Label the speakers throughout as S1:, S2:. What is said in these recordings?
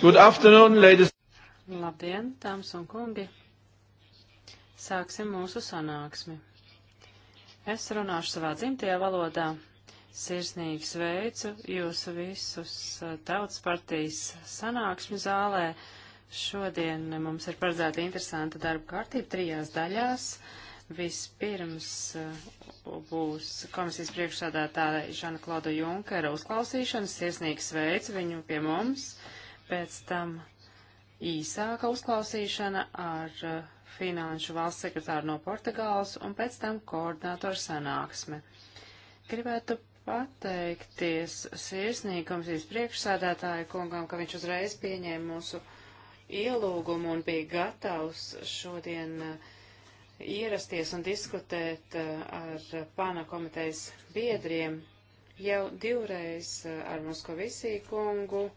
S1: Good afternoon, ladies.
S2: Labdien, dāmas un kungi. Sāksim mūsu sanāksmi. Es runāšu savā dzimtajā valodā. Sirsnīgi sveicu jūs visus eh, Tautas partijas sanāksmi zālē. Šodien mums ir paredzēta interesanta darba kārtība trijās daļās. Vispirms eh, būs komisijas priekšsādātāja Žana Klauda Junkera uzklausīšana. Sirsnīgi sveicu viņu pie mums. Uh, pēc tam īsāka uzklausīšana ar uh, finanšu valsts sekretāru no Portugāles un pēc tam koordinātoru sanāksme. Gribētu pateikties sirsnīgi komisijas priekšsādātāju kungam, ka viņš uzreiz pieņēma mūsu ielūgumu un bija gatavs šodien uh, ierasties un diskutēt uh, ar pāna komitejas biedriem jau divreiz uh, ar Moskovisī kungu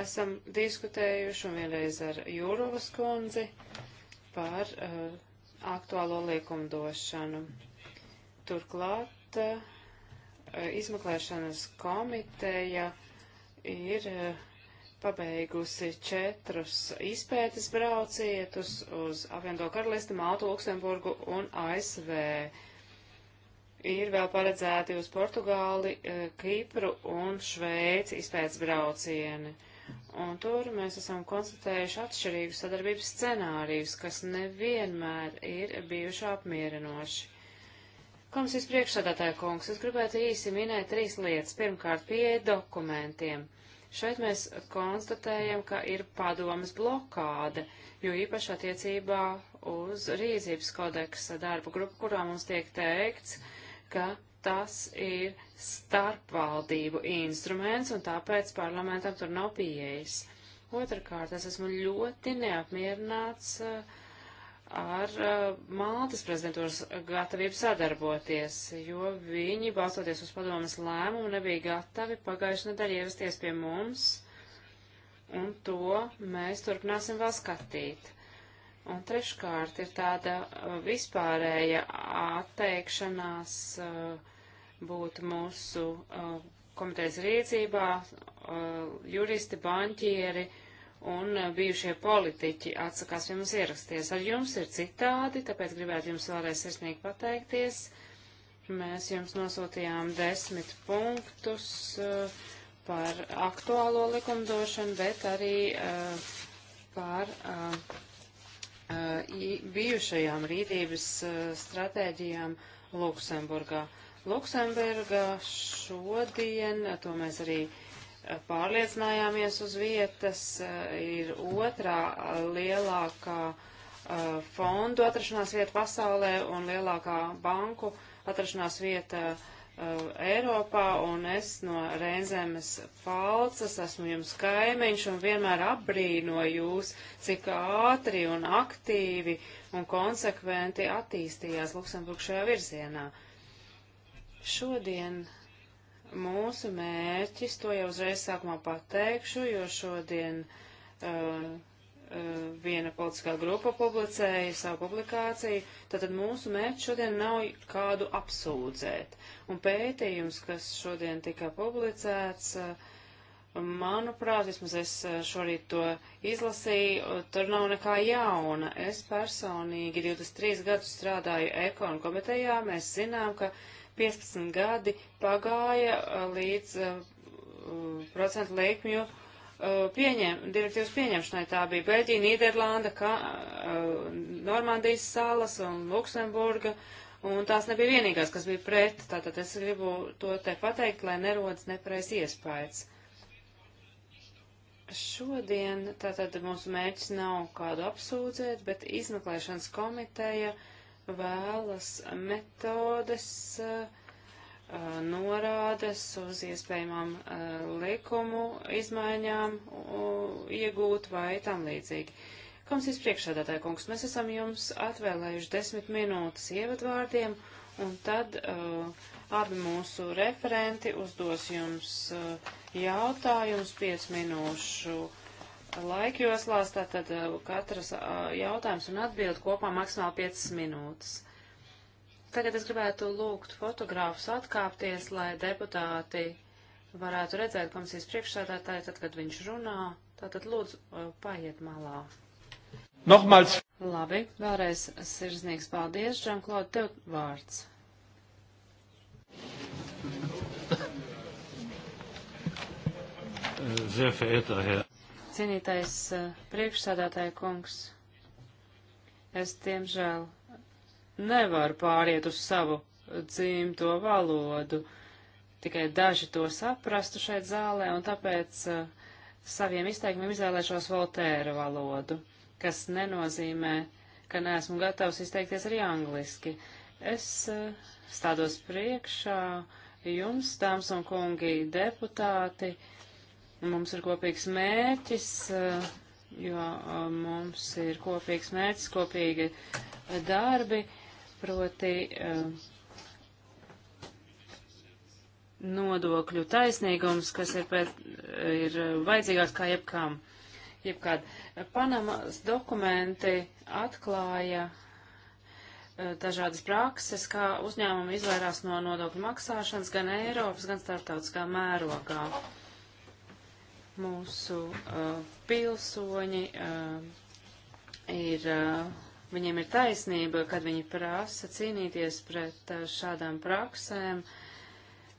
S2: esam diskutējuši un vienreiz ar Jūrovas kundzi par uh, aktuālo likumdošanu. Turklāt uh, izmeklēšanas komiteja ir uh, pabeigusi četrus izpētes braucietus uz Apvienoto karalisti, Maltu, Luksemburgu un ASV. Ir vēl paredzēti uz Portugāli, Kipru un Šveici izpētes braucieni. Uh, Un tur mēs esam konstatējuši atšķirīgus sadarbības scenārijus, kas nevienmēr ir bijuši apmierinoši. Komisijas priekšsādātāja kungs, es gribētu īsi minēt trīs lietas. Pirmkārt, pieeja dokumentiem. Šeit mēs konstatējam, ka ir padomas blokāde, jo īpaši attiecībā uz rīzības kodeksa darba grupu, kurā mums tiek teikts, ka tas ir starpvaldību instruments, un tāpēc parlamentam tur nav pieejas. Otrakārt, es esmu ļoti neapmierināts uh, ar uh, Maltas prezidentūras gatavību sadarboties, jo viņi, balstoties uz padomas lēmumu, nebija gatavi pagājušajā nedēļā ievesties pie mums, un to mēs turpināsim vēl skatīt. Un treškārt ir tāda uh, vispārēja atteikšanās uh, būtu mūsu uh, komitejas rīcībā uh, juristi, banķieri un uh, bijušie politiķi atsakās pie mums ierasties. Ar jums ir citādi, tāpēc gribētu jums vēlreiz sirsnīgi pateikties. Mēs jums nosūtījām desmit punktus uh, par aktuālo likumdošanu, bet arī uh, par uh, bijušajām rītības stratēģijām Luksemburgā. Luksemburga šodien, to mēs arī eh, pārliecinājāmies uz vietas, eh, ir otrā lielākā eh, fondu atrašanās vieta pasaulē un lielākā banku atrašanās vieta Eiropā, un es no Reinzemes falcas esmu jums kaimiņš un vienmēr apbrīnoju jūs, cik ātri un aktīvi un konsekventi attīstījās Luksemburg šajā virzienā. Uh, Šodien mūsu mērķis, to jau uzreiz sākumā pateikšu, jo šodien uh, uh, viena politiskā grupa publicēja savu publikāciju, tātad mūsu mērķis šodien nav kādu apsūdzēt. Un pētījums, kas šodien tika publicēts, uh, manuprāt, vismaz es uh, šorīt to izlasīju, tur nav nekā jauna. Es personīgi 23 gadus strādāju ekonu komitejā, mēs zinām, ka 15 gadi pagāja līdz procentu likmju pieņem, direktīvas pieņemšanai. Tā bija Beļģija, Nīderlanda, kā, Normandijas salas un Luksemburga. Un tās nebija vienīgās, kas bija pret. Tātad es gribu to te pateikt, lai nerodas nepareiz iespējas. Šodien tātad mūsu mērķis nav kādu apsūdzēt, bet izmeklēšanas komiteja uh, vēlas metodes, uh, norādes uz iespējamām uh, likumu izmaiņām iegūt vai tam līdzīgi. Komisijas priekšsēdētāja kungs, mēs esam jums atvēlējuši desmit minūtes ievadvārdiem, un tad uh, abi mūsu referenti uzdos jums uh, jautājumus piecu minūšu uh, laikjoslās, tātad eh, katras eh, jautājums un atbild kopā maksimāli 5 minūtes. Tagad es gribētu lūgt fotogrāfus atkāpties, lai deputāti varētu redzēt komisijas priekšsēdētāju, tad, kad viņš runā. Tātad lūdzu eh, paiet malā. Nohmals. Labi, vēlreiz sirsnīgs paldies, Žanklod, tev vārds.
S1: Sehr verehrter Herr
S2: Cienītais priekšsādātāja kungs, es tiemžēl nevaru pāriet uz savu dzimto valodu. Tikai daži to saprastu šeit zālē, un tāpēc uh, saviem izteikumiem izvēlēšos Voltēra valodu, kas nenozīmē, ka neesmu gatavs izteikties arī angliski. Es uh, stādos priekšā jums, dāmas un kungi, deputāti, Mums ir kopīgs mērķis, eh, jo eh, mums ir kopīgs mērķis, kopīgi eh, darbi, proti nodokļu taisnīgums, kas ir, pēc, ir vajadzīgāks kā jebkam. Jebkād. Panamas dokumenti atklāja dažādas prakses, kā uzņēmumi izvairās no nodokļu maksāšanas gan Eiropas, gan starptautiskā mērogā. Uh, mūsu uh, pilsoņi uh, ir, uh, viņiem ir taisnība, kad viņi prasa cīnīties pret uh, šādām praksēm,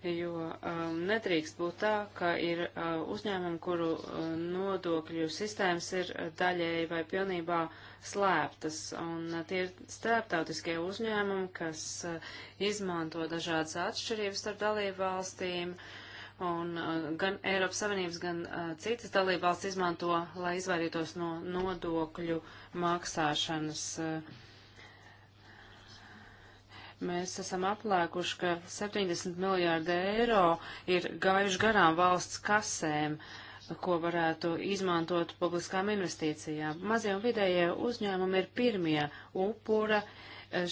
S2: jo um, nedrīkst būt tā, ka ir uh, uzņēmumi, kuru uh, nodokļu sistēmas ir uh, daļēji vai pilnībā slēptas, un uh, tie ir starptautiskie uzņēmumi, kas uh, izmanto dažādas atšķirības starp dalību valstīm, uh, Un uh, gan Eiropas Savienības, gan uh, citas dalībvalsts izmanto, lai izvairītos no nodokļu maksāšanas. Uh, mēs esam aplēkuši, ka 70 miljārdi eiro ir gājuši garām valsts kasēm. Uh, ko varētu izmantot publiskām investīcijām. Mazie un vidējie uzņēmumi ir pirmie upura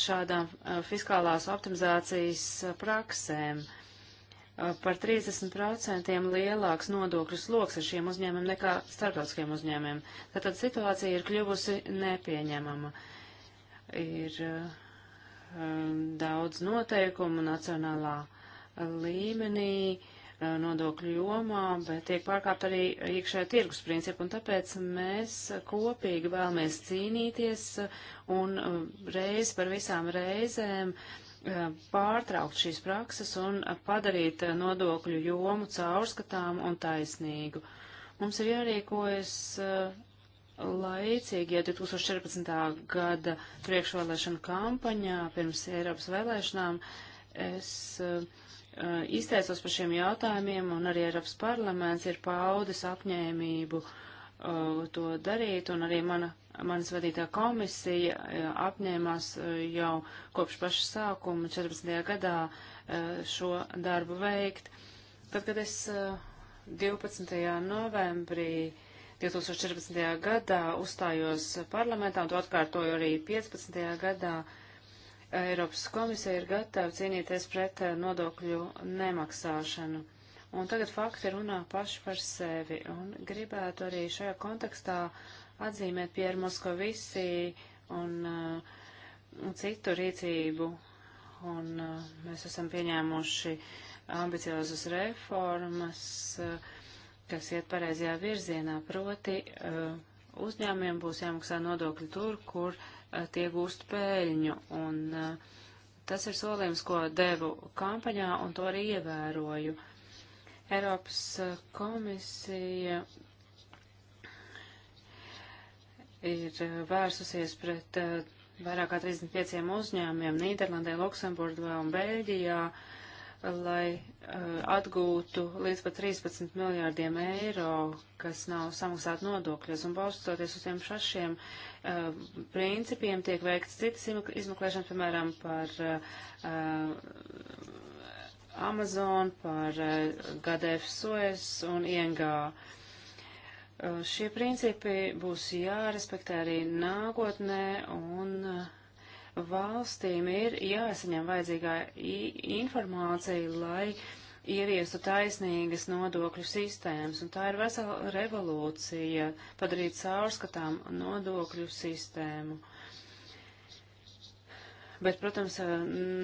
S2: šādām fiskālās optimizācijas praksēm par 30% lielāks nodokļu sloks ar šiem uzņēmumiem nekā starptautiskiem uzņēmumiem. Tātad situācija ir kļuvusi nepieņemama. Ir um, daudz noteikumu nacionālā līmenī, nodokļu jomā, bet tiek pārkāpt arī iekšējā tirgus principu, un tāpēc mēs kopīgi vēlamies cīnīties un reiz par visām reizēm uh, Eh, pārtraukt šīs prakses un eh, padarīt eh, nodokļu jomu caurskatām un taisnīgu. Mums ir jārīkojas laicīgi, ja 2014. gada priekšvēlēšana kampaņā pirms Eiropas vēlēšanām es izteicos par šiem jautājumiem un arī Eiropas parlaments ir paudis apņēmību to darīt un arī mana manas vadītā komisija e, apņēmās e, jau kopš paša sākuma 14. gadā e, šo darbu veikt. Tad, kad es 12. novembrī 2014. gadā uzstājos parlamentā, un to atkārtoju arī 15. gadā, Eiropas komisija ir gatava cīnīties pret nodokļu nemaksāšanu. Un tagad fakti runā paši par sevi, un gribētu arī šajā kontekstā uh, atzīmēt Pieru Moskovisī un uh, citu rīcību. Un uh, mēs esam pieņēmuši ambiciozas reformas, uh, kas iet pareizajā virzienā. Proti uh, uzņēmiem būs jāmaksā nodokļi tur, kur uh, tie gūst pēļņu. Un uh, tas ir solījums, ko devu kampaņā un to arī ievēroju. Eiropas uh, komisija ir eh, vērsusies pret eh, vairāk kā 35 uzņēmumiem Nīderlandē, Luksemburgā un Bēļģijā, lai eh, atgūtu līdz pat 13 miljārdiem eiro, kas nav samaksāti nodokļos. Un balstoties uz tiem šašiem principiem, tiek veikts citas izmeklēšanas, piemēram, par Amazon, par GDF Suez un ING. Eh, šie principi būs jārespektē arī nākotnē un eh, valstīm ir jāsaņem vajadzīgā informācija, lai ieviestu taisnīgas nodokļu sistēmas, un tā ir vesela revolūcija padarīt caurskatām nodokļu sistēmu bet, protams, eh,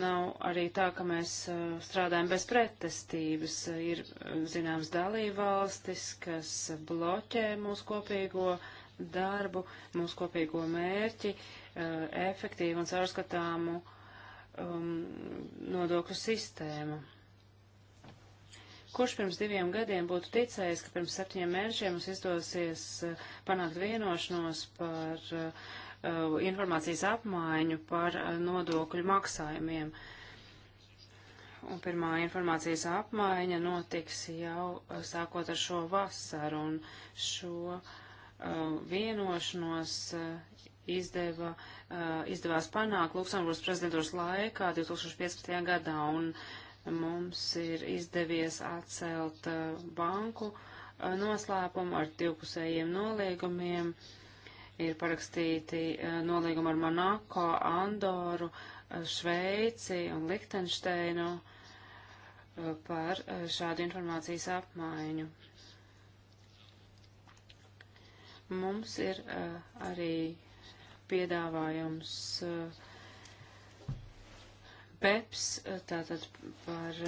S2: nav arī tā, ka mēs eh, strādājam bez pretestības. Ir eh, zināms dalībvalstis, kas bloķē mūsu kopīgo darbu, mūsu kopīgo mērķi, efektīvu un caurskatāmu um, nodokļu sistēmu. Kurš pirms diviem gadiem būtu ticējis, ka pirms septiņiem mēnešiem mums izdosies panākt vienošanos par uh, Uh, informācijas apmaiņu par uh, nodokļu maksājumiem. Un pirmā informācijas apmaiņa notiks jau uh, sākot ar šo vasaru, un šo uh, vienošanos uh, izdeva, uh, izdevās panākt Luksemburgas prezidentūras laikā 2015. gadā, un mums ir izdevies atcelt banku noslēpumu ar divpusējiem noliegumiem. Uh, ir parakstīti eh, nolīgumi ar Monako, Andoru, eh, Šveici un Lichtensteinu eh, par šādu informācijas apmaiņu. Mums ir arī piedāvājums PEPS, tātad par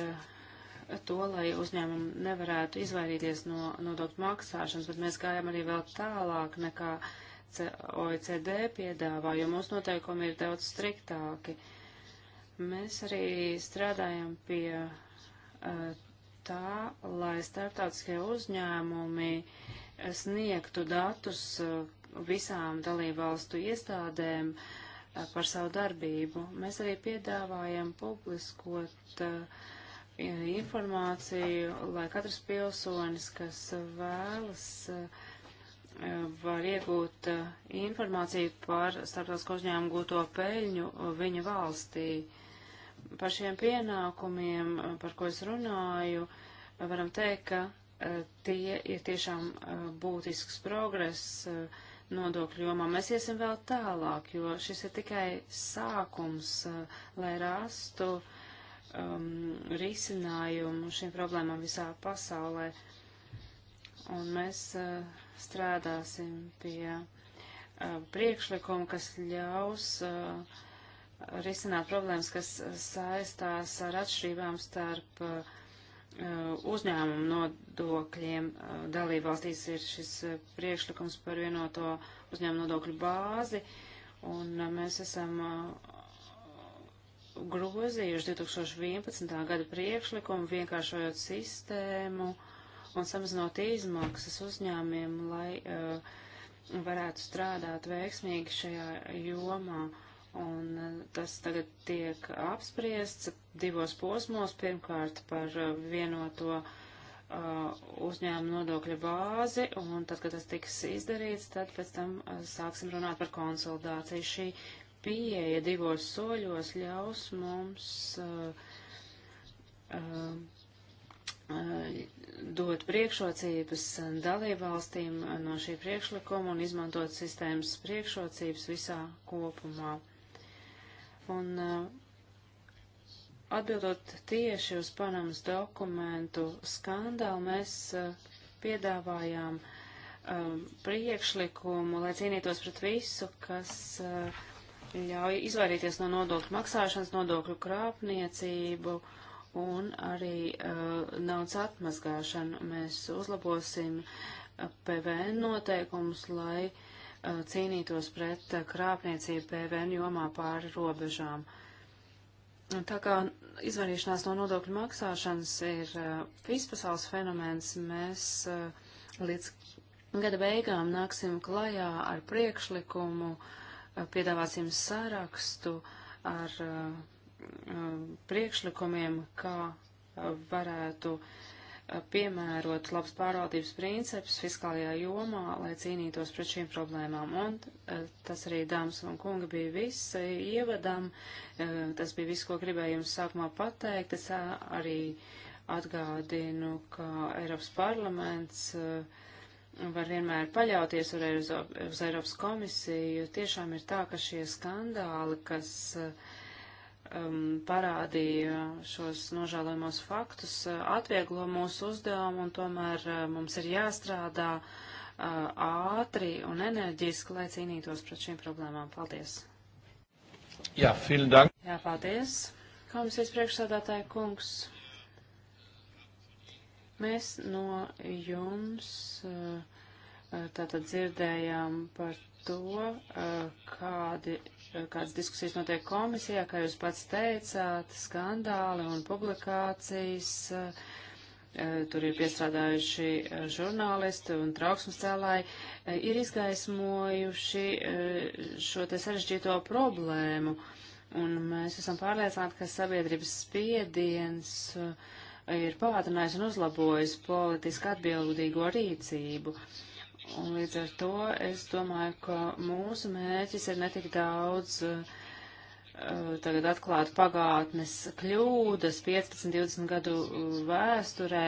S2: to, lai uzņēmumi nevarētu izvairīties no nodokļu maksāšanas, bet mēs gājām arī vēl tālāk nekā uh, OECD piedāvā, jo mūsu noteikumi ir daudz striktāki. Mēs arī strādājam pie uh, tā, lai starptautiskie uzņēmumi sniegtu datus uh, visām dalībvalstu iestādēm uh, par savu darbību. Mēs arī piedāvājam publiskot informāciju, lai katrs pilsonis, kas vēlas uh, var iegūt eh, informāciju par starptautisko uzņēmumu gūto peļņu eh, viņa valstī. Par šiem pienākumiem, eh, par ko es runāju, varam teikt, ka tie ir tiešām būtisks progress nodokļu jomā. Mēs iesim vēl tālāk, jo šis ir tikai sākums, lai rastu um, risinājumu šīm problēmām visā pasaulē. Uh, Un mēs strādāsim pie priekšlikumu, kas ļaus uh, risināt problēmas, kas saistās ar atšķirībām starp uh, uzņēmumu nodokļiem. Uh, Dalībvalstīs ir šis priekšlikums par vienoto uzņēmumu nodokļu bāzi, un mēs esam grozījuši 2011. gada priekšlikumu, vienkāršojot sistēmu un samazinot izmaksas uzņēmiem, lai uh, varētu strādāt veiksmīgi šajā jomā. Un uh, tas tagad tiek apspriests divos posmos. Pirmkārt par uh, vienoto uzņēmumu nodokļa bāzi, un tad, kad tas tiks izdarīts, tad pēc tam sāksim runāt par konsolidāciju. Šī pieeja divos soļos ļaus mums uh, uh, Uh, dot priekšrocības dalībvalstīm no šī priekšlikuma un izmantot sistēmas priekšrocības visā kopumā. Un uh, atbildot tieši uz Panamas dokumentu skandālu, mēs uh, piedāvājām um, priekšlikumu, lai cīnītos pret visu, kas ļauj izvairīties no nodokļu maksāšanas, nodokļu krāpniecību, uh, un arī uh, naudas atmazgāšanu. Mēs uzlabosim eh, PVN noteikumus, lai uh, cīnītos pret uh, krāpniecību PVN jomā pāri robežām. Un tā kā izvairīšanās no nodokļu maksāšanas ir uh, vispasaules fenomens, mēs uh, līdz gada beigām nāksim klajā ar priekšlikumu, uh, piedāvāsim sarakstu ar uh, Um, priekšlikumiem, kā uh, varētu uh, piemērot labas pārvaldības principus fiskālajā jomā, lai cīnītos pret šīm problēmām. Un uh, tas arī, dāmas un kungi, bija viss ievadam. Tas bija viss, ko gribēju jums sākumā pateikt. Es arī atgādinu, ka Eiropas parlaments var vienmēr paļauties uz Eiropas komisiju. Tiešām ir tā, ka šie skandāli, kas uh, um, parādīja šos nožēlojamos faktus, uh, atvieglo mūsu uzdevumu un tomēr uh, mums ir jāstrādā uh, ātri un enerģiski, lai cīnītos pret šīm problēmām. Paldies!
S1: Jā, vielen dank!
S2: Jā, paldies! Komisijas priekšsādātāja kungs! Mēs no jums uh, uh tātad dzirdējām par to, uh, kādi kādas diskusijas notiek komisijā, kā jūs pats teicāt, skandāli un publikācijas. Eh, tur ir piestrādājuši eh, žurnālisti un trauksmes cēlāji, eh, ir izgaismojuši šo te sarežģīto problēmu. Un mēs esam pārliecināti, ka sabiedrības spiediens ir pātrinājis un uzlabojis politiski atbildīgo rīcību. Uh, Un līdz ar to es domāju, ka mūsu mērķis ir netik daudz uh, tagad atklāt pagātnes kļūdas 15-20 gadu uh, vēsturē,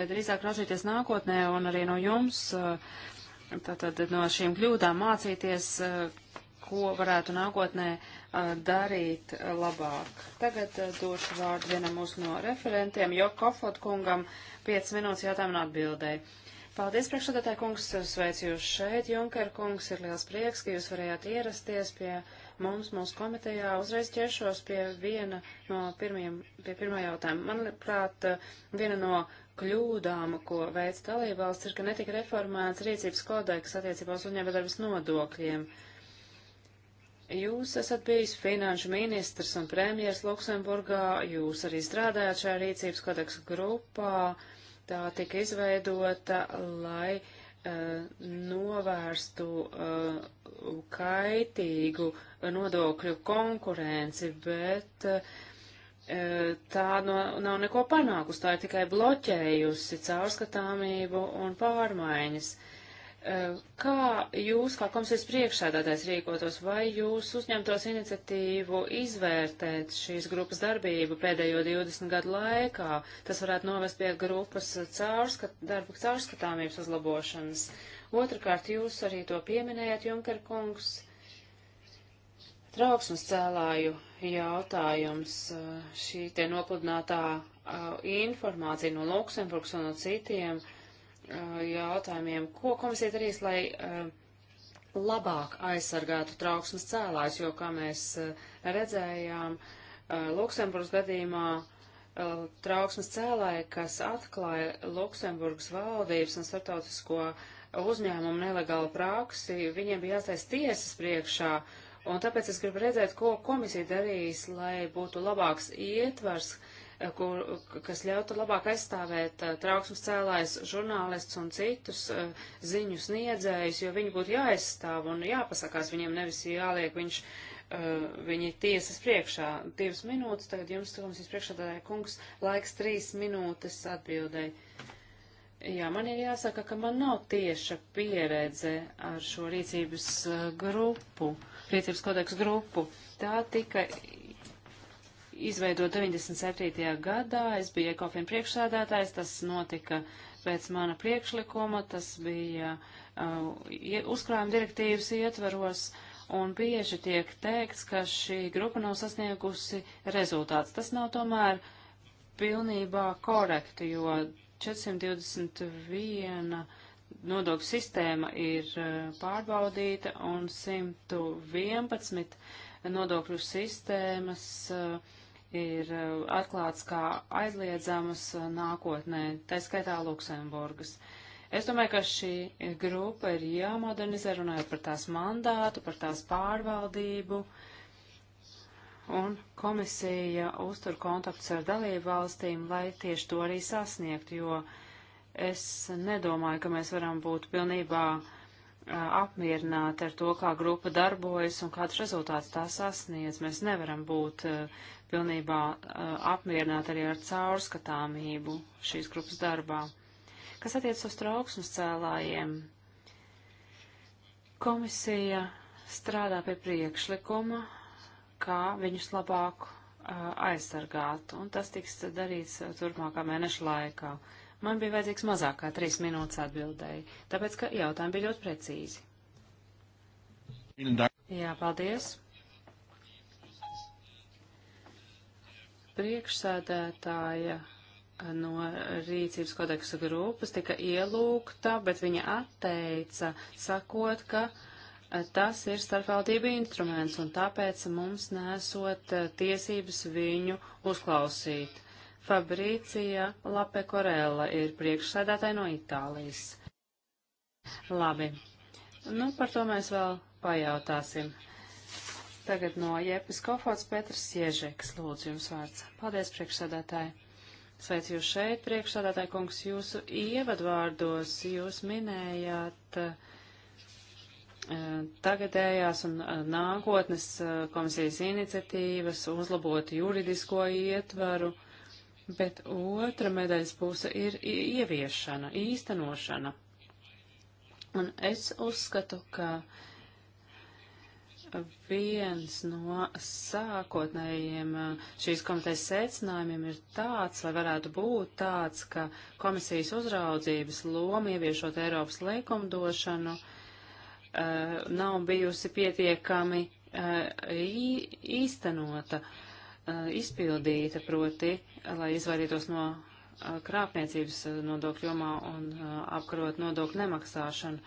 S2: bet drīzāk raudzīties nākotnē un arī no jums, uh, tātad no šīm kļūdām mācīties, uh, ko varētu nākotnē uh, darīt uh, labāk. Tagad došu vārdu vienam mūsu no referentiem, Jokofot kungam, 5 minūtes jautājumu un atbildēju. Paldies, priekšsādātāji kungs, sveicu jūs šeit. Junker kungs, ir liels prieks, ka jūs varējāt ierasties pie mums, mūsu komitejā. Uzreiz ķeršos pie viena no pirmiem, pie pirmā jautājuma. Manuprāt, viena no kļūdām, ko veids dalībvalsts, ir, ka netika reformēts rīcības kodeks attiecībā uz uzņēmējdarbas nodokļiem. Jūs esat bijis finanšu ministrs un premjers Luksemburgā, jūs arī strādājāt šajā rīcības kodeksa grupā. Uh, Tā tika izveidota, lai eh, novērstu uh, kaitīgu nodokļu konkurenci, bet uh, tā no, nav neko panākusi, tā ir tikai bloķējusi caurskatāmību un pārmaiņas. Uh, Eh, kā jūs, kā komisijas priekšsēdātais, rīkotos, vai jūs uzņemtos iniciatīvu izvērtēt šīs grupas darbību pēdējo 20 gadu laikā? Tas varētu novest pie grupas caurskat, darba caurskatāmības uzlabošanas. Otrakārt, jūs arī to pieminējat, Junker kungs, trauksmes cēlāju jautājums, eh, šī te nopludinātā eh, informācija no Luksemburgas un no citiem. Uh, jautājumiem, ko komisija darīs, lai labāk aizsargātu trauksmes cēlājs, jo, kā mēs redzējām, Luksemburgas gadījumā trauksmes cēlāji, kas atklāja Luksemburgas valdības un starptautisko uzņēmumu nelegālu praksi, viņiem bija jāstais tiesas priekšā, un tāpēc es gribu redzēt, ko komisija darīs, lai būtu labāks ietvars, uh, kur, kas ļautu labāk aizstāvēt eh, trauksmes cēlājs žurnālists un citus eh, ziņu sniedzējus, jo viņi būtu jāaizstāv un jāpasakās viņiem, nevis jāliek viņš, eh, viņi tiesas priekšā. Divas minūtes, tagad jums, komisijas priekšādātāja kungs, laiks trīs minūtes atbildēji. Jā, man ir jāsaka, ka man nav tieša pieredze ar šo rīcības grupu, rīcības kodeksu grupu. Tā tika izveidot 97. gadā. Es biju Ekofin priekšsēdētājs, tas notika pēc mana priekšlikuma, tas bija uh, uzkrājuma direktīvas ietvaros. Un bieži tiek teikts, ka šī grupa nav sasniegusi rezultāts. Tas nav tomēr pilnībā korekti, jo 421 nodokļu sistēma ir uh, pārbaudīta un 111 nodokļu sistēmas uh, ir eh, atklāts kā aizliedzamas eh, nākotnē, tā skaitā Luksemburgas. Es domāju, ka šī grupa ir jāmodernizē runājot par tās mandātu, par tās pārvaldību, un komisija uztur kontaktus ar dalību valstīm, lai tieši to arī sasniegtu, jo es nedomāju, ka mēs varam būt pilnībā eh, apmierināti ar to, kā grupa darbojas un kāds rezultāts tā sasniedz. Mēs nevaram būt uh, pilnībā eh, apmierināti arī ar caurskatāmību šīs grupas darbā. Kas attiec uz trauksmes cēlājiem, komisija strādā pie priekšlikuma, kā viņus labāk eh, aizsargāt, un tas tiks darīts eh, turpmākā mēneša laikā. Man bija vajadzīgs mazāk kā trīs minūtes atbildēji, tāpēc, ka jautājumi bija ļoti precīzi. Jā, paldies. priekšsēdētāja no rīcības kodeksa grupas tika ielūgta, bet viņa atteica, sakot, ka eh, tas ir starpvaldību instruments un tāpēc mums nesot eh, tiesības viņu uzklausīt. Fabricija Lapekorella ir priekšsēdētāja no Itālijas. Labi. Nu, par to mēs vēl pajautāsim tagad no Jepes Kofots, Petrs Ježeks. Lūdzu, jums vārds. Paldies, priekšsādātāji. Sveicu jūs šeit, priekšsādātāji kungs, jūsu ievadvārdos. Jūs minējāt uh, tagadējās un uh, nākotnes uh, komisijas iniciatīvas uzlabot juridisko ietvaru, bet otra medaļas puse ir ieviešana, īstenošana. Un es uzskatu, ka uh, Viens no sākotnējiem uh, šīs komitejas secinājumiem ir tāds, vai varētu būt tāds, ka komisijas uzraudzības loma ieviešot Eiropas likumdošanu uh, nav bijusi pietiekami uh, īstenota, izpildīta, proti, lai izvairītos no krāpniecības nodokļu jomā un apkarot nodokļu nemaksāšanu.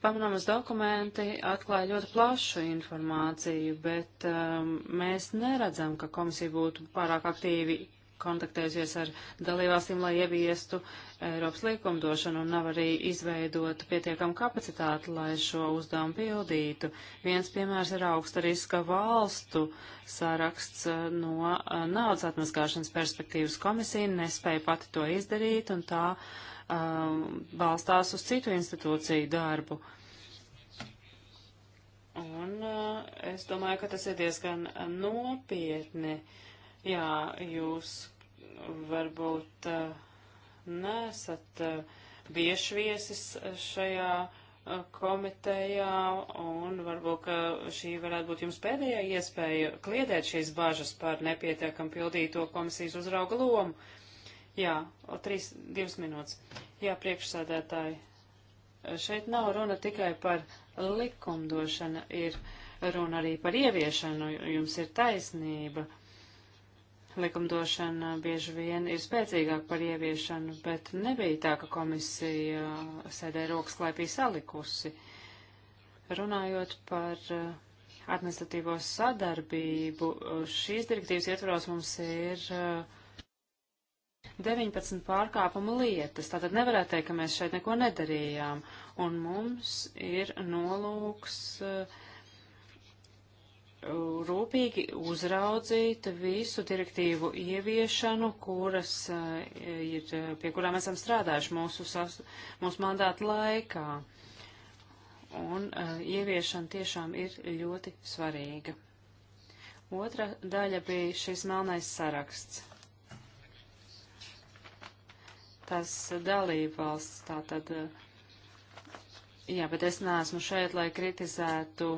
S2: Pamanamas dokumenti atklāja ļoti plašu informāciju, bet um, mēs neredzam, ka komisija būtu pārāk aktīvi kontaktējusies ar dalībvalstīm, lai ieviestu Eiropas likumdošanu un nav arī izveidot pietiekamu kapacitāti, lai šo uzdevumu pildītu. Viens piemērs ir augsta riska valstu saraksts uh, no uh, naudas atmaskāšanas perspektīvas komisija, nespēja pati to izdarīt un tā uh, um, balstās uz citu institūciju darbu. Un uh, es domāju, ka tas ir diezgan nopietni. Jā, jūs varbūt uh, nesat uh, bieži viesis šajā uh, komitejā, un varbūt, ka šī varētu būt jums pēdējā iespēja kliedēt šīs bažas par nepietiekam pildīto komisijas uzrauga lomu. Uh, Jā, o, trīs, divas minūtes. Jā, priekšsādētāji, šeit nav runa tikai par likumdošanu, ir runa arī par ieviešanu, jums ir taisnība. Likumdošana bieži vien ir spēcīgāk par ieviešanu, bet nebija tā, ka komisija sēdē rokas klēpī salikusi. Runājot par uh, administratīvo sadarbību, uh, šīs direktīvas ietvaros mums ir uh, 19 pārkāpuma lietas. Tātad nevarētu teikt, ka mēs šeit neko nedarījām. Un mums ir nolūks uh, rūpīgi uzraudzīt visu direktīvu ieviešanu, kuras uh, ir, uh, pie kurām esam strādājuši mūsu, sas, mūsu mandāta laikā. Un uh, ieviešana tiešām ir ļoti svarīga. Otra daļa bija šis melnais saraksts tās dalībvalsts. Tātad, eh, jā, bet es neesmu šeit, lai kritizētu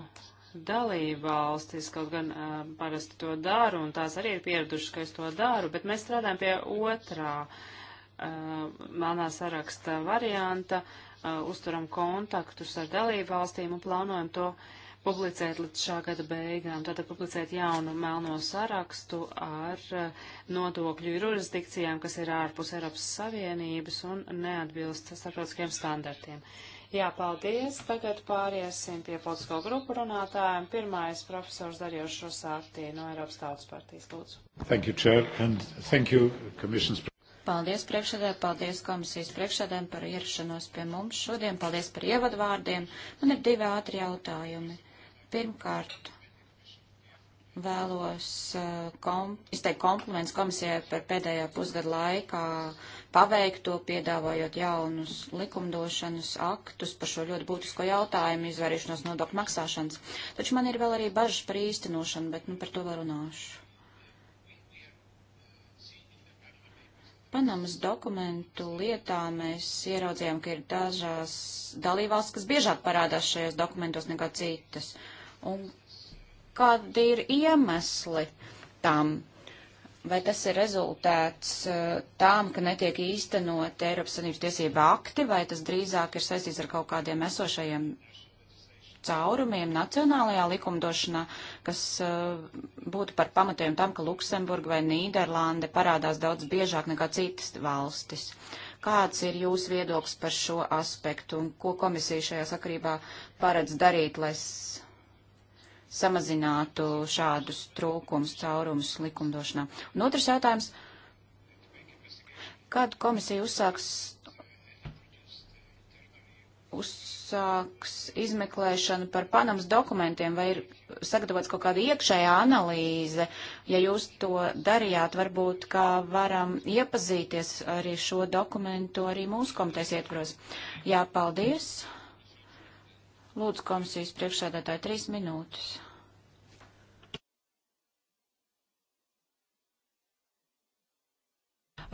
S2: dalībvalstis, kaut gan uh, parasti to daru, un tās arī ir pieradušas, ka es to daru, bet mēs strādājam pie otrā uh, manā saraksta varianta, uh, uzturam kontaktus ar dalībvalstīm un plānojam to uh, publicēt līdz šā gada beigām, tātad publicēt jaunu melno sarakstu ar eh, nodokļu jurisdikcijām, kas ir ārpus Eiropas Savienības un neatbilst starptautiskiem standartiem. Jā, paldies. Tagad pāriesim pie politisko grupu runātājiem. Pirmais profesors Darjos Šosārtī no Eiropas Tautas partijas. Lūdzu.
S1: Thank you, Chair, and thank you, Commission's.
S3: Paldies priekšsēdē, paldies komisijas priekšsēdēm par ierašanos pie mums šodien, paldies par ievadvārdiem. Man ir divi ātri jautājumi. Pirmkārt, vēlos uh, kom, izteikt kompliments komisijai par pēdējā pusgada laikā paveikto, piedāvājot jaunus likumdošanas aktus par šo ļoti būtisko jautājumu izvairīšanos nodokļu maksāšanas. Taču man ir vēl arī bažas par īstenošanu, bet nu, par to vēl runāšu. Panamas dokumentu lietā mēs ieraudzījām, ka ir dažās dalībvalsts, kas biežāk parādās šajos dokumentos nekā citas. Uh, un kādi ir iemesli tam. Vai tas ir rezultāts uh, tām, ka netiek īstenot Eiropas Savienības tiesība akti, vai tas drīzāk ir saistīts ar kaut kādiem esošajiem caurumiem nacionālajā likumdošanā, kas uh, būtu par pamatiem tam, ka Luksemburga vai Nīderlande parādās daudz biežāk nekā citas valstis. Kāds ir jūsu viedoklis par šo aspektu un ko komisija šajā sakarībā paredz darīt, lai samazinātu šādus trūkumus, caurumus likumdošanā. Un otrs jautājums, kad komisija uzsāks, uzsāks izmeklēšanu par Panamas dokumentiem, vai ir sagatavots kaut kāda iekšējā analīze, ja jūs to darījāt, varbūt, kā varam iepazīties arī šo dokumentu arī mūsu komitejas ietvaros. Jā, paldies. Mm. Lūdzu, komisijas priekšsēdētāji, trīs minūtes.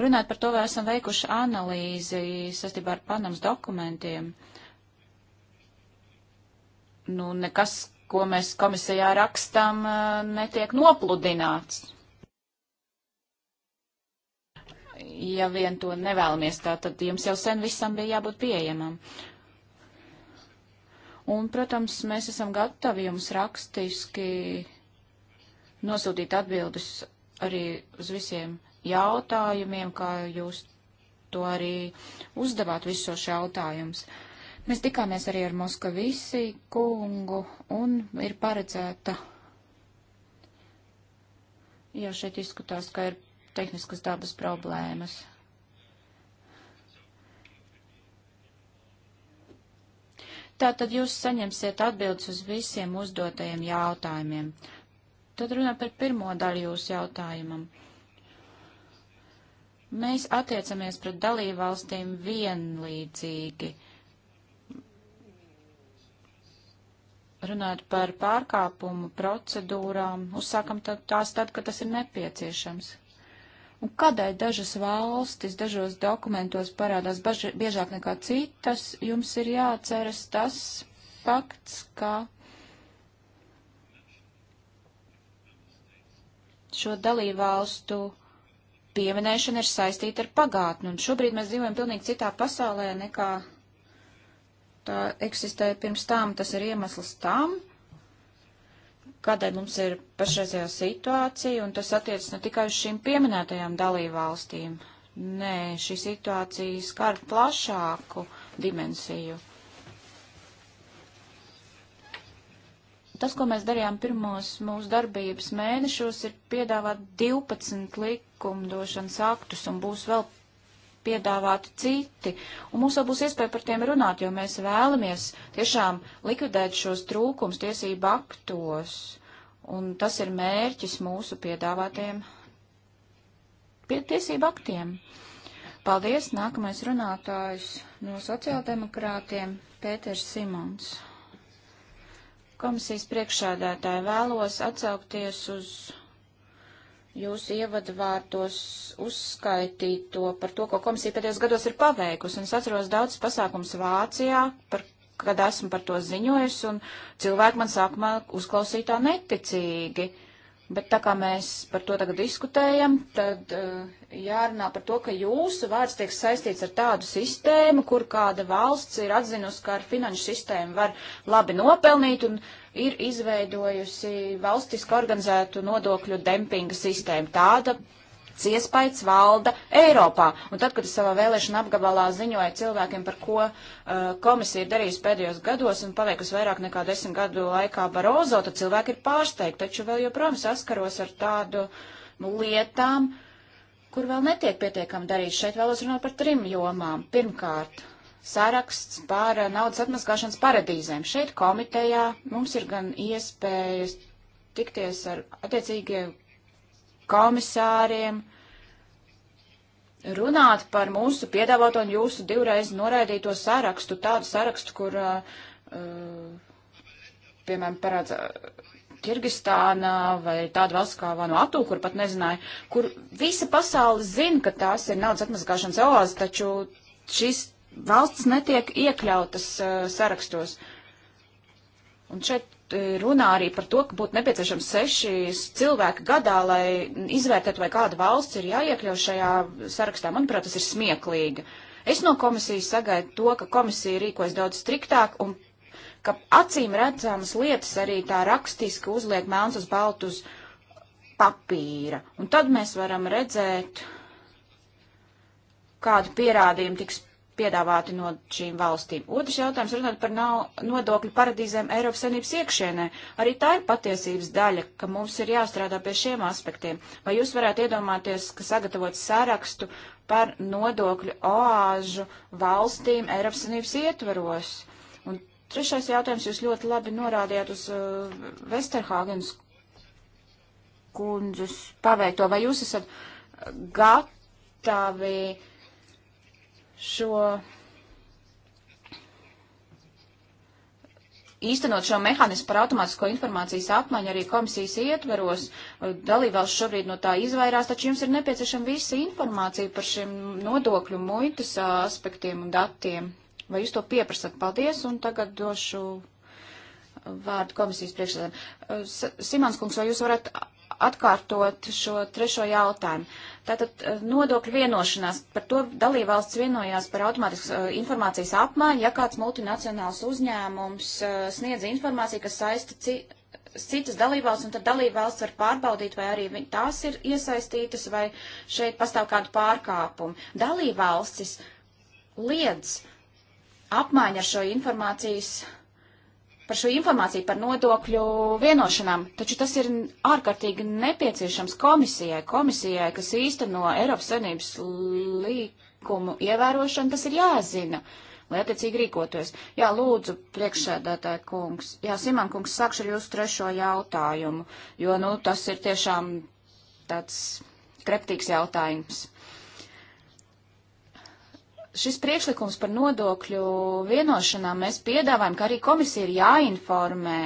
S3: Runāt par to, vai esam veikuši analīzi saistībā ar Panamas dokumentiem. Nu, nekas, ko mēs komisijā rakstam, eh, netiek nopludināts. Ja vien to nevēlamies tā, tad jums jau sen visam bija jābūt pieejamam. Uh, Un, protams, mēs esam gatavi jums rakstiski nosūtīt atbildes arī uz visiem jautājumiem, kā jūs to arī uzdevāt visos jautājumus. Mēs tikāmies arī ar Moskavisi kungu un ir paredzēta, jo šeit izskatās, ka ir tehniskas dabas problēmas. Tātad jūs saņemsiet atbildes uz visiem uzdotajiem jautājumiem. Tad runā par pirmo daļu jūsu jautājumam. Mēs attiecamies pret dalībvalstīm vienlīdzīgi. Runāt par pārkāpumu procedūrām, uzsākam tās tad, kad tas ir nepieciešams. Un kādēļ dažas valstis dažos dokumentos parādās baži, biežāk nekā citas, jums ir jāatceras tas fakts, ka šo dalībvalstu pieminēšana ir saistīta ar pagātni, un šobrīd mēs dzīvojam pilnīgi citā pasaulē nekā tā eksistēja pirms tam. Tas ir iemesls tam, kādai mums ir pašreizējā situācija, un tas attiec ne tikai uz šīm pieminētajām dalībvalstīm. Nē, šī situācija skar plašāku dimensiju. Tas, ko mēs darījām pirmos mūsu darbības mēnešos, ir piedāvāt 12 likumdošanas aktus, un būs vēl piedāvāti citi. Un mums vēl būs iespēja par tiem runāt, jo mēs vēlamies tiešām likvidēt šos trūkums tiesību aktos. Un tas ir mērķis mūsu piedāvātiem pie tiesību aktiem. Paldies, nākamais runātājs no sociāldemokrātiem Pēters Simons. Komisijas priekšādātāji vēlos atsaukties uz jūsu ievadvārdos uzskaitīt to par to, ko komisija pēdējos gados ir paveikusi. Un es atceros daudz pasākums Vācijā, par, kad esmu par to ziņojusi, un cilvēki man sākumā uzklausītā neticīgi. Bet tā kā mēs par to tagad diskutējam, tad uh, jārunā par to, ka jūsu vārds tiek saistīts ar tādu sistēmu, kur kāda valsts ir atzinusi, ka ar finanšu sistēmu var labi nopelnīt un uh, ir izveidojusi valstisku organizētu nodokļu dempinga sistēmu. Tāda ciespaids valda Eiropā. Un tad, kad es savā vēlēšana apgabalā ziņoju cilvēkiem, par ko uh, komisija ir darījusi pēdējos gados un paveikusi vairāk nekā desmit gadu laikā Barozo, tad cilvēki ir pārsteigti, taču vēl joprojām saskaros ar tādu nu, lietām, kur vēl netiek pietiekami darīts. Šeit vēlos runāt par trim jomām. Pirmkārt, saraksts par eh, naudas atmaskāšanas paradīzēm. Šeit komitejā mums ir gan iespējas tikties ar attiecīgiem komisāriem, runāt par mūsu piedāvāto un jūsu divreiz noraidīto sarakstu, tādu sarakstu, kur, uh, piemēram, parāds Kirgistāna vai tāda valsts kā Vanuatu, kur pat nezināja, kur visa pasaule zina, ka tās ir naudas atmazgāšanas oāze, taču šis valsts netiek iekļautas uh, sarakstos. Un šeit uh, runā arī par to, ka būtu nepieciešams seši cilvēki gadā, lai izvērtētu, vai kāda valsts ir jāiekļauj šajā sarakstā. Manuprāt, tas ir smieklīgi. Es no komisijas sagaidu to, ka komisija rīkojas daudz striktāk un ka acīm redzamas lietas arī tā rakstiski uzliek melns uz baltu uz papīra. Un tad mēs varam redzēt, kādu pierādījumu tiks piedāvāti no šīm valstīm. Otrs jautājums runāt par nav, nodokļu paradīzēm Eiropas Savienības iekšienē. Arī tā ir patiesības daļa, ka mums ir jāstrādā pie šiem aspektiem. Vai jūs varētu iedomāties, ka sagatavot sarakstu par nodokļu oāžu valstīm Eiropas Savienības ietvaros? Un trešais jautājums jūs ļoti labi norādījāt uz uh, Vesterhāgenes kundzes paveikto. Vai jūs esat gatavi? šo īstenot šo mehānismu par automātisko informācijas apmaiņu arī komisijas ietveros. Dalībvalsts šobrīd no tā izvairās, taču jums ir nepieciešama visa informācija par šiem nodokļu muitas aspektiem un datiem. Vai jūs to pieprasat? Paldies, un tagad došu vārdu komisijas priekšsēdēm. Simans kungs, vai jūs varat atkārtot šo trešo jautājumu? Tātad e, nodokļu vienošanās, par to dalībvalsts vienojās par automātisku uh, e, informācijas apmaiņu, ja kāds multinacionāls uzņēmums uh, sniedz informāciju, kas saista ci, citas dalībvalsts, un tad dalībvalsts var pārbaudīt, vai arī tās ir iesaistītas, vai šeit pastāv kādu pārkāpumu. Dalībvalstis liedz apmaiņu ar šo informācijas par šo informāciju par nodokļu vienošanām, taču tas ir ārkārtīgi nepieciešams komisijai, komisijai, kas īsteno Eiropas Savienības līkumu ievērošanu, tas ir jāzina, lai attiecīgi rīkotos. Jā, lūdzu, priekšsēdētāji kungs. Jā, Siman kungs, sākšu ar jūsu trešo jautājumu, jo, nu, tas ir tiešām tāds kreptīgs jautājums šis priekšlikums par nodokļu vienošanām mēs piedāvājam, ka arī komisija ir jāinformē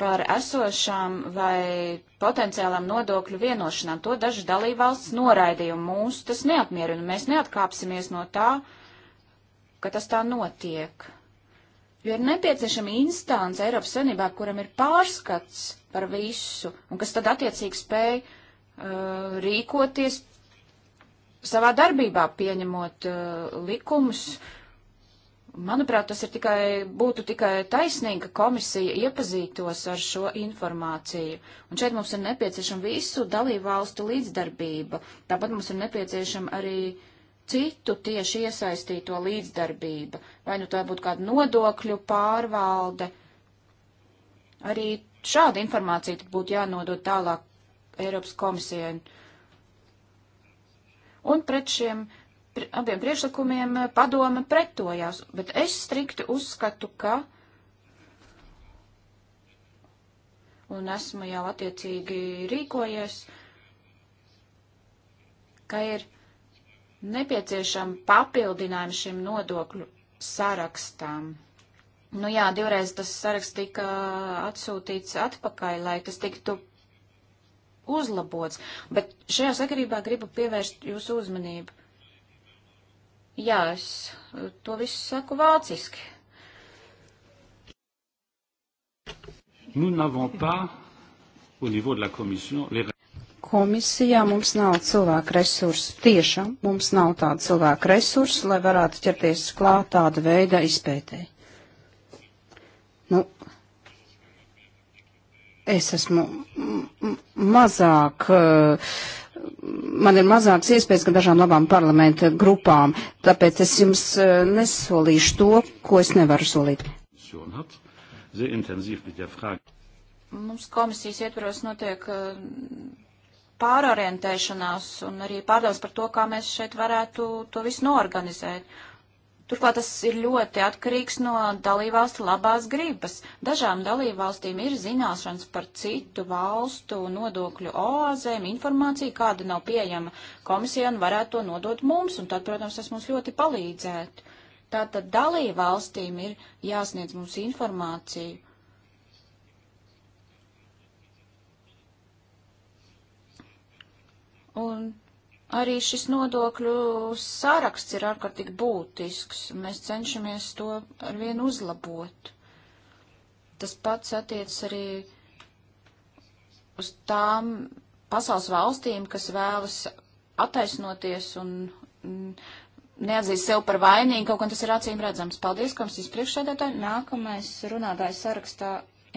S3: par esošām vai potenciālām nodokļu vienošanām. To daži dalībvalsts noraidīja, un mūs tas neapmierina. Mēs neatkāpsimies no tā, ka tas tā notiek. Jo ir nepieciešama instance Eiropas Savienībā, kuram ir pārskats par visu, un kas tad attiecīgi spēj uh, rīkoties savā darbībā pieņemot uh, likumus. Manuprāt, tas ir tikai, būtu tikai taisnīgi, ka komisija iepazītos ar šo informāciju. Un šeit mums ir nepieciešama visu dalību valstu līdzdarbība. Tāpat mums ir nepieciešama arī citu tieši iesaistīto līdzdarbība. Vai nu tā būtu kāda nodokļu pārvalde. Arī šāda informācija būtu jānodod tālāk Eiropas komisijai. Un, Un pret šiem abiem priešlikumiem eh, padome pretojās, bet es strikti uzskatu, ka, un esmu jau attiecīgi rīkojies, ka ir nepieciešama papildinājuma šim nodokļu sarakstām. Nu jā, divreiz tas saraksts tika atsūtīts atpakaļ, lai tas tiktu uzlabots, bet šajā sakarībā gribu pievērst jūsu uzmanību. Jā, es eh, to visu saku vāciski.
S1: Nous n'avons pas, au niveau de la commission, les
S4: komisijā mums nav cilvēku resursu. Tiešām mums nav tādu cilvēku resursu, lai varētu ķerties klāt tāda veida izpētēji. Nu, es esmu mazāk, eh, man ir mazāks iespējas, ka dažām labām parlamenta grupām, tāpēc es jums eh, nesolīšu to, ko es nevaru solīt.
S3: Mums komisijas ietvaros notiek eh, pārorientēšanās un arī pārdoms par to, kā mēs šeit varētu to visu norganizēt. Turklāt tas ir ļoti atkarīgs no dalībvalstu labās gribas. Dažām dalībvalstīm ir zināšanas par citu valstu nodokļu oāzēm, informācija, kāda nav pieejama komisija un varētu to nodot mums, un tad, protams, tas mums ļoti palīdzētu. Tātad dalībvalstīm ir jāsniedz mums informāciju. Un Arī šis nodokļu saraksts ir ārkārtīgi būtisks, un mēs cenšamies to arvien uzlabot. Tas pats attiecas arī uz tām pasaules valstīm, kas vēlas attaisnoties un neatzīst sev par vainīgu, kaut gan tas ir acīm redzams. Paldies, komisijas priekšsēdētāji. Nākamais runātājs sarakstā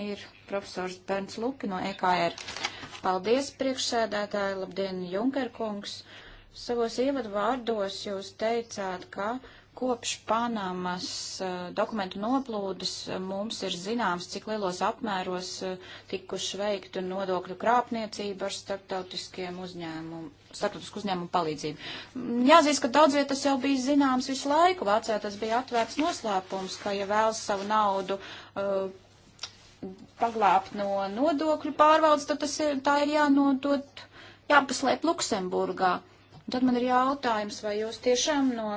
S3: ir profesors Bērns Luki no EKR. Paldies, priekšsēdētāji, labdien, Junkerkungs. Savos ievadvārdos jūs teicāt, ka kopš Panamas uh, dokumentu noplūdes uh, mums ir zināms, cik lielos apmēros uh, tikuši veikta nodokļu krāpniecība ar starptautiskiem uzņēmumu, starptautisku uzņēmumu palīdzību. Mm, jāzīst, ka daudz vietas jau bija zināms visu laiku. Vācijā tas bija atvērts noslēpums, ka ja vēlas savu naudu uh, paglābt no nodokļu pārvaldes, tad tas ir, tā ir jānodot, jāpaslēp Luksemburgā. Un tad man ir jautājums, vai jūs tiešām no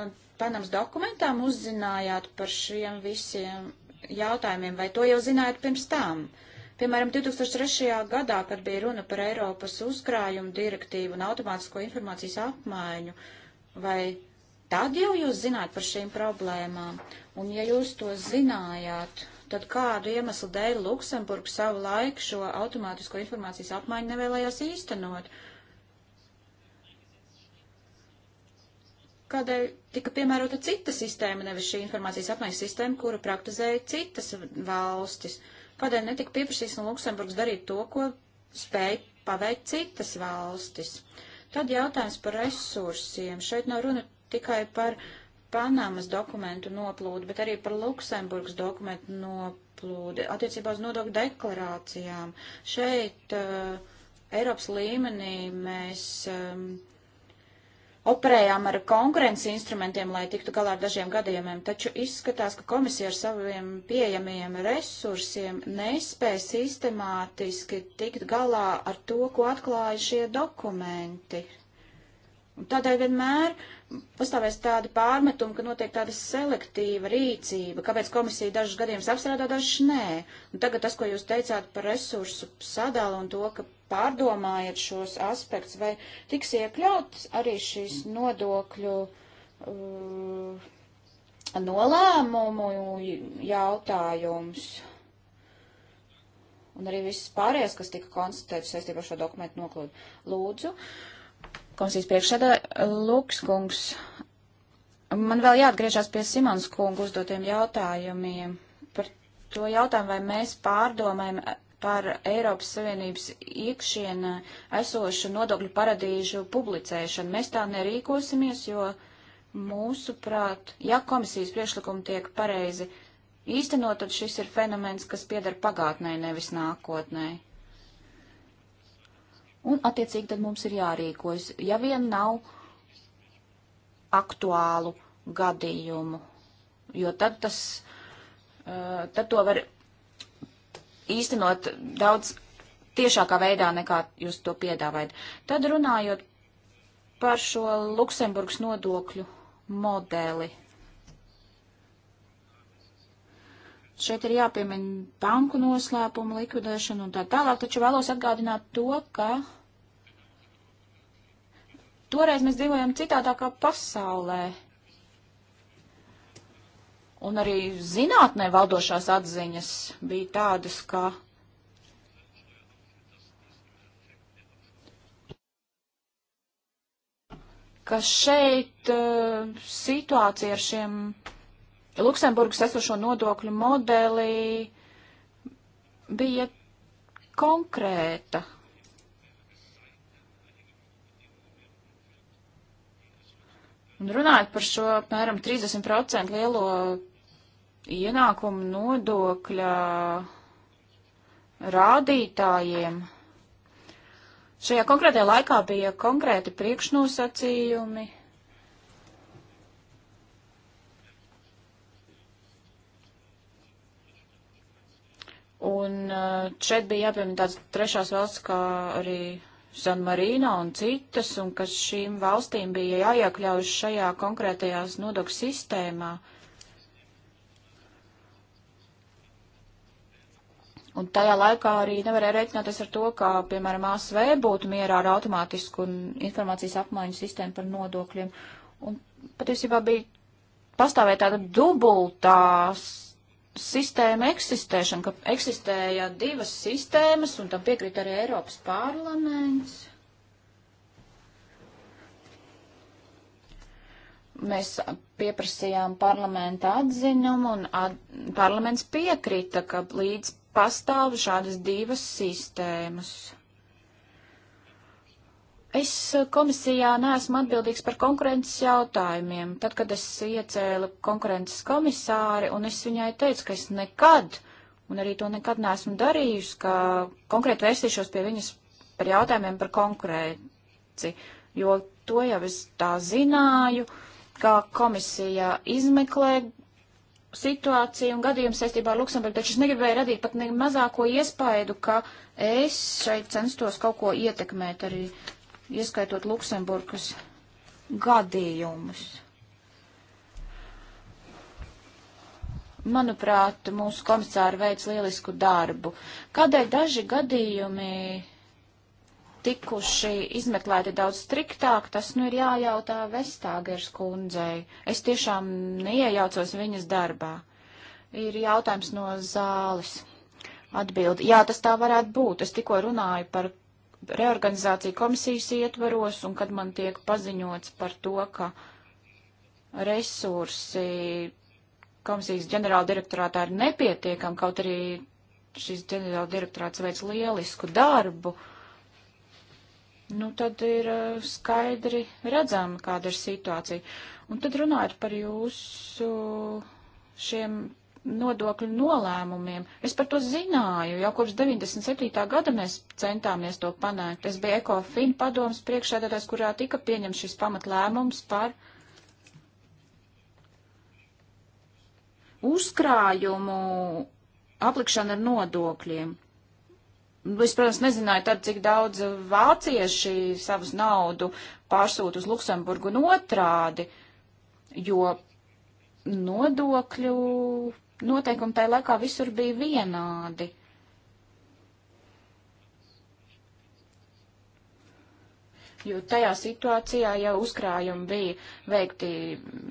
S3: Panamas dokumentām uzzinājāt par šiem visiem jautājumiem, vai to jau zinājāt pirms tam? Piemēram, 2003. gadā, kad bija runa par Eiropas uzkrājumu direktīvu un automātisko informācijas apmaiņu, vai tad jau jūs zināt par šīm problēmām? Un ja jūs to zinājāt, tad kādu iemeslu dēļ Luksemburga savu laiku šo automātisko informācijas apmaiņu nevēlējās īstenot? Kādēļ tika piemērota cita sistēma, nevis šī informācijas apmaiņas sistēma, kuru praktizēja citas valstis? Kādēļ netika pieprasīts no Luksemburgas darīt to, ko spēja paveikt citas valstis? Tad jautājums par resursiem. Šeit nav runa tikai par uh, Panamas dokumentu noplūdu, bet arī par Luksemburgas dokumentu noplūdu attiecībā uz nodokļu deklarācijām. Šeit uh, Eiropas līmenī mēs um, operējām ar konkurences instrumentiem, lai tiktu galā ar dažiem gadījumiem, taču izskatās, ka komisija ar saviem pieejamajiem resursiem nespēja sistemātiski tikt galā ar to, ko atklāja šie dokumenti. Un tādēļ vienmēr uh, pastāvēs tāda pārmetuma, ka notiek tāda selektīva rīcība, kāpēc komisija dažus gadījumus apstrādā, dažus nē. Un tagad tas, ko jūs teicāt par resursu sadalu un to, ka pārdomājiet šos aspektus, vai tiks iekļauts arī šīs nodokļu uh, nolēmumu jautājums. Un arī viss pārējais, kas tika konstatēts saistībā ar šo dokumentu noklūdu. Lūdzu. Uh, komisijas priekšsēdā Lukskungs. Man vēl jāatgriežas pie Simons kungu uzdotiem jautājumiem par to jautājumu, vai mēs pārdomājam par Eiropas Savienības iekšienē esošu nodokļu paradīžu publicēšanu. Mēs tā nerīkosimies, jo mūsuprāt, ja komisijas priekšlikumi tiek pareizi īstenot, tad šis ir fenomens, kas pieder pagātnē, nevis nākotnē un attiecīgi tad mums ir jārīkojas, ja vien nav aktuālu gadījumu, jo tad tas, tad to var īstenot daudz tiešākā veidā, nekā jūs to piedāvājat. Tad runājot par šo Luksemburgas nodokļu modeli. Šeit ir jāpiemina banku noslēpuma likvidēšana un tā tālāk, taču vēlos atgādināt to, ka Toreiz mēs dzīvojam citādākā pasaulē. Un arī zinātnē valdošās atziņas bija tādas, ka ka šeit uh, situācija ar šiem Luksemburgas esošo nodokļu modeli bija konkrēta. Un runājot par šo apmēram 30% lielo ienākumu nodokļa rādītājiem, šajā konkrētajā laikā bija konkrēti priekšnosacījumi. Un eh, šeit bija jāpiemina tāds trešās valsts, kā arī San Marino un citas, un kas šīm valstīm bija jāiekļaujas šajā konkrētajās nodokļu sistēmā. Un tajā laikā arī nevarēja rēķināties ar to, ka, piemēram, ASV būtu mierā ar automātisku informācijas apmaiņu sistēmu par nodokļiem. Un patiesībā bija pastāvēja tāda dubultās sistēma eksistēšana, ka eksistēja divas sistēmas, un tam piekrīt arī Eiropas parlaments. Mēs pieprasījām parlamenta atzinumu, un at, parlaments piekrita, ka līdz pastāv šādas divas sistēmas. Es eh, komisijā neesmu atbildīgs par konkurences jautājumiem. Tad, kad es iecēlu konkurences komisāri, un es viņai teicu, ka es nekad, un arī to nekad neesmu darījusi, ka konkrēti vērsīšos pie viņas par jautājumiem par konkurenci, jo to jau es tā zināju, kā komisija izmeklē situāciju un gadījumu saistībā ar Luksemburgu, taču es negribēju radīt pat ne mazāko iespaidu, ka es šeit censtos kaut ko ietekmēt arī ieskaitot Luksemburgas gadījumus. Manuprāt, mūsu komisāri veic lielisku darbu. Kādēļ daži gadījumi tikuši izmeklēti daudz striktāk, tas nu ir jājautā Vestāgers kundzei. Es tiešām neiejaucos viņas darbā. Ir jautājums no zāles. Atbildi. Jā, tas tā varētu būt. Es tikko runāju par reorganizācija komisijas ietvaros un kad man tiek paziņots par to, ka resursi komisijas ģenerāla direktorātā ir nepietiekami, kaut arī šis ģenerāla direktorāts veic lielisku darbu, nu tad ir uh, skaidri redzama, kāda ir situācija. Un tad runājot par jūsu šiem nodokļu nolēmumiem. Es par to zināju, jau kopš 97. gada mēs centāmies to panākt. Es biju ECOFIN padomas priekšēdētājs, kurā tika pieņemts šis pamatlēmums par uzkrājumu aplikšanu ar nodokļiem. Es, protams, nezināju tad, cik daudz vācieši savus naudu pārsūt uz Luksemburgu un otrādi, jo nodokļu noteikumi tajā laikā visur bija vienādi. Jo tajā situācijā, ja uzkrājumi bija veikti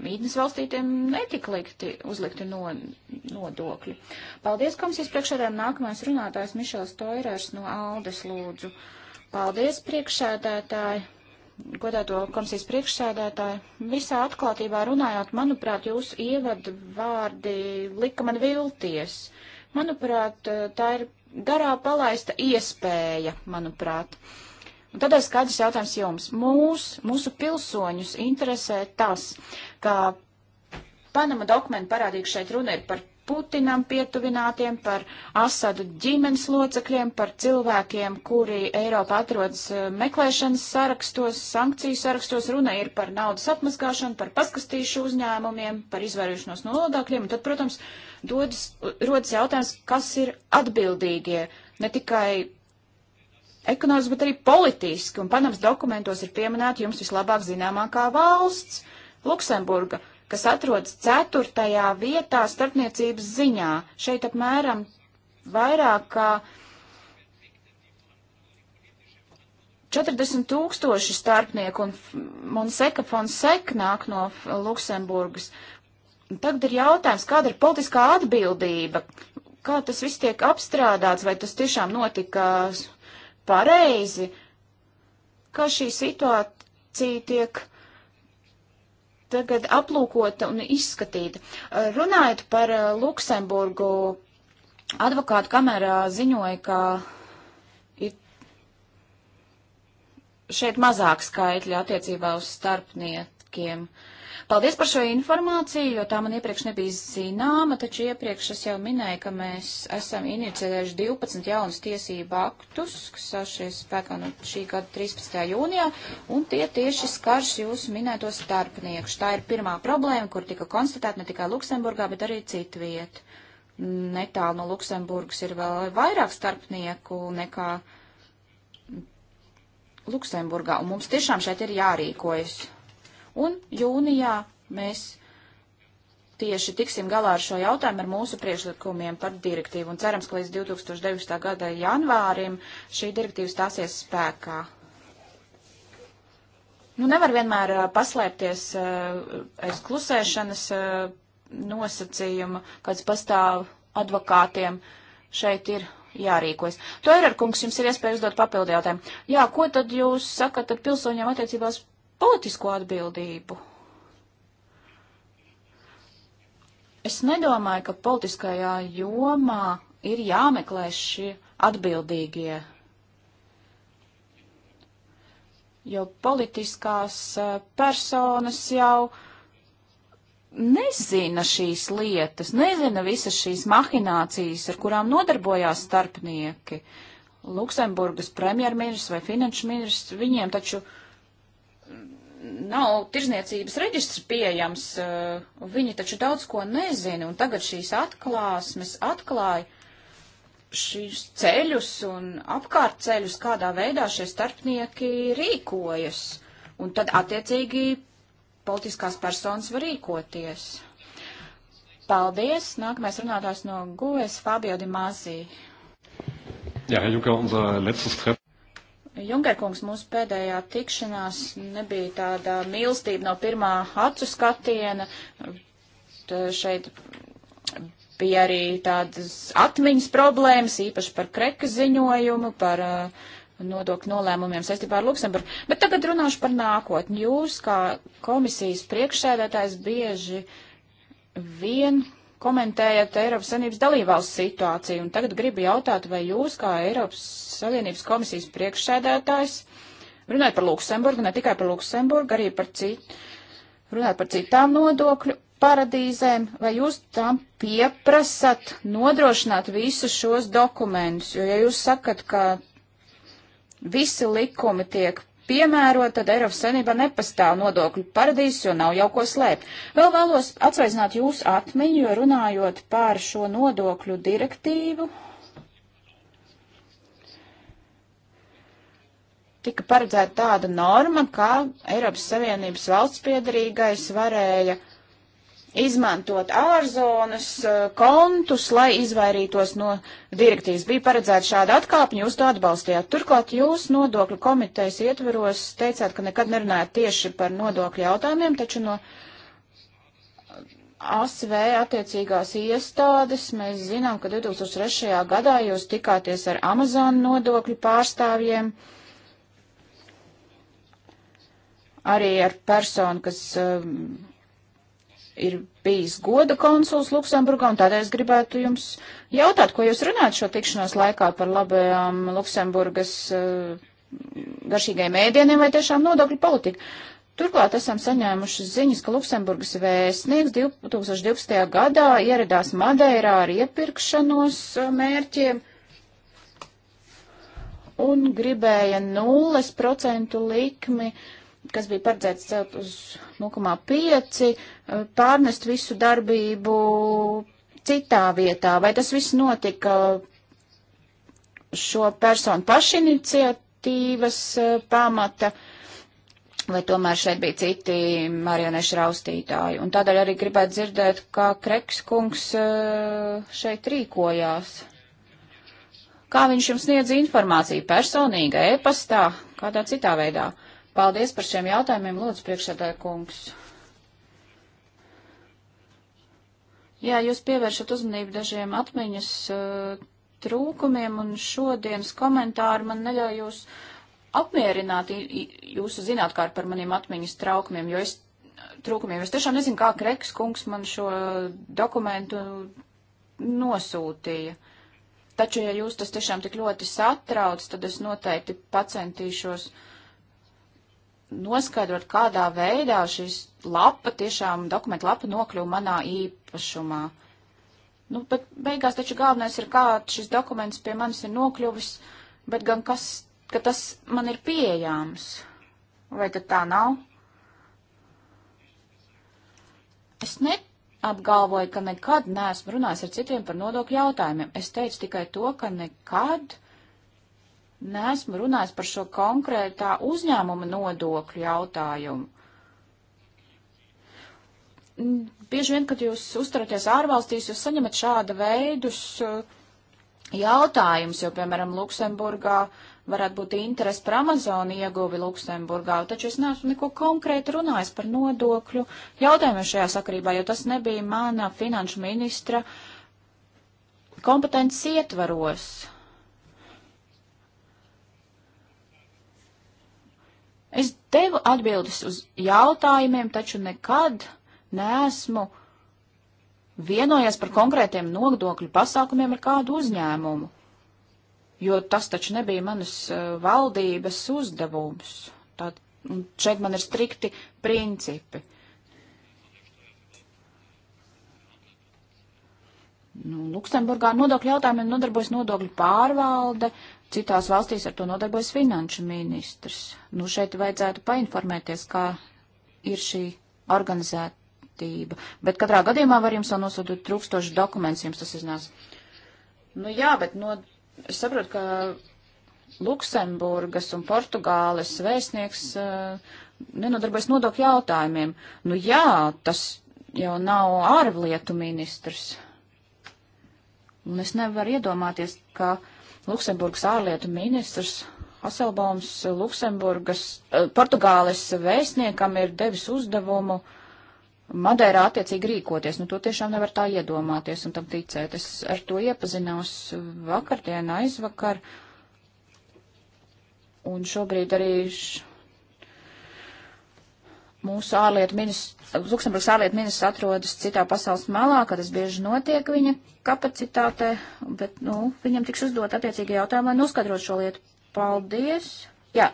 S3: mītnes valstī, tiem netika likti, uzlikti no, nodokļi. Paldies komisijas priekšēdēm. Nākamais runātājs Mišels Toirērs no Aldes lūdzu. Paldies priekšēdētāji godēto komisijas priekšsēdētāji. Visā atklātībā runājot, manuprāt, jūsu ievadu vārdi lika man vilties. Manuprāt, tā ir garā palaista iespēja, manuprāt. Un tad ir skaidrs jautājums jums. Mūs, mūsu pilsoņus interesē tas, ka Panama dokumentu parādīgs šeit runa ir par Putinam pietuvinātiem, par Asadu ģimenes locekļiem, par cilvēkiem, kuri Eiropā atrodas eh, meklēšanas sarakstos, sankciju sarakstos. Runa ir par naudas apmazgāšanu, par paskastīšu uzņēmumiem, par izvairīšanos no nodokļiem. Un tad, protams, dodas, rodas jautājums, kas ir atbildīgie ne tikai ekonomiski, bet arī politiski. Un Panamas dokumentos ir pieminēta jums vislabāk zināmākā valsts. Luksemburga kas atrodas ceturtajā vietā starpniecības ziņā. Šeit apmēram vairāk kā 40 tūkstoši starpnieku un Monseka Fonsek nāk no Luksemburgas. Tagad ir jautājums, kāda ir politiskā atbildība, kā tas viss tiek apstrādāts, vai tas tiešām notika pareizi, kā šī situācija tiek tagad aplūkota un izskatīta. Runājot par Luksemburgu, advokāta kamerā ziņoja, ka ir šeit mazāk skaitļi attiecībā uz starpniekiem. Uh, Paldies par šo informāciju, jo tā man iepriekš nebija zināma, taču iepriekš es jau minēju, ka mēs esam inicējuši 12 jaunus tiesību aktus, kas sāšies spēkā no šī gada 13. jūnijā, un tie tieši skars jūsu minēto starpnieku. Tā ir pirmā problēma, kur tika konstatēta ne tikai Luksemburgā, bet arī citu vietu. Netālu no Luksemburgas ir vēl vairāk starpnieku nekā Luksemburgā, un mums tiešām šeit ir jārīkojas. Un jūnijā mēs tieši tiksim galā ar šo jautājumu ar mūsu priekšlikumiem par direktīvu. Un cerams, ka līdz 2019. gada janvārim šī direktīva stāsies spēkā. Nu, nevar vienmēr paslēpties aiz klusēšanas nosacījuma, kāds pastāv advokātiem. Šeit ir jārīkojas. To ir ar kungs, jums ir iespēja uzdot papildu jautājumu. Jā, ko tad jūs sakat tad pilsoņiem attiecībās politisko atbildību. Es nedomāju, ka politiskajā jomā ir jāmeklē šie atbildīgie, jo politiskās eh, personas jau nezina šīs lietas, nezina visas šīs mahinācijas, ar kurām nodarbojās starpnieki. Luksemburgas premjerministrs vai finanšu ministrs, viņiem taču uh, nav tirzniecības reģistrs pieejams, eh, viņi taču daudz ko nezina, un tagad šīs atklāsmes atklāja šīs ceļus un apkārtceļus, kādā veidā šie starpnieki rīkojas, un tad attiecīgi politiskās personas var rīkoties. Paldies! Nākamais runātājs no Guves, Fabio Di Mazī.
S1: Jā, Juka, unser letztes Treffen.
S3: Junkerkungs mūsu pēdējā tikšanās nebija tāda mīlestība no pirmā acu skatiena. Šeit bija arī tādas atmiņas problēmas, īpaši par kreka ziņojumu, par uh, nodokļu nolēmumiem saistībā ar Luksemburgu. Bet tagad runāšu par nākotni. Jūs, kā komisijas priekšsēdētājs, bieži vien komentējat Eiropas Savienības dalībvalsts situāciju, un tagad gribu jautāt, vai jūs, kā Eiropas Savienības komisijas priekšsēdētājs, runājot par Luksemburgu, ne tikai par Luksemburgu, arī par citu, runājot par citām nodokļu paradīzēm, vai jūs tam pieprasat nodrošināt visus šos dokumentus, jo ja jūs sakat, ka visi likumi tiek piemērot, tad Eiropas Savienībā nepastāv nodokļu paradīzes, jo nav jau ko slēpt. Vēl vēlos atsvaizināt jūs atmiņu, jo runājot par šo nodokļu direktīvu, tika paredzēta tāda norma, ka Eiropas Savienības valsts piedarīgais varēja uh, izmantot ārzonas eh, kontus, lai izvairītos no direktīvas. Bija paredzēta šāda atkāpņa, jūs to atbalstījāt. Turklāt jūs nodokļu komitejas ietveros teicāt, ka nekad nerunājat tieši par nodokļu jautājumiem, taču no ASV attiecīgās iestādes mēs zinām, ka 2003. gadā jūs tikāties ar Amazon nodokļu pārstāvjiem arī ar personu, kas um, ir bijis goda konsuls Luksemburgā, un tādēļ es gribētu jums jautāt, ko jūs runājat šo tikšanos laikā par labajām Luksemburgas eh, garšīgajiem ēdieniem vai tiešām nodokļu politiku. Turklāt esam saņēmuši ziņas, ka Luksemburgas vēstnieks 2012. gadā ieradās Madeirā ar iepirkšanos eh, mērķiem un gribēja 0% likmi, kas bija paredzēts celt uz 0,5 eh, pārnest visu darbību citā vietā. Vai tas viss notika eh, šo personu pašiniciatīvas eh, pamata? vai tomēr šeit bija citi marionešu raustītāji. Un tādēļ arī gribētu dzirdēt, kā Kreks kungs šeit rīkojās. Kā viņš jums sniedz informāciju personīga, e-pastā, kādā citā veidā? Uh, Paldies par šiem jautājumiem, lūdzu, priekšsēdētāj kungs. Jā, jūs pievēršat uzmanību dažiem atmiņas uh, trūkumiem, un šodienas komentāri man neļauj jūs apmierināt jūsu zinātkārt par maniem atmiņas traukumiem, jo es trūkumiem. Es tiešām nezinu, kā Kreks kungs man šo dokumentu nosūtīja. Taču, ja jūs tas tiešām tik ļoti satrauc, tad es noteikti pacentīšos uh, noskaidrot, kādā veidā šis lapa, tiešām dokumentu lapa nokļuva manā īpašumā. Nu, bet beigās taču galvenais ir, kā šis dokuments pie manis ir nokļuvis, bet gan kas, ka tas man ir pieejams. Vai tad tā nav? Es neapgalvoju, ka nekad neesmu runājis ar citiem par nodokļu jautājumiem. Es teicu tikai to, ka nekad neesmu runājis par šo konkrētā uzņēmuma nodokļu jautājumu. Bieži vien, kad jūs uzturaties ārvalstīs, jūs saņemat šāda veidus uh, jautājums, jo, piemēram, Luksemburgā varētu būt interesi par Amazonu ieguvi Luksemburgā, taču es neesmu neko konkrēti runājis par nodokļu jautājumiem šajā sakarībā, jo tas nebija mana finanšu ministra kompetences ietvaros. Es devu atbildes uz jautājumiem, taču nekad neesmu vienojies par konkrētiem nodokļu pasākumiem ar kādu uzņēmumu, jo tas taču nebija manas eh, valdības uzdevums. Tad šeit man ir strikti principi. Nu, Luksemburgā nodokļu jautājumiem nodarbojas nodokļu pārvalde, uh, Citās valstīs ar to nodarbojas finanšu ministrs. Nu, šeit vajadzētu painformēties, kā ir šī organizētība. Bet katrā gadījumā var jums vēl nosūtīt trūkstoši dokumentus, jums tas iznās. Nu jā, bet no, es saprotu, ka Luksemburgas un Portugāles vēstnieks uh, nenodarbojas nodokļu jautājumiem. Nu jā, tas jau nav ārlietu ministrs. Un es nevaru iedomāties, ka Luksemburgas ārlietu ministrs Haselbaums Luksemburgas, eh, Portugāles vēstniekam ir devis uzdevumu Madeirā attiecīgi rīkoties. Nu, to tiešām nevar tā iedomāties un tam ticēt. Es ar to iepazinos vakardien, aizvakar. Un šobrīd arī š mūsu ārlietu ministrs, Luksemburgas ārlietu ministrs atrodas citā pasaules malā, kad tas bieži notiek viņa kapacitātē, bet, nu, viņam tiks uzdot attiecīgi jautājumi, lai noskatrot šo lietu. Paldies! Jā.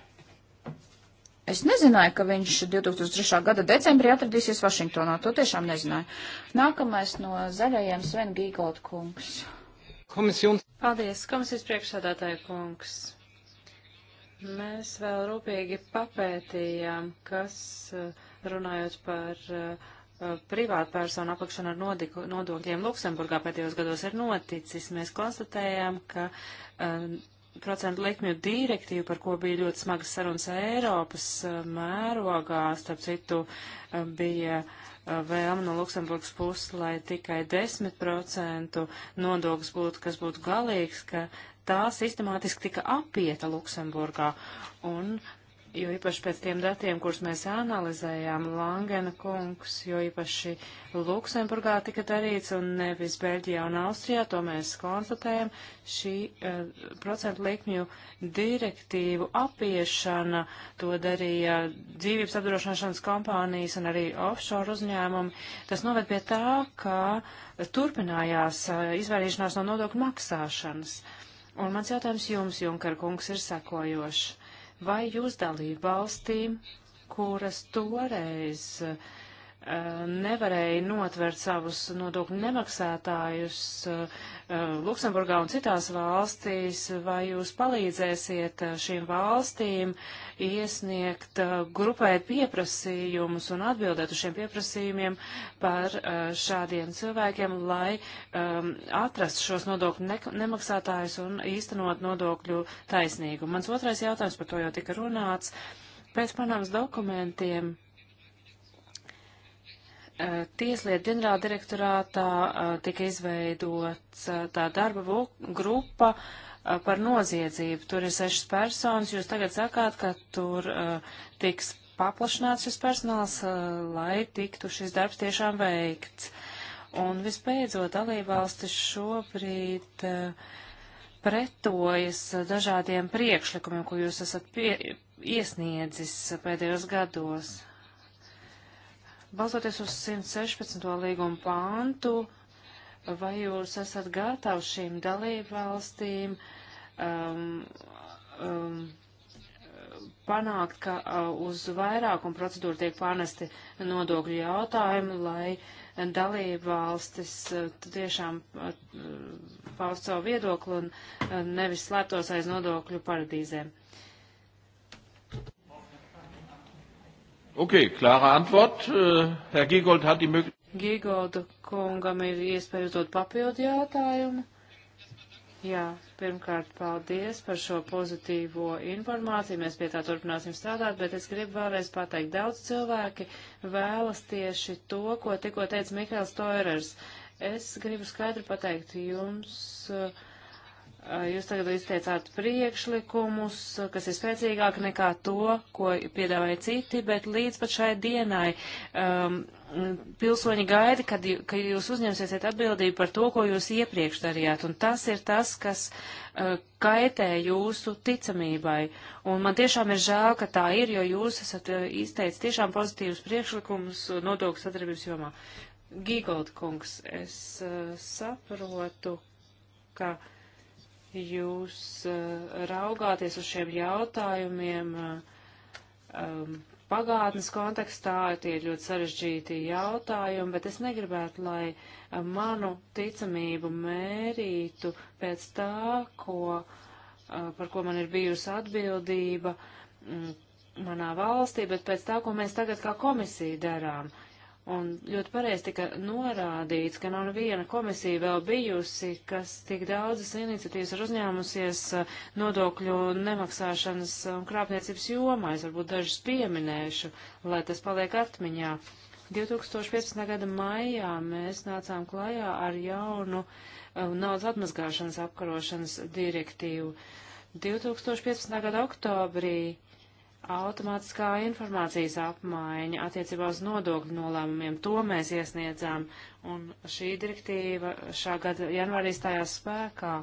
S3: Es nezināju, ka viņš 2003. gada decembrī atradīsies Vašingtonā. To tiešām nezināju. Nākamais no zaļajiem Sven Gīgold kungs. Komisijons. Paldies, komisijas priekšsādātāja kungs.
S2: Mēs vēl rūpīgi papētījām, kas uh, runājot par uh, privātpersonu apakšana ar nodiku, nodokļiem Luksemburgā pēdējos gados ir noticis. Mēs konstatējām, ka um, procentu likmju direktīva, par ko bija ļoti smagas sarunas Eiropas eh, mērogā, starp citu bija vēlme no Luksemburgas puses, lai tikai 10% nodoklis būtu, kas būtu galīgs, ka tā sistemātiski tika apieta Luksemburgā. Un jo īpaši pēc tiem datiem, kurus mēs analizējām, Langena kungs, jo īpaši Luksemburgā tika darīts un nevis Beļģijā un Austrijā, to mēs konstatējam, šī uh, procentu likmju direktīvu apiešana, to darīja dzīvības apdrošināšanas kompānijas un arī offshore uzņēmumi. Tas noved pie tā, ka turpinājās uh, izvairīšanās no nodokļu maksāšanas. Un mans jautājums jums, Junker kungs, ir sekojošs vai jūs dalību valstīm, kuras toreiz uh, nevarēja notvert savus nodokļu nemaksātājus eh, eh, Luksemburgā un citās valstīs, vai jūs palīdzēsiet eh, šīm valstīm iesniegt grupēt pieprasījumus un atbildēt uz šiem pieprasījumiem par šādiem cilvēkiem, lai ehm, atrast šos nodokļu ne nemaksātājus un īstenot nodokļu taisnīgumu. Mans otrais jautājums par to jau tika runāts. Pēc panāks dokumentiem Eh, Tieslietu ģenerāldirektorātā eh, tika izveidots eh, tā darba grupa par noziedzību. Tur ir sešas personas. Jūs tagad sakāt, ka tur tiks paplašināts šis personāls, lai tiktu šis darbs tiešām veikts. Un visbeidzot, dalībvalstis šobrīd pretojas dažādiem priekšlikumiem, ko jūs esat pie, iesniedzis pēdējos gados. Balstoties uz 116. līgumu pāntu, vai jūs esat gatavi šīm dalību valstīm um, um, panākt, ka uh, uz vairākumu procedūru tiek pārnesti nodokļu jautājumi, lai dalību valstis uh, tiešām uh, paust savu viedokli un nevis slēptos aiz nodokļu paradīzēm.
S1: Okay, klāra antwort. Uh, Herr Giegold hat die Möglichkeit.
S2: Gigolda kungam ir iespēja uzdot papildu jautājumu. Jā, pirmkārt, paldies par šo pozitīvo informāciju. Mēs pie tā turpināsim strādāt, bet es gribu vēlreiz pateikt, daudz cilvēki vēlas tieši to, ko tikko teica Mihails Toirers. Es gribu skaidri pateikt jums. Uh, Jūs tagad izteicāt priekšlikumus, kas ir spēcīgāk nekā to, ko piedāvāja citi, bet līdz pat šai dienai um, pilsoņi gaida, kad, kad jūs uzņemsiet atbildību par to, ko jūs iepriekš darījāt. Un tas ir tas, kas uh, kaitē jūsu ticamībai. Un man tiešām ir žēl, ka tā ir, jo jūs esat uh, izteicis tiešām pozitīvus priekšlikumus nodokļu sadarbības jomā. Gīgold kungs, es uh, saprotu, ka. Uh, jūs eh, raugāties uz šiem jautājumiem eh, um, pagātnes kontekstā, tie ir ļoti sarežģīti jautājumi, bet es negribētu, lai eh, manu ticamību mērītu pēc tā, ko, par ko man ir bijusi atbildība mm, manā valstī, bet pēc tā, ko mēs tagad kā komisija darām. Un ļoti pareizi tika norādīts, ka nav viena komisija vēl bijusi, kas tik daudzas iniciatīvas ir uzņēmusies eh, nodokļu nemaksāšanas un krāpniecības jomā. Es varbūt dažus pieminēšu, lai tas paliek atmiņā. 2015. gada maijā mēs nācām klajā ar jaunu eh, naudas atmazgāšanas apkarošanas direktīvu. 2015. gada oktobrī automātiskā informācijas apmaiņa attiecībā uz nodokļu nolēmumiem. To mēs iesniedzām, un šī direktīva šā gada janvārī stājās spēkā,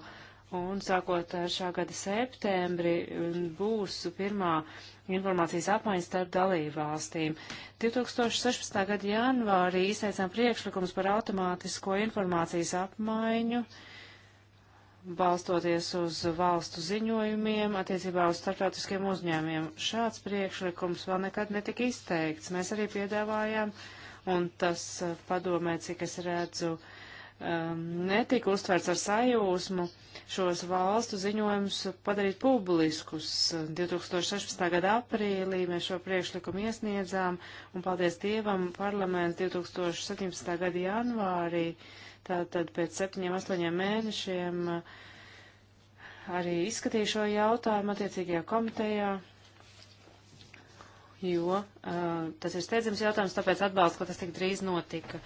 S2: un sākot ar šā gada septembri būs pirmā informācijas apmaiņa starp dalību valstīm. 2016. gada janvārī izteicām priekšlikums par automātisko informācijas apmaiņu. Uh, balstoties uz valstu ziņojumiem attiecībā uz starptautiskiem uzņēmiem. Šāds priekšlikums vēl nekad netika izteikts. Mēs arī piedāvājām, un tas eh, padomē, cik es redzu, um, netika uztverts ar sajūsmu šos valstu ziņojumus padarīt publiskus. 2016. gada aprīlī mēs šo priekšlikumu iesniedzām, un paldies Dievam, parlaments 2017. gada janvārī Tātad pēc septiņiem, astoņiem mēnešiem eh, arī izskatīju šo jautājumu attiecīgajā komitejā, jo uh, tas ir steidzams jautājums, tāpēc atbalstu, ka tas tik drīz notika.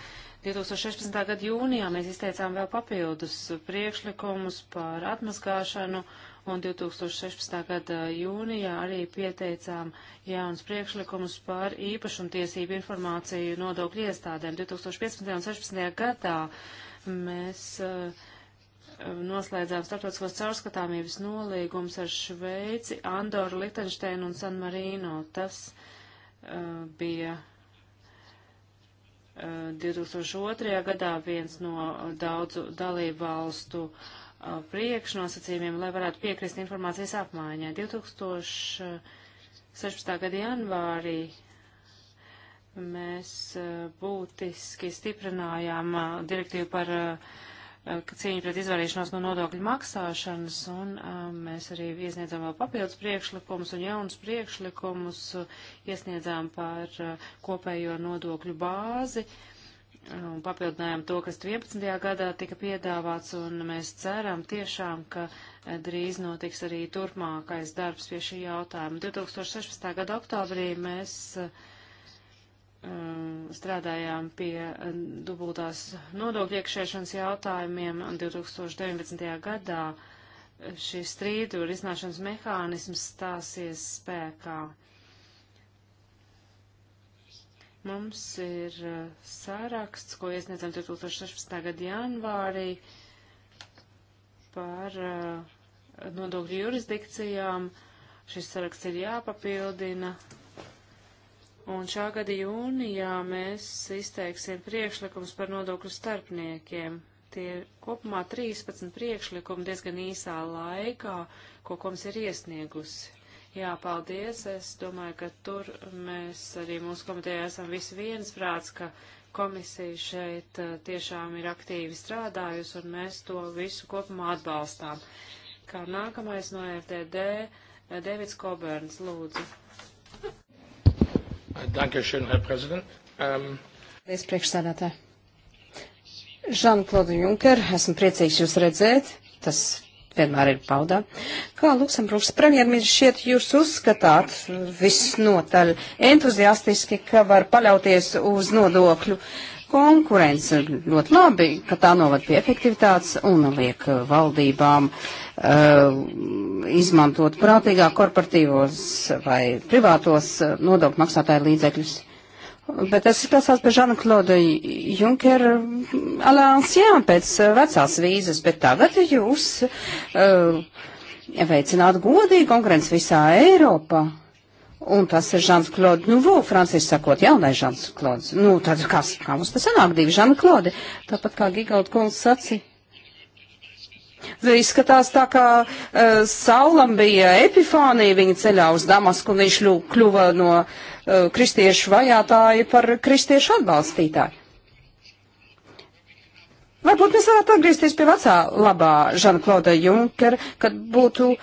S2: 2016. gada jūnijā mēs izteicām vēl papildus priekšlikumus par atmazgāšanu, un 2016. gada jūnijā arī pieteicām jauns priekšlikumus par īpašumtiesību informāciju nodokļu iestādēm. 2015. un 2016. gadā Mēs uh, noslēdzām starptautiskos caurskatāmības nolīgums ar Šveici, Andoru, Lichtensteinu un San Marino. Tas uh, bija uh, eh, 2002. gadā viens no daudzu dalību valstu uh, priekšnosacījumiem, lai varētu piekrist informācijas apmaiņai. 2016. gada janvārī Mēs eh, būtiski stiprinājām eh, direktīvu par eh, cīņu pret izvairīšanos no nodokļu maksāšanas, un mēs arī iesniedzām vēl papildus priekšlikumus un jaunus priekšlikumus iesniedzām par kopējo nodokļu bāzi, un papildinājām to, kas 11. gadā tika piedāvāts, un mēs ceram tiešām, ka drīz notiks arī turpmākais darbs pie šī jautājuma. 2016. gada oktobrī mēs uh, strādājām pie dubultās nodokļu iekšēšanas jautājumiem 2019. gadā. Šī strīdu un iznāšanas mehānisms stāsies spēkā. Mums ir sāraksts, ko iesniedzam 2016. gada janvārī par nodokļu jurisdikcijām. Šis saraksts ir jāpapildina Un šā gada jūnijā mēs izteiksim priekšlikums par nodokļu starpniekiem. Tie ir kopumā 13 priekšlikumi diezgan īsā laikā, ko koms ir iesniegusi. Jā, paldies. Es domāju, ka tur mēs arī mūsu komitejā esam visi viensprāts, ka komisija šeit uh, tiešām ir aktīvi strādājusi, un mēs to visu kopumā atbalstām. Kā nākamais no FDD, Devits Koberns, lūdzu.
S1: Dankeschön, Herr President. Um... Ähm,
S4: Paldies, priekšsēdētāji. Žanklodu Junker, esmu priecīgs jūs redzēt. Tas vienmēr ir paudā. Kā Luksemburgas premjerministrs šeit jūs uzskatāt visnotaļ entuziastiski, ka var paļauties uz nodokļu uh, Konkurence ļoti labi, ka tā novad pie efektivitātes un liek uh, valdībām uh, izmantot prātīgāk korporatīvos vai privātos uh, nodokļu maksātāju līdzekļus. Bet tas izklausās uh, pēc Žana Kloda Junkera alansijām pēc vecās vīzas, bet tagad jūs uh, veicināt godīgi konkurenci visā Eiropā. Un tas ir Žants Klods. Nu, lūk, Francis sakot, jaunais Žants Klods. Nu, tad kas, kā mums tas sanāk, divi Žani Klodi. Tāpat kā Gigaut kungs saci. Izskatās tā, kā uh, eh, Saulam bija epifānija, viņa ceļā uz Damasku, un viņš kļuva no uh, kristiešu vajātāja par kristiešu atbalstītāju. Varbūt mēs varētu atgriezties pie vecā labā Žana-Klauda Junkera, kad būtu uh,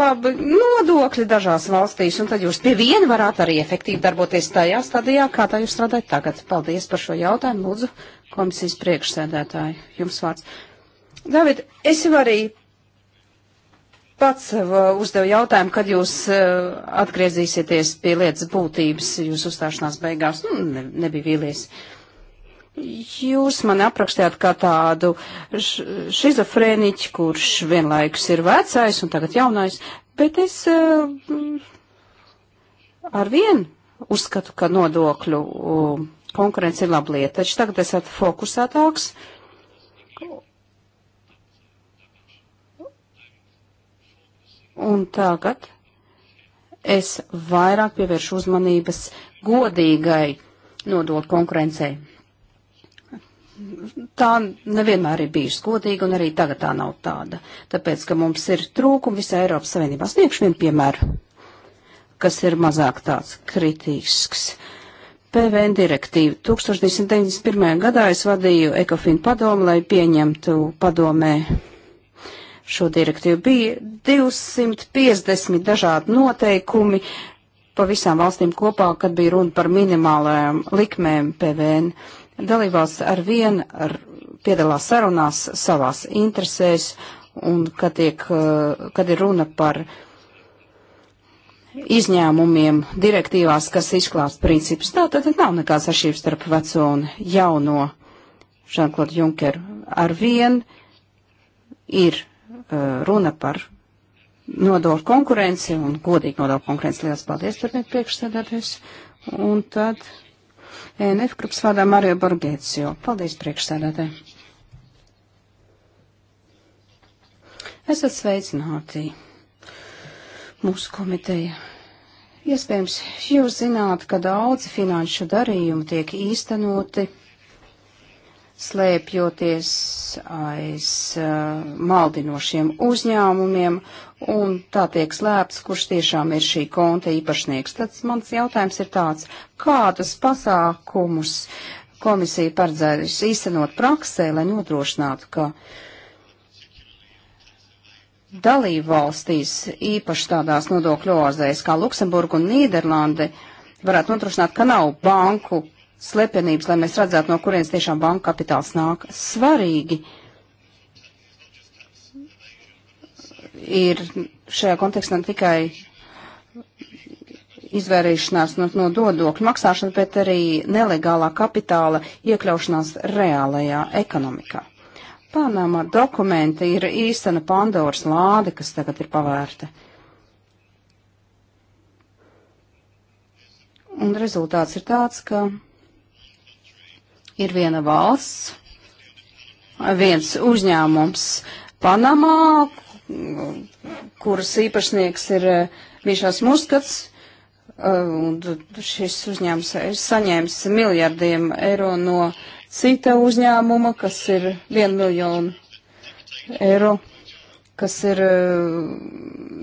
S4: labi nodokļi dažās valstīs, un tad jūs pie viena varētu arī efektīvi darboties tajā stadijā, kā tā jūs strādājat tagad. Paldies par šo jautājumu, lūdzu, komisijas priekšsēdētāji. Jums vārds. David, es jau arī pats eh, uzdevu jautājumu, kad jūs uh, atgriezīsieties pie lietas būtības jūsu uzstāšanās beigās. Nu, ne, nebija vīlies. Uh, Jūs mani aprakstījāt kā tādu šizofrēniķi, kurš vienlaikus ir vecais un tagad jaunais, bet es eh, ar vienu uzskatu, ka nodokļu eh, konkurence ir laba lieta, taču tagad esat fokusētāks. Un tagad es vairāk pievēršu uzmanības godīgai nodokļu konkurencei tā nevienmēr ir bijusi godīga, un arī tagad tā nav tāda. Tāpēc, ka mums ir trūkumi visā Eiropas Savienībā. Sniegšu vienu piemēru, kas ir mazāk tāds kritisks. PVN direktīva. 1991. gadā es vadīju Ekofinu padomu, lai pieņemtu padomē šo direktīvu. Bija 250 dažādi noteikumi pa visām valstīm kopā, kad bija runa par minimālajām likmēm PVN. Uh, dalībvalsts ar vien ar piedalās sarunās savās interesēs un kad, tiek, eh, kad ir runa par izņēmumiem direktīvās, kas izklāst principus. Tā tad nav nekāds atšķirības starp veco un jauno Žanklot Junkeru. Ar vien ir uh, runa par nodoru konkurenci un godīgi nodoru konkurenci. Lielas paldies, turpiniet priekšsēdētājs. Un tad ENF grupas vārdā Mario Borgēcio. Paldies, priekšsēdētē. Esat sveicināti mūsu komiteja. Iespējams, jūs zināt, ka daudzi finanšu darījumi tiek īstenoti slēpjoties aiz uh, maldinošiem uzņēmumiem, un tā tiek slēpts, kurš tiešām ir šī konta īpašnieks. Tad mans jautājums ir tāds, kādus pasākumus komisija paredzējusi īstenot praksē, lai nodrošinātu, ka dalību valstīs, īpaši tādās nodokļu oazēs kā Luksemburga un Nīderlande, varētu nodrošināt, ka nav banku, slepenības, lai mēs redzētu, no kurienes tiešām banka kapitāls nāk. Svarīgi ir šajā kontekstā ne tikai izvairīšanās no, no dodokļu maksāšana, bet arī nelegālā kapitāla iekļaušanās reālajā ekonomikā. Panama dokumenti ir īstena Pandoras lāde, kas tagad ir pavērta. Un rezultāts ir tāds, ka Ir viena valsts, viens uzņēmums Panamā, kuras īpašnieks ir eh, Mišās Muskats, eh, un šis uzņēmums ir saņēmis miljardiem eiro no cita uzņēmuma, kas ir 1 miljonu eiro, kas ir eh,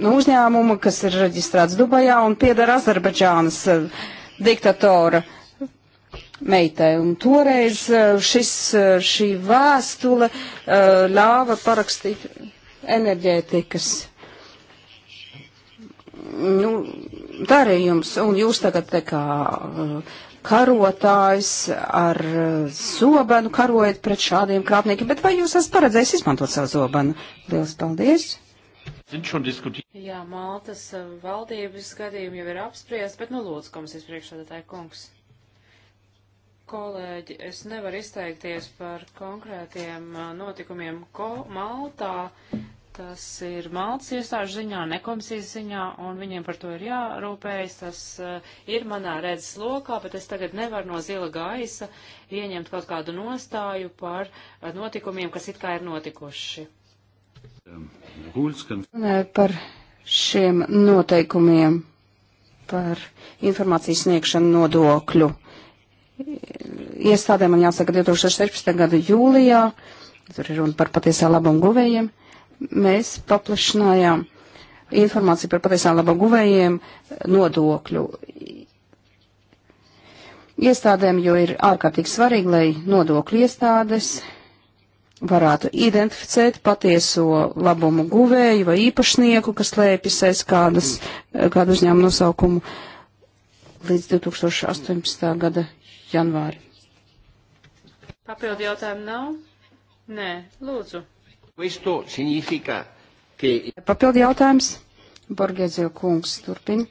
S4: no uzņēmuma, kas ir reģistrēts Dubajā un piedara Azerbaidžānas diktatora meitai. Un toreiz eh, šis, eh, šī vēstule eh, ļāva parakstīt enerģētikas nu, darījums. Un jūs tagad te kā karotājs ar zobenu karojat pret šādiem krāpniekiem, bet vai jūs esat paredzējis izmantot savu zobenu? Lielas paldies!
S1: Jā,
S2: Maltas valdības gadījumi jau ir apspriest, bet nu lūdzu, komisijas priekšsādātāja kungs kolēģi, es nevaru izteikties par konkrētiem notikumiem Ko Maltā. Tas ir Maltas iestāžu ziņā, ne komisijas ziņā, un viņiem par to ir jārūpējas. Tas uh, ir manā redzes lokā, bet es tagad nevaru no zila gaisa ieņemt kaut kādu nostāju par uh, notikumiem, kas it kā ir notikuši. Um,
S4: par šiem noteikumiem, par informācijas sniegšanu nodokļu iestādēm, man jāsaka, 2016. gada jūlijā, tur ir runa par patiesā labumu guvējiem, mēs paplašinājām informāciju par patiesā labumu guvējiem nodokļu iestādēm, jo ir ārkārtīgi svarīgi, lai nodokļu iestādes varētu identificēt patieso labumu guvēju vai īpašnieku, kas lēpjas aiz kādas, kādu uzņēmumu nosaukumu līdz 2018. gada janvāri.
S2: Papildu jautājumu nav? Nē, lūdzu.
S4: Papildu jautājums. Borgēdzio kungs turpina.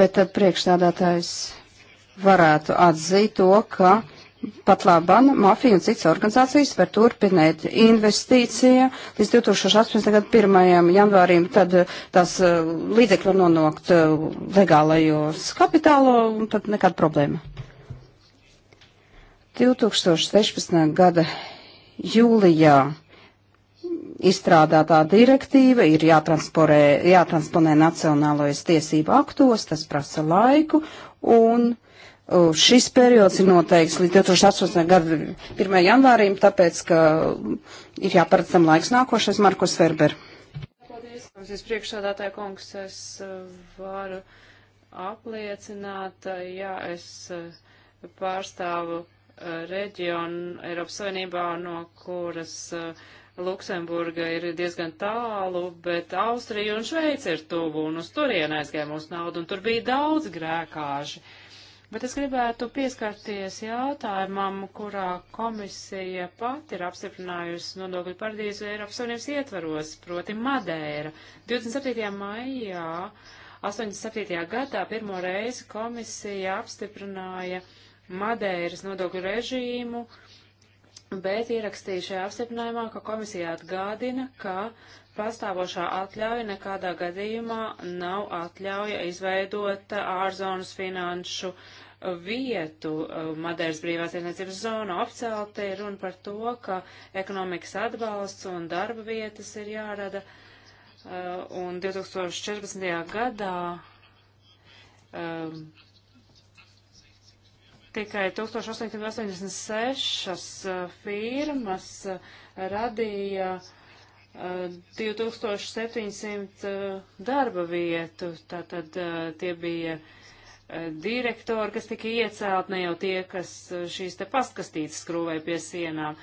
S4: Bet tad priekšstādātājs varētu atzīt to, ka Pat labam, mafija un citas organizācijas var turpināt investīcija līdz 2018. gada 1. janvārim, tad eh, tās eh, līdzekļi var nonākt eh, legālajos kapitālo un tad nekāda problēma. 2016. gada jūlijā izstrādātā direktīva ir jātransponē nacionālojas tiesību aktos, tas prasa laiku, un Uh, šis periods ir noteikts līdz 2018. gada 1. janvārim, tāpēc, ka um, ir jāparedz tam laiks nākošais Markus Ferber.
S2: Paldies, komisijas priekšsādātāja kungs, es uh, varu apliecināt, uh, jā, es pārstāvu reģionu Eiropas Savienībā, no kuras Luksemburga ir diezgan tālu, bet Austrija un Šveica ir tuvu, un uz turieni aizgāja mūsu naudu, un tur bija daudz grēkāži. Uh, Bet es gribētu pieskarties jautājumam, kurā komisija pati ir apstiprinājusi nodokļu paradīzu Eiropas Savienības ietvaros, proti Madeira. 27. maijā 87. gadā pirmo reizi komisija apstiprināja Madeiras nodokļu režīmu, bet ierakstīja šajā apstiprinājumā, ka komisija atgādina, ka pastāvošā atļauja nekādā gadījumā nav atļauja izveidot uh, ārzonas finanšu uh, vietu uh, Madeiras brīvās tirdzniecības zonā. Oficiāli te ir runa par to, ka ekonomikas atbalsts un darba vietas ir jārada. Un 2014. gadā um, tikai 1886 firmas radīja uh, 2700 eh, darba vietu. Tātad eh, tie bija eh, direktori, kas tika iecelt, ne jau tie, kas šīs te pastkastītes skrūvēja pie sienām.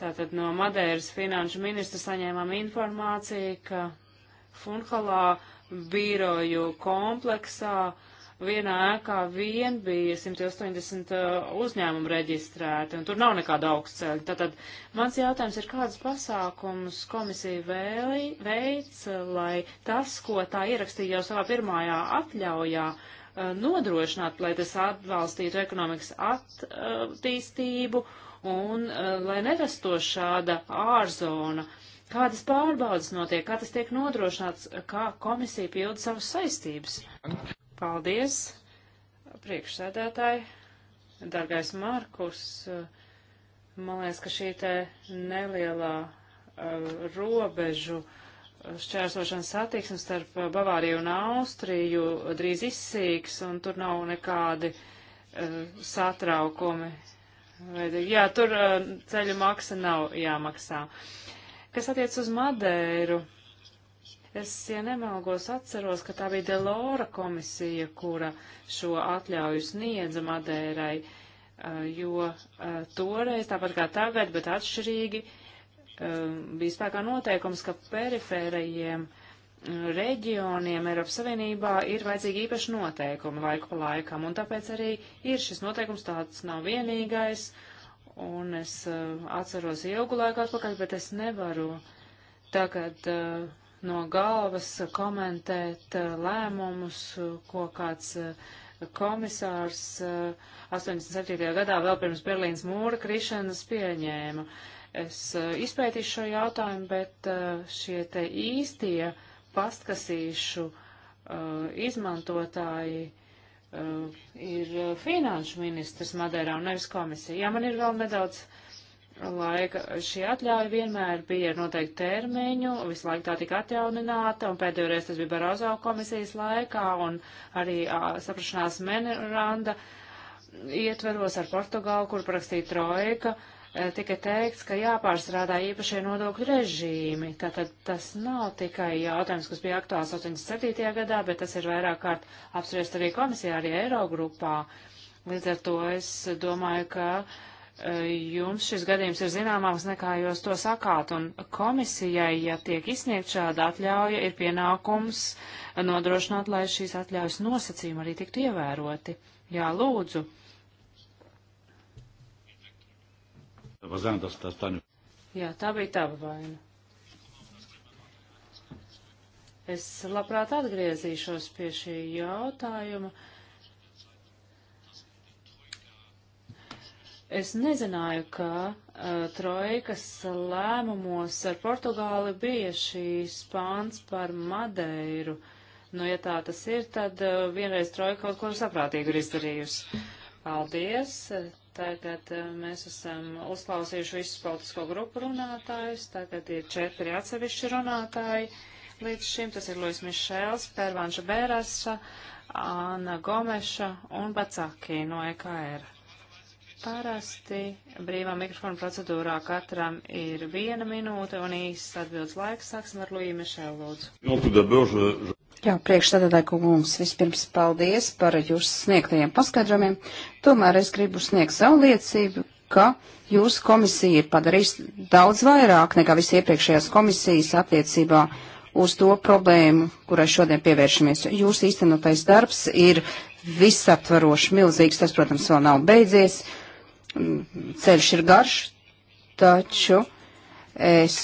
S2: Tātad no Madeiras finanšu ministra saņēmām informāciju, ka Funhalā bīroju kompleksā uh, vienā ēkā vien bija 180 uh, uzņēmumu reģistrēti, un tur nav nekāda augstceļa. Tātad mans jautājums ir, kādas pasākumus komisija vēli, veic, lai tas, ko tā ierakstīja jau savā pirmajā atļaujā, uh, nodrošināt, lai tas atbalstītu ekonomikas attīstību un uh, lai nerasto šāda ārzona. Kādas pārbaudas notiek, kā tas tiek nodrošināts, kā komisija pilda savas saistības? Paldies, priekšsēdētāji, dargais Markus. Man liekas, ka šī te nelielā uh, robežu eh, šķērsošanas satiksme starp eh, Bavāriju un Austriju drīz izsīks, un tur nav nekādi uh, satraukumi. Jā, tur uh, ceļu maksa nav jāmaksā. Kas attiec uz Madeiru? Es, ja nemaldos, atceros, ka tā bija Delora komisija, kura šo atļauju sniedza Madērai, eh, jo eh, toreiz, tāpat kā tagad, bet atšķirīgi, eh, bija spēkā noteikums, ka perifērajiem reģioniem Eiropas Savienībā ir vajadzīgi īpaši noteikumi laiku pa laikam, un tāpēc arī ir šis noteikums tāds nav vienīgais, un es atceros ilgu laiku atpakaļ, bet es nevaru tagad uh, no galvas komentēt eh, lēmumus, eh, ko kāds eh, komisārs 87. gadā vēl pirms Berlīnas mūra krišanas pieņēma. Es izpētīšu šo jautājumu, bet šie te īstie pastkasīšu izmantotāji ir finanšu ministrs Madeirā un nevis komisija. Jā, man ir vēl nedaudz laika šī atļauja vienmēr bija ar noteiktu termiņu, visu laiku tā tika atjaunināta, un pēdējo reizi tas bija Barozo komisijas laikā, un arī a, saprašanās memoranda ietveros ar Portugālu, kur parakstīja Trojka, tika teikts, ka jāpārstrādā īpašie nodokļu režīmi. Tātad tas nav tikai jautājums, kas bija aktuāls 87. gadā, bet tas ir vairāk kārt apspriest arī komisijā, arī Eirogrupā. Līdz ar to es domāju, ka uh, Eh, jums šis gadījums ir zināmāks nekā jūs to sakāt, un komisijai, ja tiek izsniegt šāda atļauja, ir pienākums nodrošināt, lai šīs atļaujas nosacījumi arī tiktu ievēroti. Jā, lūdzu. Jā, tā bija tava vaina. Es labprāt atgriezīšos pie šī jautājuma. Uh, Es nezināju, ka uh, trojkas lēmumos ar Portugāli bija šīs pāns par Madeiru. Nu, ja tā tas ir, tad uh, vienreiz trojka kaut ko saprātīgu ir izdarījusi. Paldies! Tagad uh, mēs esam uzklausījuši visus politisko grupu runātājus. Tagad ir četri atsevišķi runātāji. Līdz šim tas ir Luis Mišēls, Pērvanša Bērasa, Anna Gomeša un Bacakī no EKR. Parasti brīvā mikrofona procedūrā katram ir viena minūte un īsts atbildes laiks. Sāksim ar Lūiju Mišēlu lūdzu.
S4: Nu, Jā, priekšstādātāji kungs, vispirms paldies par jūsu sniegtajiem paskaidrojumiem. Tomēr es gribu sniegt savu liecību, ka jūsu komisija ir padarījusi daudz vairāk nekā visi iepriekšējās komisijas attiecībā uz to problēmu, kurai šodien pievēršamies. Jūsu īstenotais darbs ir visaptvaroši milzīgs, tas, protams, vēl nav beidzies. Uh, Ceļš ir garš, taču es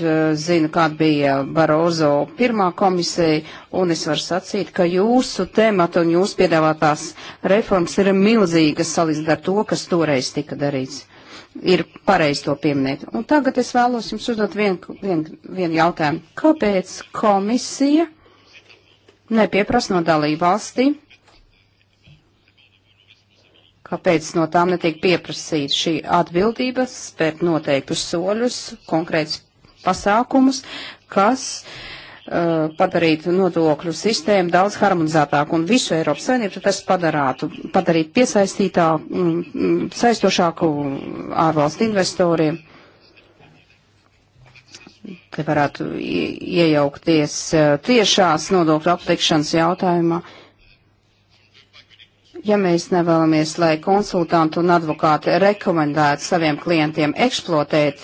S4: eh, zinu, kāda bija Barozo pirmā komisija, un es varu sacīt, ka jūsu temata un jūsu piedāvātās reformas ir milzīgas salīdzinot ar to, kas toreiz tika darīts. Ir pareizi to pieminēt. Un tagad es vēlos jums uzdot vienu vien, vien jautājumu. Kāpēc komisija nepieprasa no dalību valstīm kāpēc no tām netiek pieprasīta šī atbildība, spērt noteiktus soļus, konkrēts pasākumus, kas uh, padarītu nodokļu sistēmu daudz harmonizētāku un visu Eiropas Savienību tas padarātu, padarīt piesaistītāku, mm, mm, saistošāku ārvalstu investoriem. Te varētu iejaukties uh, tiešās nodokļu aplikšanas jautājumā. Uh, Ja mēs nevēlamies, lai konsultanti un advokāti rekomendētu saviem klientiem eksploatēt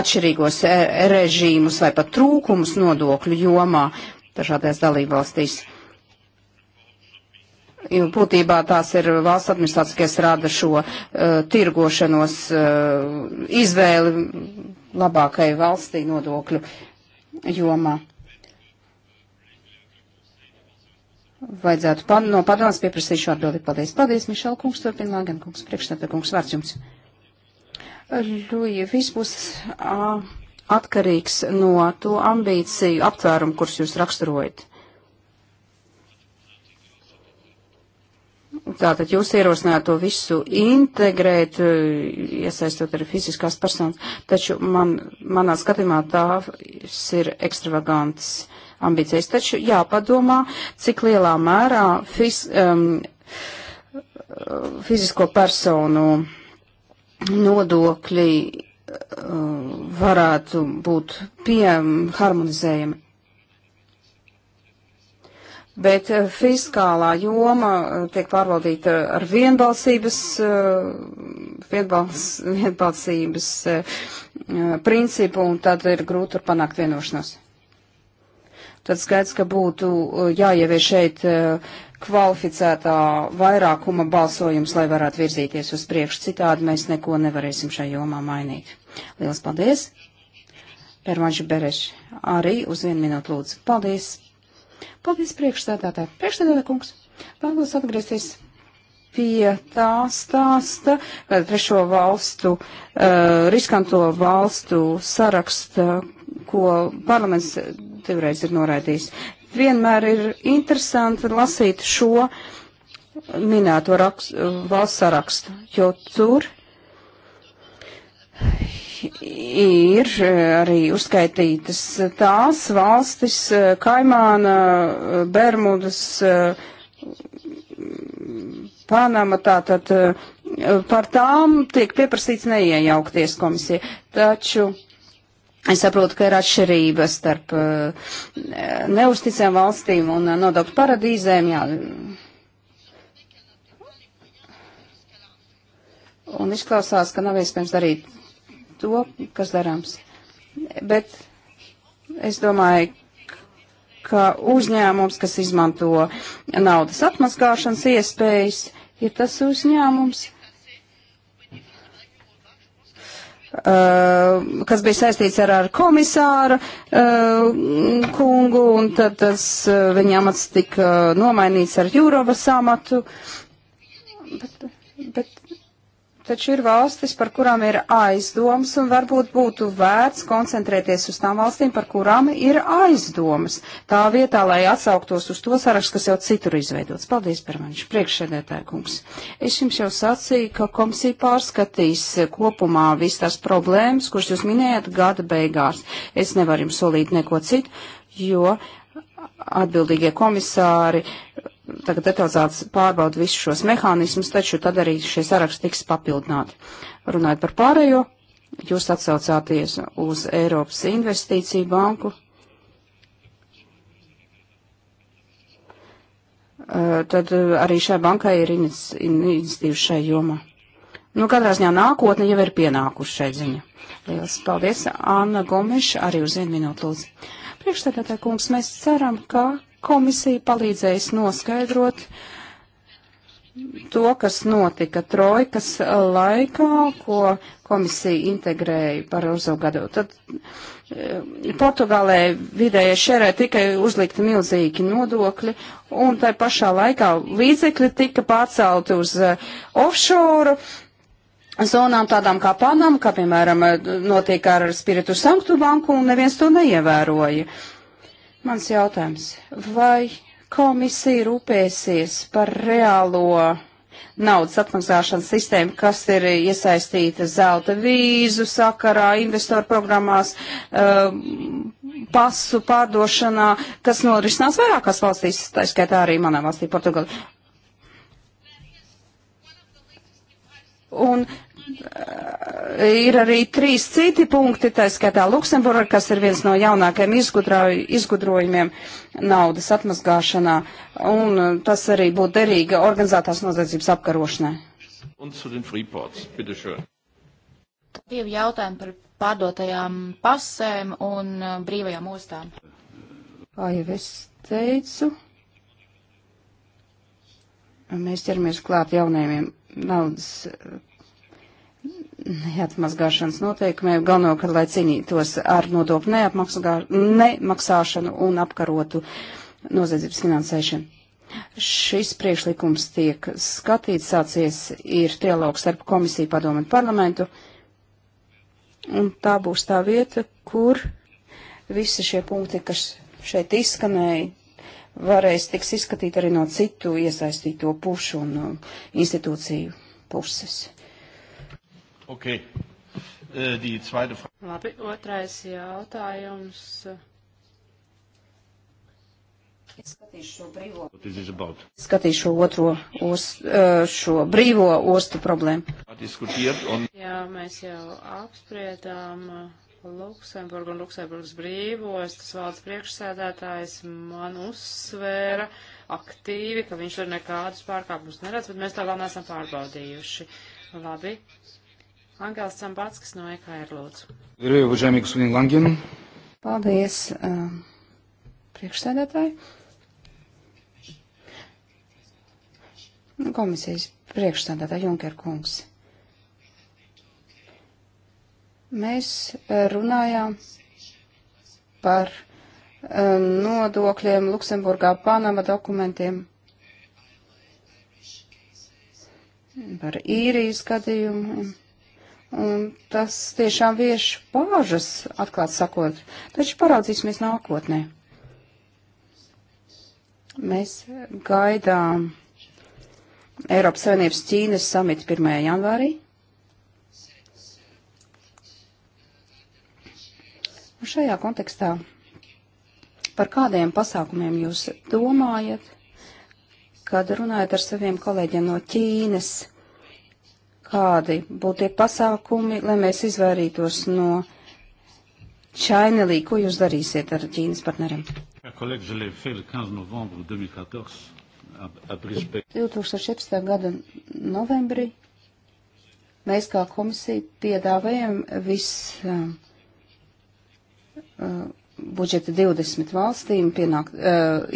S4: atšķirīgos e, režīmus vai pat trūkumus nodokļu jomā dažādās dalībvalstīs, jo būtībā tās ir valsts administrācijas, kas rada šo uh, tirgošanos uh, izvēli labākai valstī nodokļu jomā. vajadzētu pan, no padomas pieprasīt šo atbildi. Paldies, paldies, Mišela kungs, turpina Lāgan kungs, priekšstādā kungs, vārds jums. Ļuja, viss būs a, atkarīgs no to ambīciju aptvērumu, kurus jūs raksturojat. Tātad jūs ierosināt to visu integrēt, iesaistot arī fiziskās personas, taču man, manā skatījumā tās ir ekstravagants ambīcijas. Taču jāpadomā, cik lielā mērā fiz, um, fizisko personu nodokļi um, varētu būt pieharmonizējami. Bet uh, fiskālā joma uh, tiek pārvaldīta ar vienbalsības, vienbals, vienbalsības principu, un tad ir grūti tur panākt vienošanos tad skaidrs, ka būtu uh, jāievieš šeit uh, kvalificētā vairākuma balsojums, lai varētu virzīties uz priekšu. Citādi mēs neko nevarēsim šajā jomā mainīt. Lielas paldies! Ermaģi Bereši, arī uz vienu minūtu lūdzu. Paldies! Paldies priekšstādātāji! Priekšstādātāji kungs! Vēlos atgriezties pie tā stāsta, kad trešo valstu, uh, riskanto valstu saraksta, ko parlaments divreiz ir noraidījis. Vienmēr ir interesanti lasīt šo minēto rakst, valsts sarakstu, jo tur ir e, arī uzskaitītas tās valstis, e, Kaimāna, e, Bermudas, Panama, tātad par tām tiek pieprasīts neiejaukties komisija. Taču Es saprotu, ka ir atšķirības starp uh, eh, neusticām valstīm un uh, nodokļu paradīzēm. Jā. Un izklausās, ka nav iespējams darīt to, kas darāms. Bet es domāju, ka uzņēmums, kas izmanto naudas atmaskāšanas iespējas, ir tas uzņēmums, Uh, kas bija saistīts ar, ar komisāru uh, kungu, un tad tas uh, viņa amats tika uh, nomainīts ar Jūrovas amatu. Bet, uh, Taču ir valstis, par kurām ir aizdomas, un varbūt būtu vērts koncentrēties uz tām valstīm, par kurām ir aizdomas. Tā vietā, lai atsauktos uz to sarakstu, kas jau citur izveidots. Paldies, Permanš, priekšsēdētāja kungs. Es jums jau sacīju, ka komisija pārskatīs kopumā visas tās problēmas, kuras jūs minējat gada beigās. Es nevaru jums solīt neko citu, jo atbildīgie komisāri tagad detalizēts pārbaud visus šos mehānismus, taču tad arī šie saraksti tiks papildināti. Runājot par pārējo, jūs atsaucāties uz Eiropas investīciju banku. Eh, tad eh, arī šai bankai ir iniciatīva šai jomā. Nu, katrā ziņā nākotne jau ir pienākuši šai ziņa. Lielas paldies, Anna Gomeša, arī uz vienu minūtu lūdzu. Priekšstādātāji kungs, mēs ceram, ka Komisija palīdzējis noskaidrot to, kas notika trojkas laikā, ko komisija integrēja Barozo gadu. Tad e, Portugālē vidējai šerē tikai uzlikti milzīgi nodokļi, un tai pašā laikā līdzekļi tika pārcelti uz e, offshore zonām tādām kā Panam, kā piemēram e, notiek ar Spiritu Sanktu banku, un neviens to neievēroja. Uh, Mans jautājums, vai komisija rūpēsies par reālo naudas atmaksāšanas sistēmu, kas ir iesaistīta zelta vīzu sakarā, investoru programmās, um, pasu pārdošanā, kas norisinās vairākās valstīs, tā skaitā arī manā valstī Portugāla. Un ir arī trīs citi punkti, tā skaitā Luksemburga, kas ir viens no jaunākajiem izgudrojumiem naudas atmazgāšanā, un tas arī būtu derīga organizētās noziedzības apkarošanai.
S3: Divi jautājumi par pārdotajām pasēm un uh, brīvajām ostām. Kā jau es
S4: teicu, mēs ķeramies klāt jaunajiem naudas atmazgāšanas noteikumiem, galvenokārt, lai cīnītos ar nodokļu nemaksāšanu un apkarotu noziedzības finansēšanu. Šis priekšlikums tiek skatīts, sācies ir trialogs starp komisiju padomu un parlamentu, un tā būs tā vieta, kur visi šie punkti, kas šeit izskanēja, varēs tiks izskatīt arī no citu iesaistīto pušu un uh, institūciju
S1: puses. Okay. Uh, Labi,
S2: otrais jautājums. Es skatīšu šo brīvo,
S4: skatīšu šo otro, ost, šo brīvo ostu problēmu.
S1: Un...
S2: Jā, mēs jau apspriedām Luksemburgu un Luksemburgas brīvostas valdes priekšsēdētājs man uzsvēra aktīvi, ka viņš tur nekādus pārkāpumus neredz, bet mēs tā vēl neesam pārbaudījuši. Labi, Angels Sambatskis no EKR lūdzu.
S4: Уважаемый господин Лангин. Paldies, priekšsēdētāji. Komisijas priekšsēdētāja Junker kungs. Mēs runājām par nodokļiem Luksemburgā, Panama dokumentiem, par īrijas gadījumiem. Un tas tiešām vieš pāžas, atklāt sakot. Taču paraudzīsimies nākotnē. Mēs gaidām Eiropas Savienības Ķīnas samitu 1. janvārī. Un šajā kontekstā par kādiem pasākumiem jūs domājat, kad runājat ar saviem kolēģiem no Ķīnas? kādi būtu tie pasākumi, lai mēs izvairītos no čainelī, ko jūs darīsiet ar Ķīnas partneriem?
S1: 2014.
S4: gada novembrī mēs kā komisija piedāvājam visu um, uh, budžeta 20 valstīm pienākt, uh,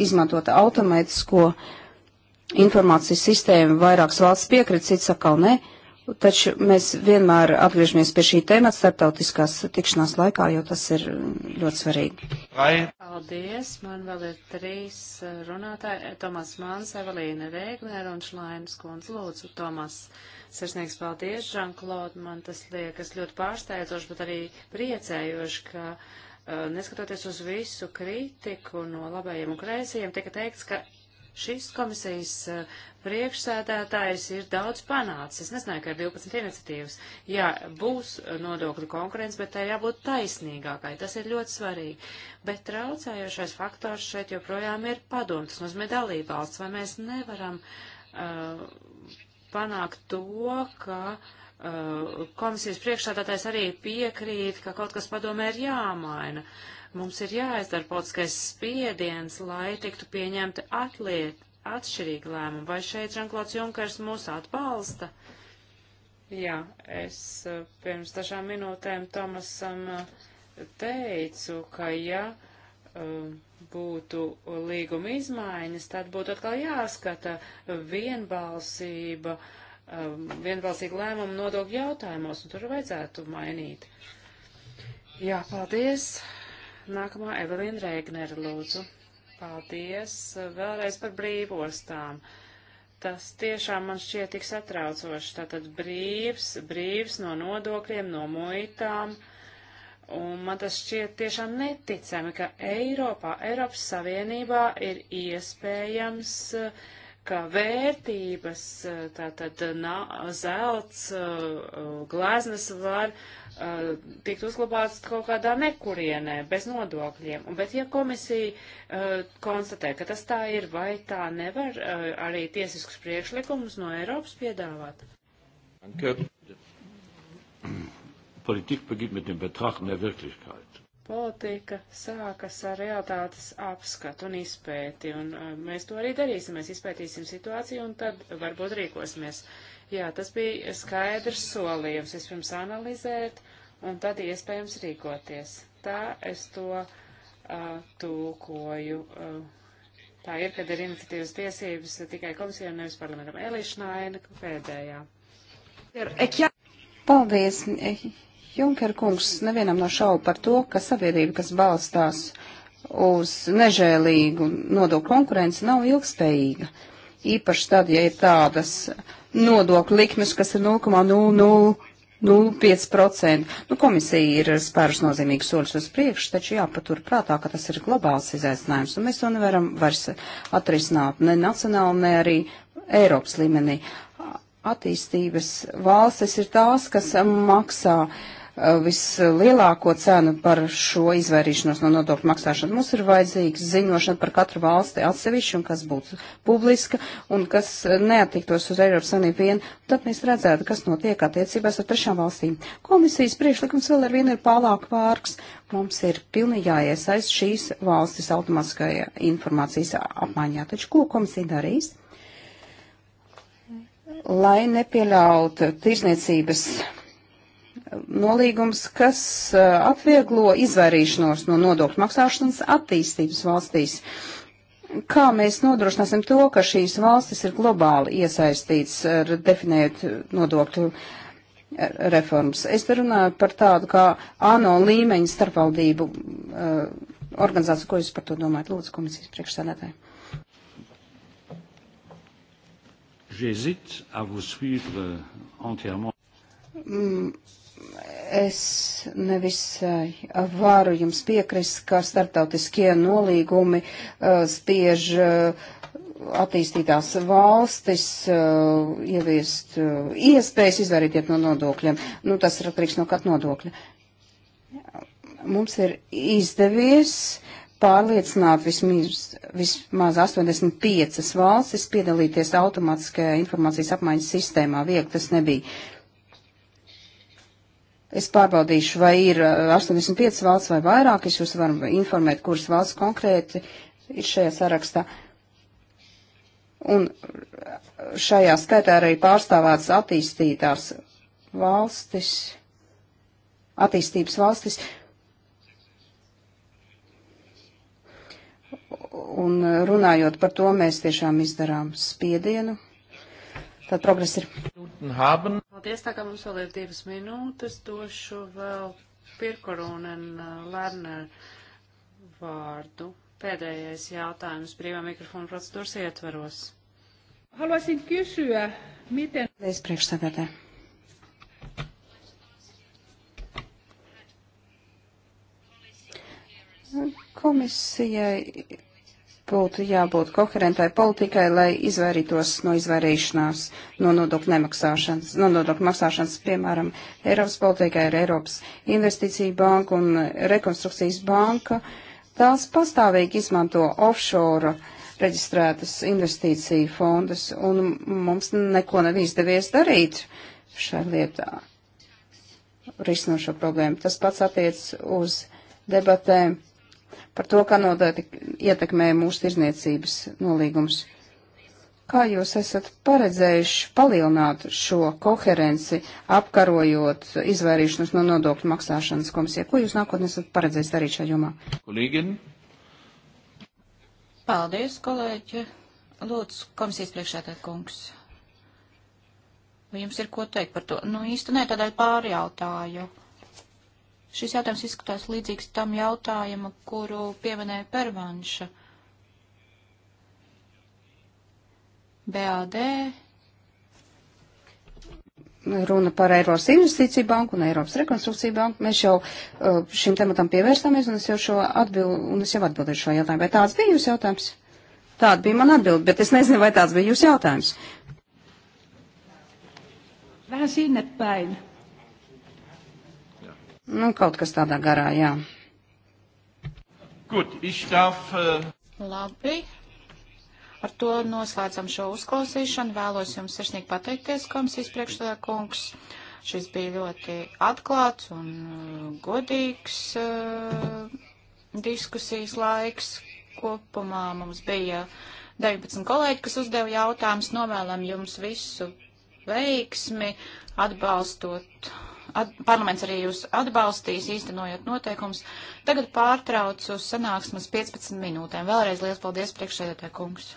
S4: izmantot automētisko informācijas sistēmu. Vairākas valsts piekrita, cits atkal ne. Uh, Taču mēs vienmēr atgriežamies pie šī tēmata starptautiskās tikšanās laikā, jo tas ir ļoti svarīgi.
S1: Vai.
S2: Paldies, man vēl ir trīs runātāji - Tomas Mans, Evelīna Rēgner un Šlainas kundz. Lūdzu, Tomas, sirsnīgs paldies, Žanklod, man tas liekas ļoti pārsteidzoši, bet arī priecējoši, ka uh, neskatoties uz visu kritiku no labējiem un kreisajiem, tika teikts, ka Šīs komisijas eh, priekšsēdētājs ir daudz panācis. Es nezināju, ka ir 12 iniciatīvas. Jā, būs eh, nodokļu konkurence, bet tai jābūt taisnīgākai. Tas ir ļoti svarīgi. Bet traucējošais faktors šeit joprojām ir padomu. Tas nozīmē dalībvalsts. Vai mēs nevaram uh, panākt to, ka. Uh, komisijas priekšsādātājs arī piekrīt, ka kaut kas padomē ir jāmaina. Mums ir jāizdara politiskais spiediens, lai tiktu pieņemti atliet, atšķirīgi lēmumi. Vai šeit Žanklots Junkers mūs atbalsta? Jā, es eh, pirms dažām minūtēm Tomasam eh, teicu, ka ja eh, būtu līguma izmaiņas, tad būtu atkal jāskata vienbalsība, vienbalsīga lēmuma nodokļu jautājumos, un tur vajadzētu mainīt. Jā, paldies. Nākamā Evelīna Rēgnera lūdzu. Paldies eh, vēlreiz par brīvostām. Tas tiešām man šķiet tik satraucoši. Tātad brīvs, brīvs no nodokļiem, no muitām. Un man tas šķiet tiešām neticami, ka Eiropā, Eiropas Savienībā ir iespējams, eh, ka vērtības, eh, tātad zelts, gleznas var Eh, tikt uzglabāts kaut kādā nekurienē, bez nodokļiem. Un, bet ja komisija uh, konstatē, ka tas tā ir, vai tā nevar uh, arī tiesiskus priekšlikumus no Eiropas piedāvāt? Politika sākas ar realitātes apskatu un izpēti, un uh, mēs to arī darīsim. Mēs izpētīsim situāciju un tad varbūt rīkosimies. Uh, Jā, tas bija skaidrs solījums. Vispirms analizēt un tad iespējams rīkoties. Tā es to uh, tulkoju. Uh, tā ir, kad ir iniciatīvas tiesības tikai komisijai un nevis parlamentam. Elīšana Aina pēdējā.
S4: Paldies, Junker kungs, nevienam no šaubu par to, ka sabiedrība, kas balstās uz nežēlīgu nodokļu konkurenci, nav ilgspējīga. Īpaši tad, ja ir tādas uh, nodokļu likmes, kas ir 0,005%. Nu, komisija ir spērus nozīmīgus soļus uz priekšu, taču jāpatur prātā, ka tas ir globāls izaicinājums, un mēs to nevaram vairs atrisināt ne nacionāli, ne arī Eiropas līmenī. Attīstības valstis ir tās, kas maksā uh, Uh, vislielāko cenu par šo izvairīšanos no nodokļu maksāšanu. Mums ir vajadzīgs ziņošana par katru valsti atsevišķi un kas būtu publiska un kas neattiktos uz Eiropas Savienību vien. Tad mēs redzētu, kas notiek attiecībās ar trešām valstīm. Komisijas priekšlikums vēl ar vienu ir pārāk vārgs. Mums ir pilnīgi jāiesaist šīs valstis automātiskajā informācijas apmaiņā. Taču ko komisija darīs? Lai nepieļautu tirsniecības nolīgums, kas atvieglo izvairīšanos no nodokļu maksāšanas attīstības valstīs. Kā mēs nodrošināsim to, ka šīs valstis ir globāli iesaistīts, definējot nodokļu reformas? Es te runāju par tādu kā ANO līmeņa starpvaldību organizāciju. Ko jūs par to domājat? Lūdzu, komisijas priekšsēdētāji.
S1: J'hésite à vous suivre entièrement.
S4: Mm Es nevisai eh, varu jums piekrist, ka startautiskie nolīgumi uh, spiež uh, attīstītās valstis uh, ieviest uh, iespējas izvairīties no nodokļiem. Nu, tas ir atkarīgs no katra nodokļa. Mums ir izdevies pārliecināt vismaz, vismaz 85 valstis piedalīties automātiskajā informācijas apmaiņas sistēmā. Viegli tas nebija. Uh, Es pārbaudīšu, vai ir 85 uh, valsts vai vairāk. Es jūs varu informēt, kuras valsts konkrēti ir šajā sarakstā. Un šajā skaitā arī pārstāvēts attīstītās valstis, attīstības valstis. Un runājot par to, mēs tiešām izdarām spiedienu Tad progress ir.
S1: Paldies,
S2: tā kā mums vēl ir divas minūtes, došu vēl Pirkorūnen uh, Lerner vārdu. Pēdējais jautājums brīvā mikrofona procedūras ietvaros.
S4: Haluaisin kysyä, miten... Paldies, priekšsēdētāji. Komisijai būtu jābūt koherentai politikai, lai izvairītos no izvairīšanās, no nodokļu nemaksāšanas, no nodokļu maksāšanas, piemēram, Eiropas politikai ir Eiropas investīcija banka un rekonstrukcijas banka. Tās pastāvīgi izmanto offshore reģistrētas investīciju fondus, un mums neko nav izdevies darīt šajā lietā risinošo problēmu. Tas pats attiec uz debatēm par to, kā noteikti ietekmē mūsu tirzniecības nolīgums. Kā jūs esat paredzējuši palielināt šo koherenci, apkarojot izvairīšanos no nodokļu maksāšanas komisijā? Ko jūs nākotnē
S3: esat paredzējis darīt
S4: šajā jomā?
S1: Kolīgin.
S3: Paldies, kolēģi. Lūdzu, komisijas priekšētāj kungs. Vai jums ir ko teikt par to? Nu, īsti nē, tādēļ pārjautāju. Šis jautājums izskatās līdzīgs tam jautājumu, kuru pieminēja Pervanša. BAD.
S4: Runa par Eiropas investīciju banku un Eiropas rekonstrukciju banku. Mēs jau uh, šim tematam pievērstāmies, un es jau, šo atbild, un es jau atbildēju šo jautājumu. Vai tāds bija jūsu jautājums? Tāda bija mana atbilde, bet es nezinu, vai tāds bija jūsu jautājums. Waar zit het pijn? Nu, kaut kas tādā garā,
S1: jā. Gut, ich darf, uh...
S3: Labi. Ar to noslēdzam šo uzklausīšanu. Vēlos jums sirsnīgi pateikties, komisijas priekšstādā kungs. Šis bija ļoti atklāts un uh, godīgs uh, diskusijas laiks. Kopumā mums bija 19 kolēģi, kas uzdeva jautājumus. Novēlam jums visu veiksmi, atbalstot at, parlaments arī jūs atbalstīs, īstenojot noteikums. Tagad pārtraucu sanāksmes 15 minūtēm. Vēlreiz liels paldies priekšsēdētāju kungs.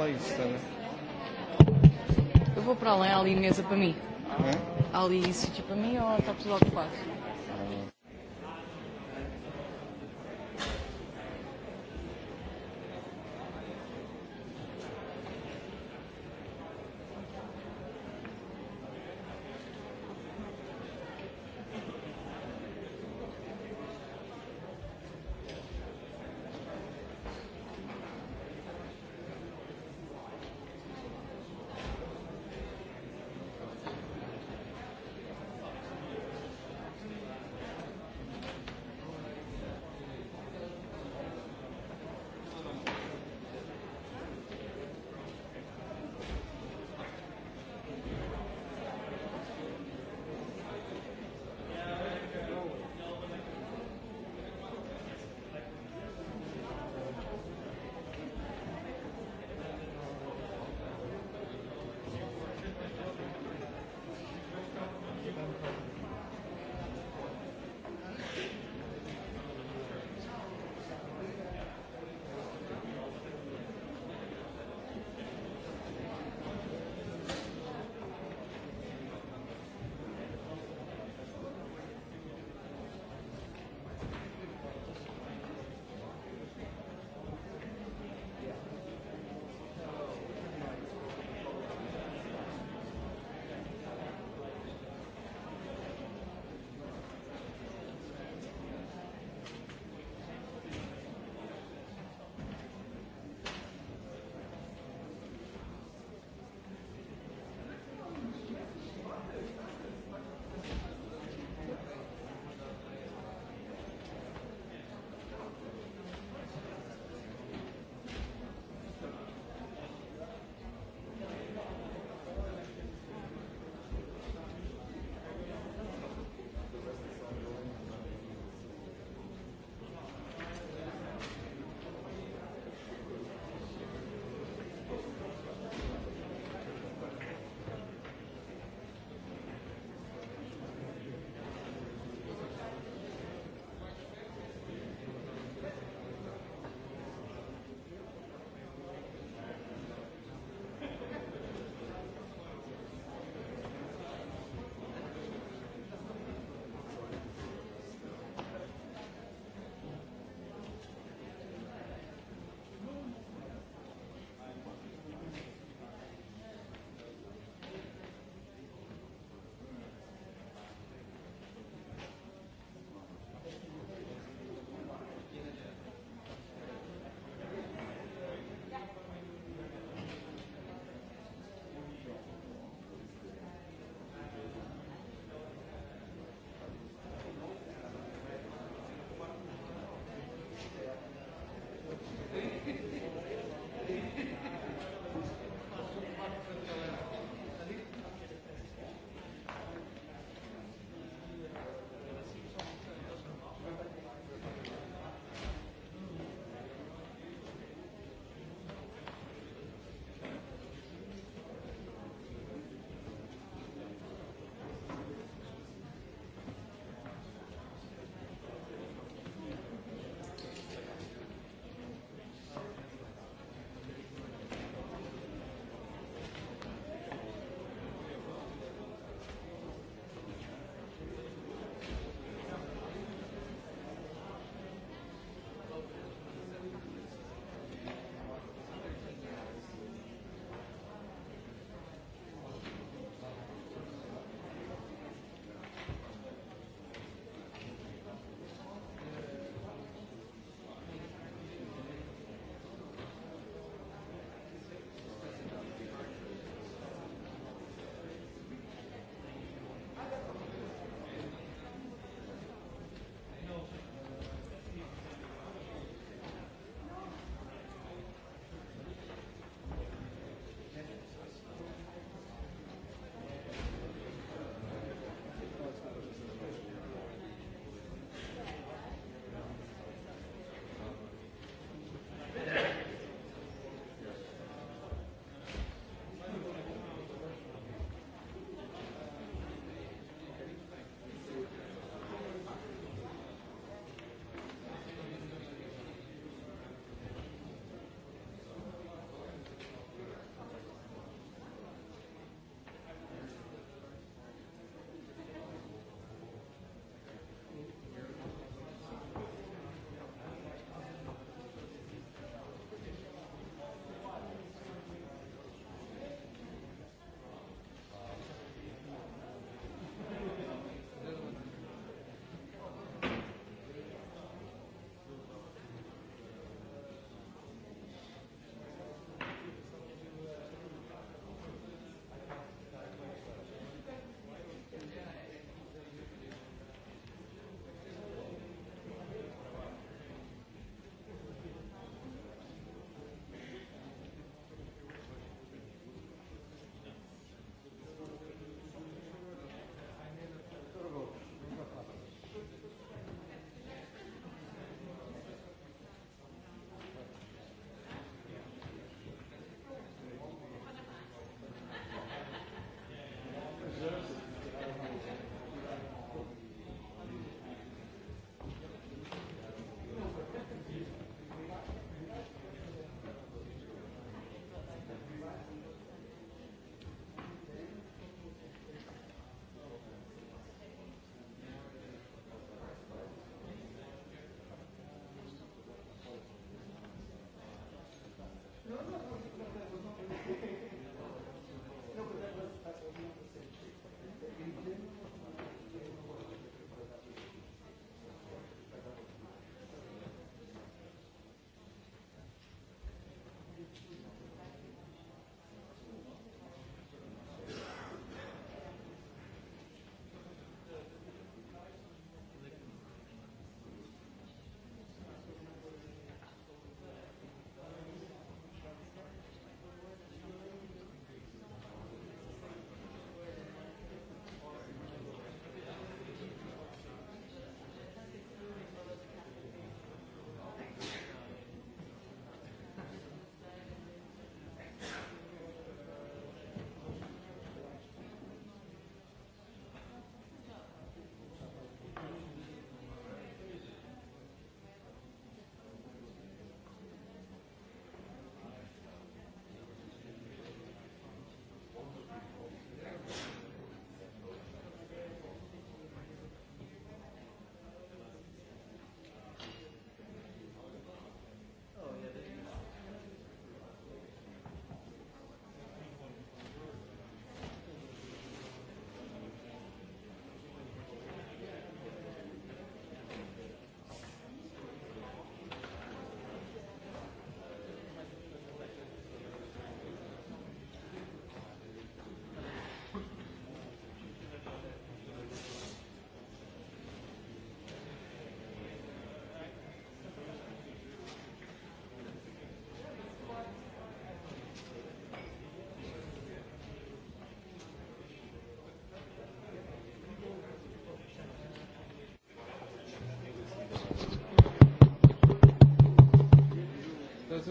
S1: ela aí, Susana? Eu vou para lá, há
S3: ali mesa para mim. É? Há ali sítio para mim ou está tudo ocupado?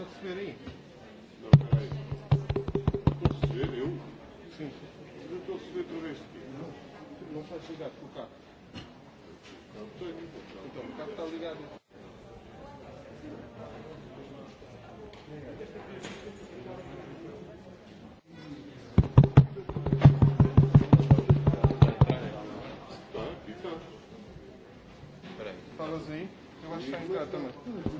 S1: senhor receber aí. Não, peraí. Estou a receber, eu? Sim. Eu estou a receber através de quê? Não, não está ligado com o carro. Não tenho. Então, o carro está ligado. Está aqui, está. Espera aí. Falas aí? Eu acho que está em casa também.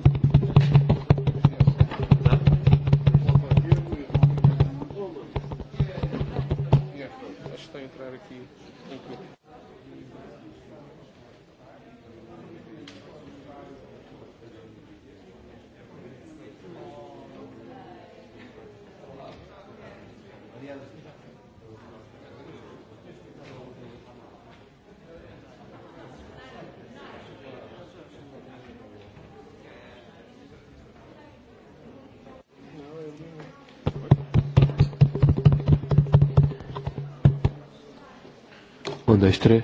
S1: 53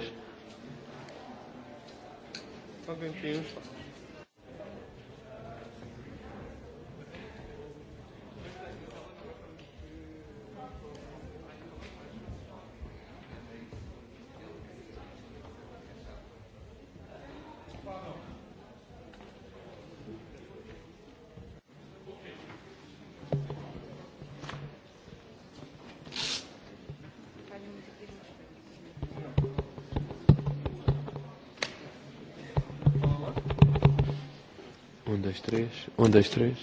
S1: três. Um, dois, três.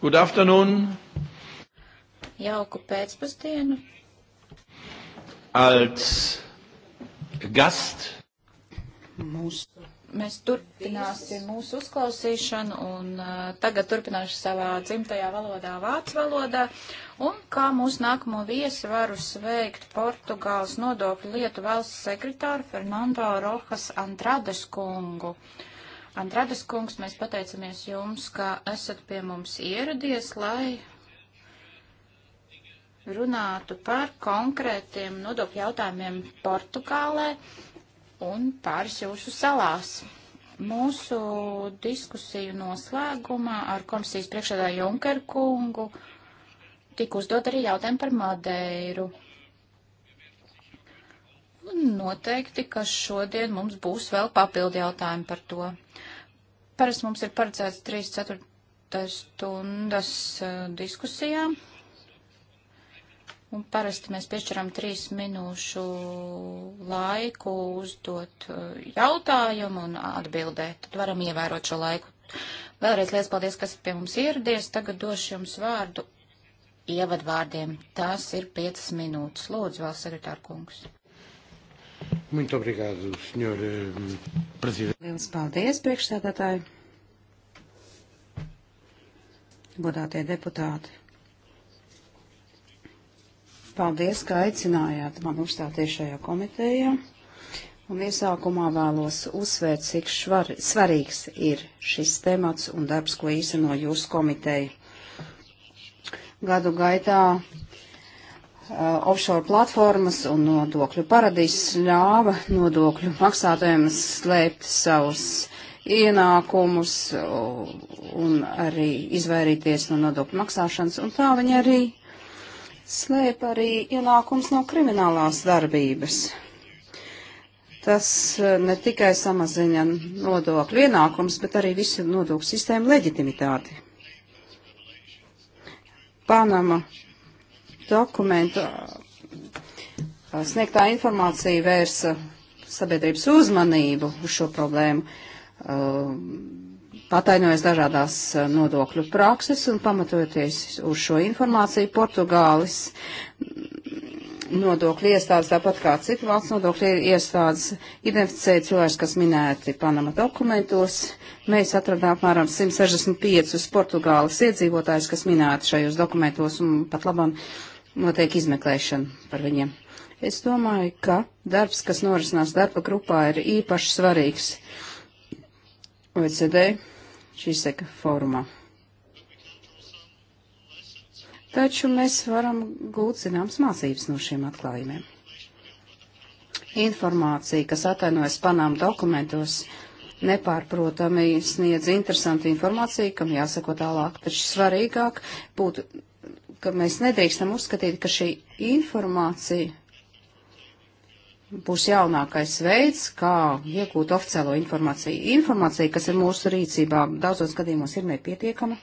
S1: Good afternoon.
S3: Jauku pēcpusdienu.
S1: Als gast.
S3: Mūsu. Mēs turpināsim mūsu uzklausīšanu un uh, tagad turpināšu savā dzimtajā valodā, vācu valodā. Un kā mūsu nākamo viesi varu sveikt Portugāles nodokļu lietu valsts sekretāru Fernando Rojas Andrades kungu. Uh, Andradas kungs, mēs pateicamies jums, ka esat pie mums ieradies, lai runātu par konkrētiem nodokļu jautājumiem Portugālē un pāris jūsu salās. Mūsu diskusiju noslēgumā ar komisijas priekšādā Junkeru kungu tika uzdot arī jautājumu par Madeiru noteikti, ka šodien mums būs vēl papildi jautājumi par to. Parasti mums ir paredzēts 3-4 stundas eh, diskusijām. Un parasti mēs piešķiram trīs minūšu laiku uzdot eh, jautājumu un atbildēt. Tad varam ievērot šo laiku. Vēlreiz liels paldies, kas pie mums ieradies. Tagad došu jums vārdu ievadvārdiem. Tās ir piecas minūtes. Lūdzu, vēl sekretār kungs.
S1: Muito obrigado, senhor eh, presidente.
S3: Lielas paldies, priekšsēdētāji.
S4: Godātie deputāti. Paldies, ka aicinājāt man uzstāties šajā komitejā. Un iesākumā vēlos uzsvērt, cik švar, svarīgs ir šis temats un darbs, ko īsteno jūsu komiteja. Gadu gaitā Uh, offshore platformas un nodokļu paradīzes ļāva nodokļu maksātājiem slēpt savus ienākumus uh, un arī izvairīties no nodokļu maksāšanas, un tā viņi arī slēpa arī ienākums no kriminālās darbības. Tas uh, ne tikai samazina nodokļu ienākums, bet arī visu nodokļu sistēmu leģitimitāti. Panama dokumentu sniegtā informācija vērsa sabiedrības uzmanību uz šo problēmu, patainojas dažādās nodokļu prakses un pamatojoties uz šo informāciju Portugālis nodokļu iestādes, tāpat kā citu valsts nodokļu iestādes, identificēja cilvēks, kas minēti Panama dokumentos. Mēs atradām apmēram 165 Portugāles iedzīvotājus, kas minēti šajos dokumentos, un pat labam notiek izmeklēšana par viņiem. Es domāju, ka darbs, kas norisinās darba grupā, ir īpaši svarīgs OECD šīs seka fórumā. Taču mēs varam gūt zināmas mācības no šiem atklājumiem. Informācija, kas atainojas panām dokumentos, nepārprotami sniedz interesantu informāciju, kam jāsako tālāk, taču svarīgāk būtu ka mēs nedrīkstam uzskatīt, ka šī informācija būs jaunākais veids, kā iegūt oficiālo informāciju. Informācija, kas ir mūsu rīcībā, daudzos gadījumos ir nepietiekama.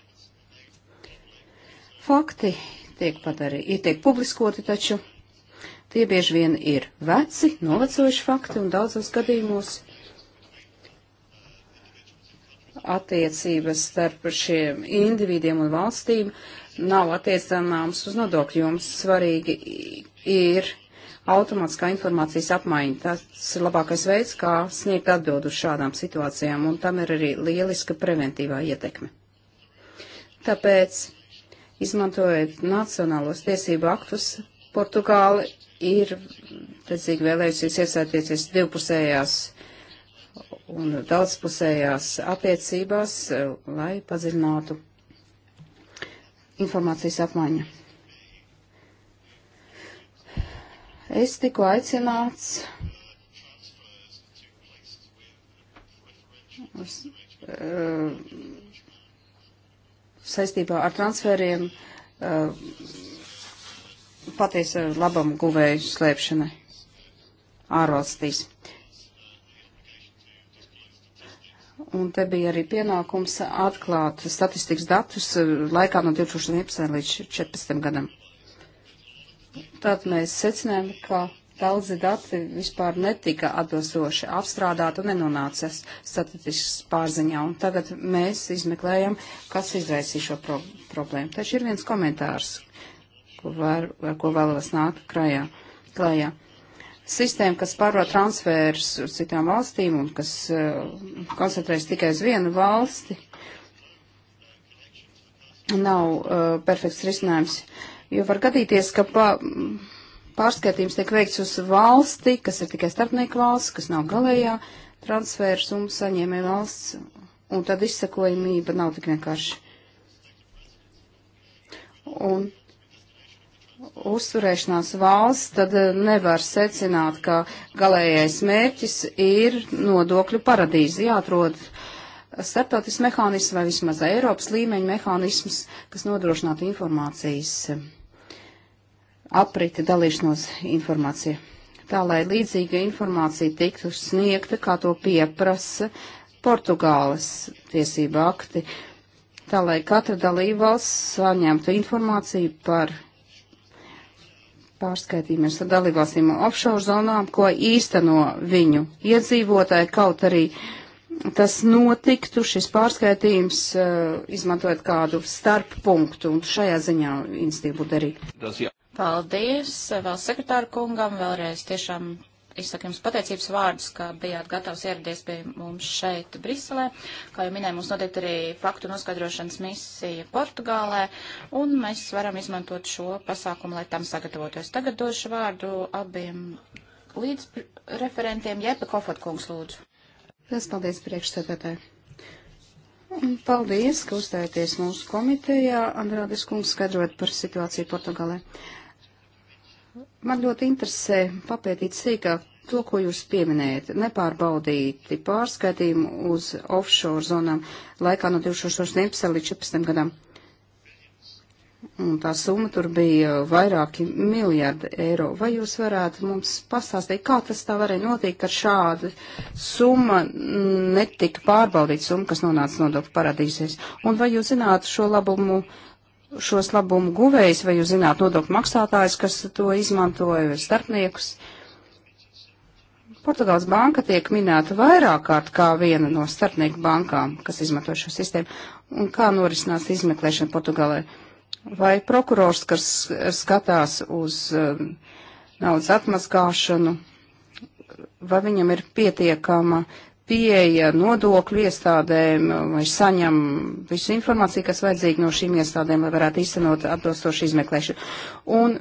S4: Fakti tiek padarīti, tiek publiskoti taču. Tie bieži vien ir veci, novecojuši fakti un daudzos gadījumos attiecības starp šiem individiem un valstīm nav attiecināms uz nodokļu, jums svarīgi ir automātiskā informācijas apmaiņa. Tas ir labākais veids, kā sniegt atbildu uz šādām situācijām, un tam ir arī lieliska preventīvā ietekme. Tāpēc, izmantojot nacionālos tiesību aktus, Portugāli ir, tecīgi, vēlējusies iesaistīties divpusējās un daudzpusējās attiecībās, lai padziļinātu informācijas apmaiņa. Es tiku aicināts uz, uh, saistībā ar transferiem
S1: uh, eh,
S4: patiesi labam guvēju slēpšanai ārvalstīs. Uh, un te bija arī pienākums atklāt statistikas datus eh, laikā no 2011. līdz 2014. gadam. Tad mēs secinājām, ka daudzi dati vispār netika atbilstoši apstrādāti un nenonāca statistikas pārziņā, un tagad mēs izmeklējam, kas izraisīja šo pro problēmu. Taču ir viens komentārs, ko, var, ko vēlas nākt krajā. klajā sistēma, kas pāro transfērus uz citām valstīm un kas uh, koncentrējas tikai uz vienu valsti, nav uh, perfekts risinājums. Jo var gadīties, ka pa, pārskatījums tiek veikts uz valsti, kas ir tikai starpnieku valsts, kas nav galējā transfēra summa saņēmē valsts, un tad izsakojamība nav tik vienkārši. Un uzturēšanās valsts, tad eh, nevar secināt, ka galējais mērķis ir nodokļu paradīze. Jāatrod starptautis mehānisms vai vismaz Eiropas līmeņa mehānisms, kas nodrošinātu informācijas eh, apriti dalīšanos informāciju. Tā, lai līdzīga informācija tiktu sniegta, kā to pieprasa Portugāles tiesība akti, tā, lai katra dalībvalsts saņemtu informāciju par pārskaitījumies ar dalībvalstīm offshore zonām, ko īsteno viņu iedzīvotāji, kaut arī tas notiktu, šis pārskaitījums, eh, izmantojot kādu starppunktu, un šajā ziņā institīvu darīt.
S3: Paldies eh, vēl sekretāru kungam, vēlreiz tiešām izsaka jums pateicības vārdus, ka bijāt gatavs ieradies pie mums šeit, Briselē. Kā jau minēju, mums notiek arī faktu noskaidrošanas misija Portugālē, un mēs varam izmantot šo pasākumu, lai tam sagatavotos. Tagad došu vārdu abiem līdz referentiem. Jepa Kofotkungs, lūdzu. Es paldies priekšsēdētāji.
S4: Un paldies, ka uzstājāties mūsu komitejā, Andrādis kungs, skaidrot par situāciju Portugalē. Man ļoti interesē papētīt sīkāk to, ko jūs pieminējat, nepārbaudīti pārskaitījumu uz offshore zonām laikā no 2011 līdz 2014 gadam. Un tā summa tur bija vairāki miljardi eiro. Vai jūs varētu mums pastāstīt, kā tas tā varēja notikt, ka šāda summa netika pārbaudīta summa, kas nonāca nodokļu paradīzēs? Un vai jūs zināt šo labumu šos labumu guvējus, vai jūs zināt nodokļu maksātājus, kas to izmantoja, vai starpniekus. Portugāles banka tiek minēta vairāk kārt kā viena no starpnieku bankām, kas izmanto šo sistēmu. Un kā norisinās izmeklēšana Portugālē? Vai prokurors, kas skatās uz um, naudas atmaskāšanu, vai viņam ir pietiekama pieeja nodokļu iestādēm, vai saņem visu informāciju, kas vajadzīga no šīm iestādēm, lai varētu izsanot atbilstošu izmeklēšanu. Un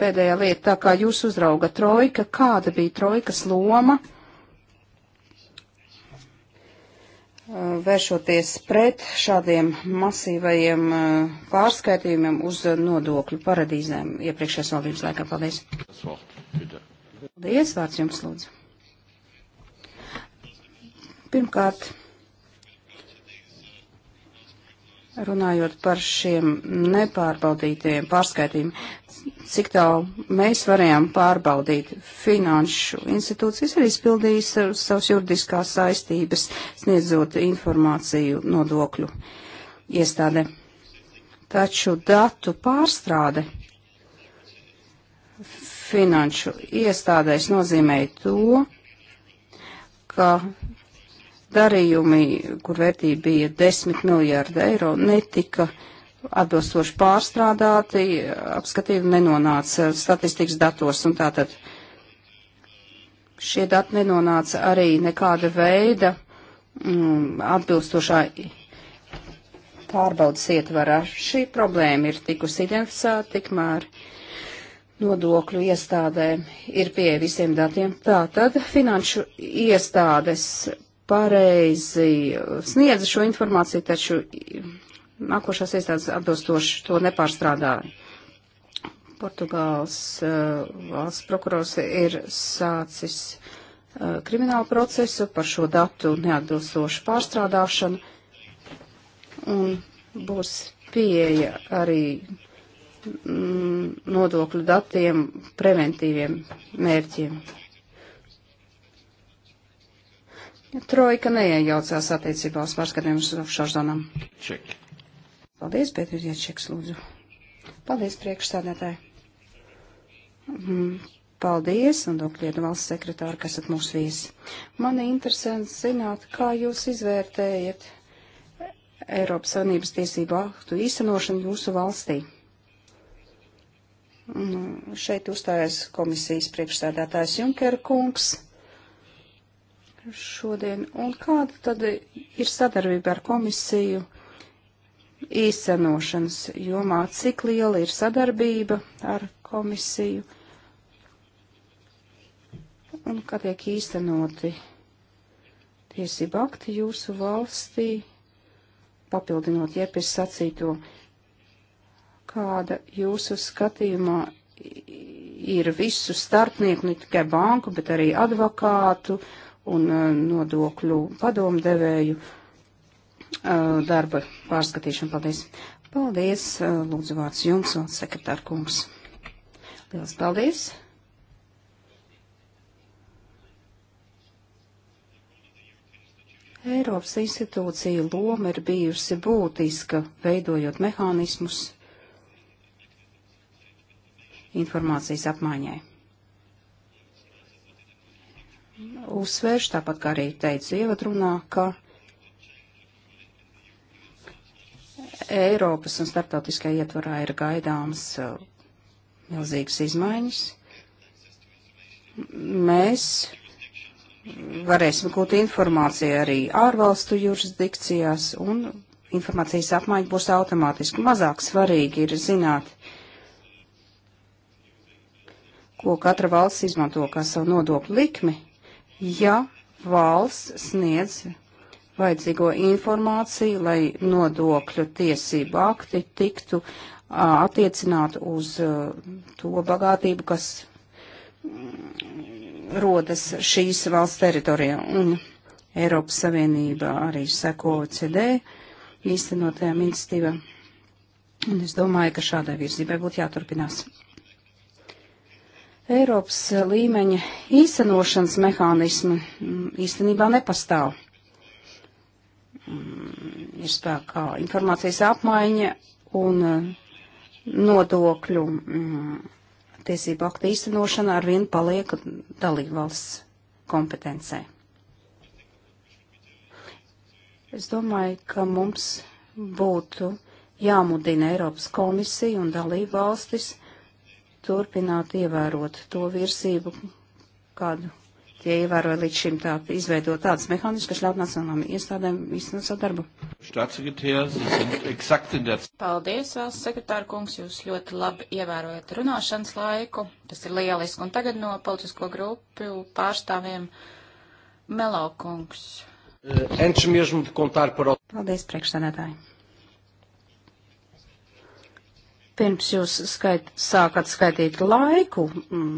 S4: pēdējā lieta, tā kā jūs uzrauga trojka, kāda bija trojkas loma? Eh, vēršoties pret šādiem masīvajiem eh, pārskaitījumiem uz nodokļu paradīzēm iepriekšējās valdības laikā. Paldies!
S1: Paldies,
S4: vārds jums lūdzu! Pirmkārt, runājot par šiem nepārbaudītajiem pārskaitījumiem, cik tālu mēs varējām pārbaudīt finanšu institūcijas, arī izpildījis savas juridiskās saistības, sniedzot informāciju nodokļu iestādē. Taču datu pārstrāde finanšu iestādēs nozīmēja to, ka darījumi, kur vērtība bija 10 miljārdi eiro, netika atbilstoši pārstrādāti, apskatīti nenonāca statistikas datos, un tātad šie dati nenonāca arī nekāda veida mm, atbilstošā pārbaudas ietvarā. Šī problēma ir tikusi identificēta, tikmēr nodokļu iestādēm ir pie visiem datiem. Tātad finanšu iestādes pareizi sniedza šo informāciju, taču nākošās iestādes atbilstoši to nepārstrādāja. Portugāls uh, valsts prokurors ir sācis uh, kriminālu procesu par šo datu neatbilstošu pārstrādāšanu un būs pieeja arī mm, nodokļu datiem preventīviem mērķiem. Trojka neiejaucās attiecībā uz pārskatiem uz offshore zonām. Ček. Paldies, Pēters Jačeks, lūdzu. Paldies, priekšstādātāji. Mhm. Paldies, un Doklietu valsts sekretāri, kas esat mūsu viesi. Mani interesanti zināt, kā jūs izvērtējat Eiropas Savienības tiesību aktu īstenošanu jūsu valstī. Un mhm. šeit uzstājās komisijas priekšstādātājs Junker kungs šodien, un kāda tad ir sadarbība ar komisiju īstenošanas jomā, cik liela ir sadarbība ar komisiju un kā tiek īstenoti tiesība akti jūsu valstī, papildinot iepis sacīto, kāda jūsu skatījumā ir visu starpnieku, ne tikai banku, bet arī advokātu, uh, un uh, nodokļu padomdevēju uh, darba pārskatīšanu. Paldies! Paldies! Uh, lūdzu vārds jums, valsts sekretārkungs. Lielas paldies! Eiropas institūcija loma ir bijusi būtiska, veidojot mehānismus informācijas apmaiņai uzsvērš, tāpat kā arī teicu ievadrunā, ka Eiropas un starptautiskajā ietvarā ir gaidāmas uh, milzīgas izmaiņas. Mēs varēsim gūt informāciju arī ārvalstu jurisdikcijās, un informācijas apmaiņa būs automātiski. Mazāk svarīgi ir zināt, ko katra valsts izmanto kā savu nodokļu likmi, ja valsts sniedz vajadzīgo informāciju, lai nodokļu tiesību akti tiktu attiecināt uz to bagātību, kas mm, rodas šīs valsts teritorijā. Un Eiropas Savienība arī seko CD īstenotajām institīvām. Un es domāju, ka šādai virzībai būtu jāturpinās. Eiropas eh, līmeņa īstenošanas mehānismi mm, īstenībā nepastāv. Mm, ir spēkā informācijas apmaiņa un eh, nodokļu mm, tiesību aktu īstenošana ar vienu paliek dalībvalsts kompetencē. Es domāju, ka mums būtu jāmudina Eiropas komisija un dalībvalstis turpināt ievērot to virsību, kādu tie ievēroja līdz šim, tā izveidot tādas mehānismas, kas ļaut nacionālām iestādēm īstenot sadarbu.
S3: Paldies, valsts sekretāra kungs, jūs ļoti labi ievērojat runāšanas laiku. Tas ir lieliski. Un tagad no politisko grupu pārstāvjiem Melo kungs.
S4: Eh, Paldies, priekšsēdētāji. Pirms jūs skait, sākat skaitīt laiku, mm,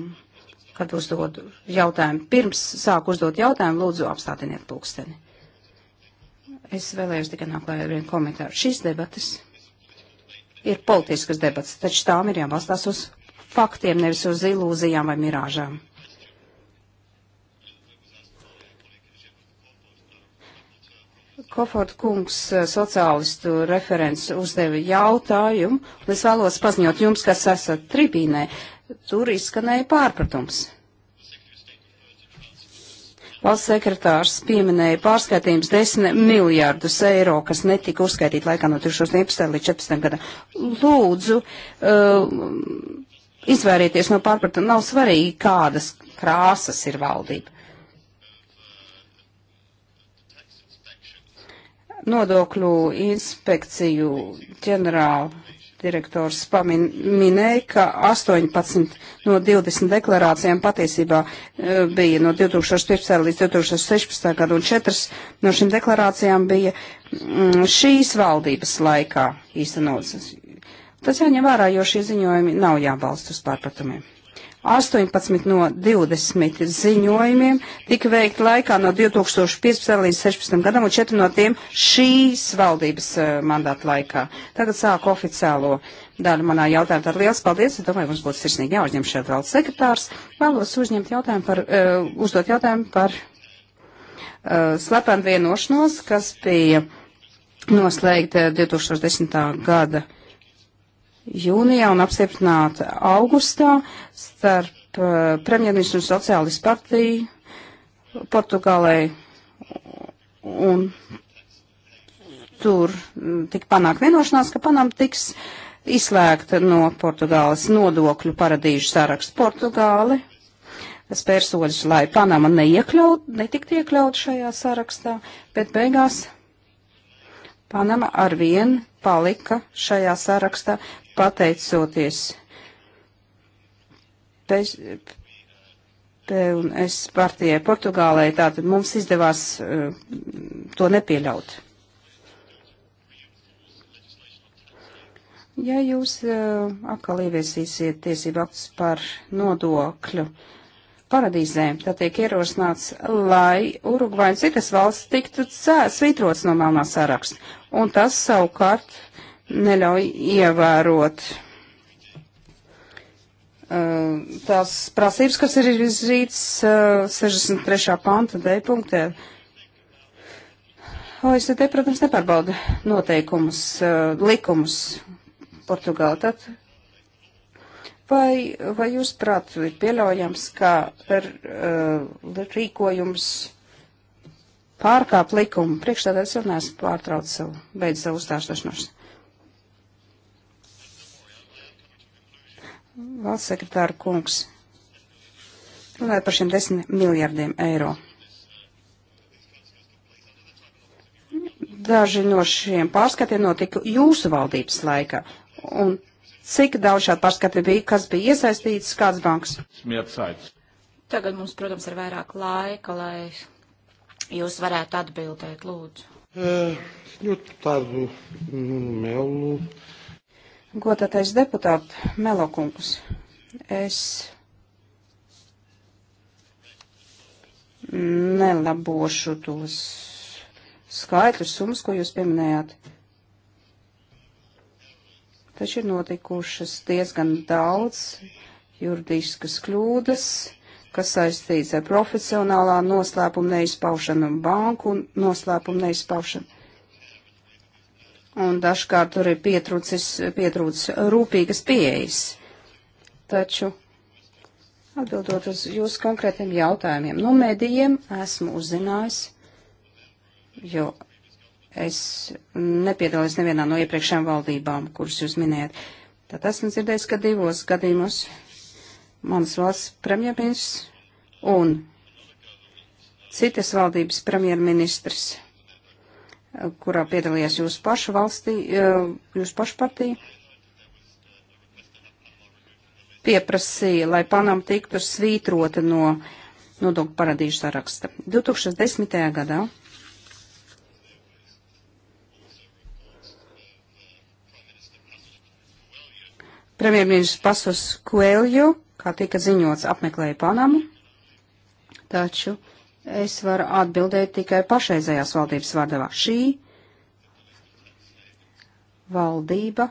S4: kad uzdodu jautājumu, pirms sāku uzdot jautājumu, lūdzu apstādiniet pulksteni. Es vēlējos tikai nāklāt ar vienu komentāru. Šīs debatas ir politiskas debatas, taču tām ir jābalstās uz faktiem, nevis uz ilūzijām vai mirāžām. Kofort kungs, eh, sociālistu referents, uzdeva jautājumu, un es vēlos paziņot jums, kas esat tribīnē. Tur izskanēja pārpratums. Valsts sekretārs pieminēja pārskaitījums 10 miljārdus eiro, kas netika uzskaitīti laikā no 2011. līdz 2014. gada. Lūdzu, uh, izvairieties no pārpratuma. Nav svarīgi, kādas krāsas ir valdība. Nodokļu inspekciju ģenerāla direktors paminēja, ka 18 no 20 deklarācijām patiesībā e, bija no 2015. līdz 2016. gadu, un 4 no šīm deklarācijām bija mm, šīs valdības laikā īstenotas. Tas jāņem vērā, jo šie ziņojumi nav jābalst uz pārpratumiem. 18 no 20 ziņojumiem tika veikti laikā no 2015. līdz 16. gadam, un 4 no tiem šīs valdības eh, mandāta laikā. Tagad sāku oficiālo daļu manā jautājumā. Tad liels paldies, es domāju, mums būtu sirsnīgi jāuzņem šeit valsts sekretārs. Vēlos uzņemt jautājumu par, uh, uzdot jautājumu par uh, slepenu vienošanos, kas bija noslēgta 2010. gada jūnijā un apstiprināta augustā starp uh, premjerministru un sociālistu partiju Portugālē un tur tika panākt vienošanās, ka Panam tiks izslēgta no Portugāles nodokļu paradīžu sarakstu Portugāli. Spēr soļus, lai Panama neiekļaut, netikt iekļaut šajā sarakstā, bet beigās Panama arvien palika šajā sarakstā pateicoties pēc, PNS partijai Portugālei, tātad mums izdevās uh, to nepieļaut. Ja jūs uh, atkal ieviesīsiet tiesību aktus par nodokļu paradīzēm, tad tiek ierosināts, lai Urugvai un citas valsts tiktu svītrots no melnā saraksta. Un tas savukārt neļauj ievērot uh, tās prasības, kas ir izrīts 63. Uh, panta D punktē. OECD, protams, nepārbauda noteikumus, uh, likumus Portugāla. Tad vai, vai jūs prāt ir pieļaujams, ka ar, rīkojums pārkāp likumu? Priekšstādājs jau neesmu pārtrauc savu, beidz savu uzstāšanos. valsts sekretāra kungs, runājot par šiem desmit miljardiem eiro. Daži no šiem pārskatiem notika jūsu valdības laikā. Un cik daudz šādu pārskatu bija, kas bija iesaistīts, kāds banks?
S3: Tagad mums, protams, ir vairāk laika, lai jūs varētu atbildēt, lūdzu.
S4: É, senhor deputado Nuno mm, Melo, Godātais deputāt Melokungs, es nelabošu tos skaitļus, summas, ko jūs pieminējāt. Taču ir notikušas diezgan daudz juridiskas kļūdas, kas saistīts ar profesionālā noslēpuma neizpaušanu un banku noslēpuma neizpaušanu un dažkārt tur ir pietrūcis rūpīgas pieejas. Taču, atbildot uz jūsu konkrētiem jautājumiem, no medijiem esmu uzzinājis, jo es nepiedalos nevienā no iepriekšējām valdībām, kuras jūs minējat. Tad esmu dzirdējis, ka divos gadījumos manas valsts premjerministrs un citas valdības premjerministrs kurā piedalījās jūsu pašu valstī, e, jūsu pašu partija, pieprasīja, lai Panama tiktu svītrota no nodokļu paradīžu saraksta. 2010. gadā premjerministrs Pasos Kuelju, kā tika ziņots, apmeklēja Panamu, taču Es varu atbildēt tikai pašreizējās valdības vārdā. Šī valdība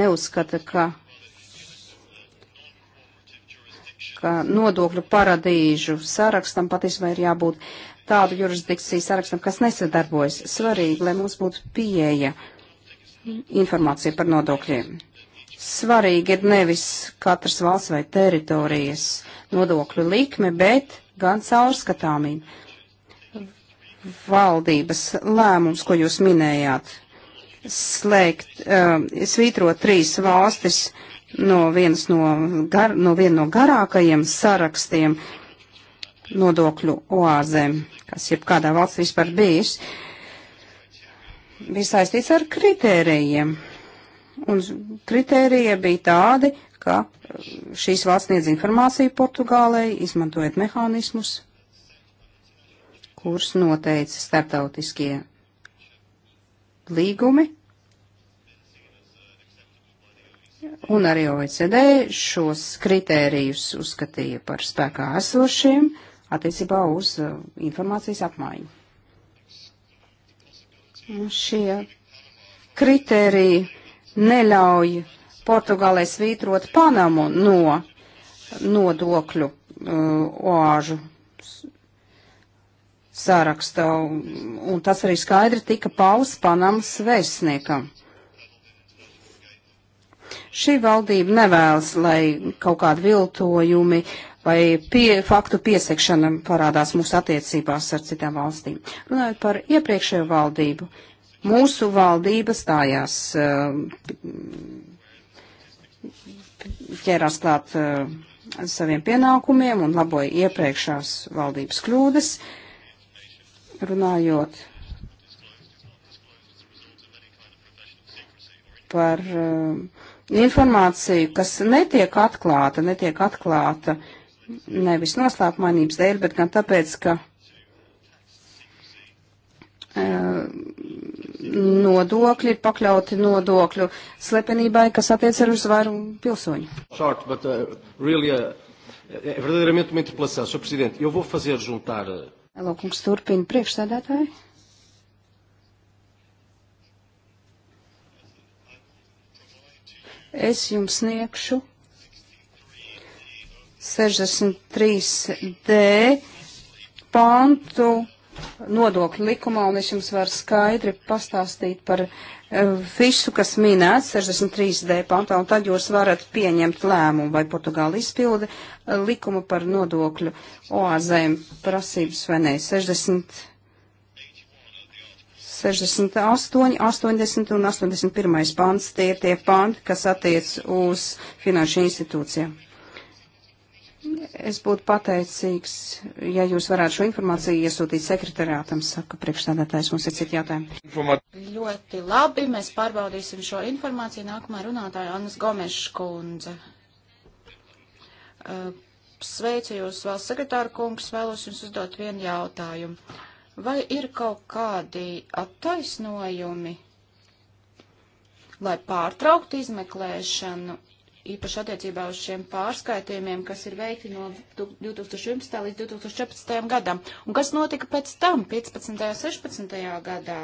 S4: neuzskata, ka, ka nodokļu paradīžu sarakstam patiesībā ir jābūt tādu jurisdikciju sarakstam, kas nesadarbojas. Svarīgi, lai mums būtu pieeja informācija par nodokļiem. Svarīgi ir nevis katras valsts vai teritorijas nodokļu likme, bet gan caurskatāmību. Valdības lēmums, ko jūs minējāt, slēgt, uh, svītrot trīs valstis no vienas no, gar, no, viena no garākajiem sarakstiem nodokļu oāzēm, kas jebkādā valsts vispār bijis, bija saistīts ar kritērijiem. Un kritērija bija tādi, ka šīs valsts sniedz informāciju Portugālei, izmantojot mehānismus, kurus noteica starptautiskie līgumi. Un arī OECD šos kritērijus uzskatīja par spēkā esošiem attiecībā uz uh, informācijas apmaiņu. Un šie kritēriji neļauj Portugālē svītrot Panamu no nodokļu uh, oāžu sārakstā, un tas arī skaidri tika paus Panamas vēstniekam. Šī valdība nevēlas, lai kaut kādi viltojumi vai pie, faktu piesekšana parādās mūsu attiecībās ar citām valstīm. Runājot par iepriekšējo valdību, mūsu valdība stājās uh, ķērās klāt uh, saviem pienākumiem un laboja iepriekšās valdības kļūdas, runājot par uh, informāciju, kas netiek atklāta, netiek atklāta nevis noslēpmainības dēļ, bet gan tāpēc, ka Eh, nodokļi ir pakļauti nodokļu slepenībai, kas attiec ar uz vairumu pilsoņu.
S1: Short, but, uh, really, uh, é verdadeiramente uma interpelação, Sr. Presidente. Eu vou fazer juntar. Uh,
S4: Lūkums turpina priekšsēdētāji. Es jums sniegšu 63D pantu nodokļu likumā, un es jums varu skaidri pastāstīt par eh, visu, kas minēts 63D pantā, un tad jūs varat pieņemt lēmumu, vai Portugāla izpilda eh, likumu par nodokļu oāzēm prasības vai nē. 60, 68, 80 un 81 pants tie ir tie panti, kas attiec uz finanšu institūcijām. Es būtu pateicīgs, ja jūs varētu šo informāciju iesūtīt sekretariātam, saka priekšstādātājs, mums ir citi jautājumi. Informat.
S3: Ļoti labi, mēs pārbaudīsim šo informāciju. Nākamā runātāja Annas Gomeša kundze. Uh, sveicu jūs vēl sekretāru kungs, vēlos jums uzdot vienu jautājumu. Vai ir kaut kādi attaisnojumi, lai pārtrauktu izmeklēšanu īpaši attiecībā uz šiem pārskaitījumiem, kas ir veikti no 2011. līdz 2014. gadam. Un kas notika pēc tam, 15. un 16. gadā,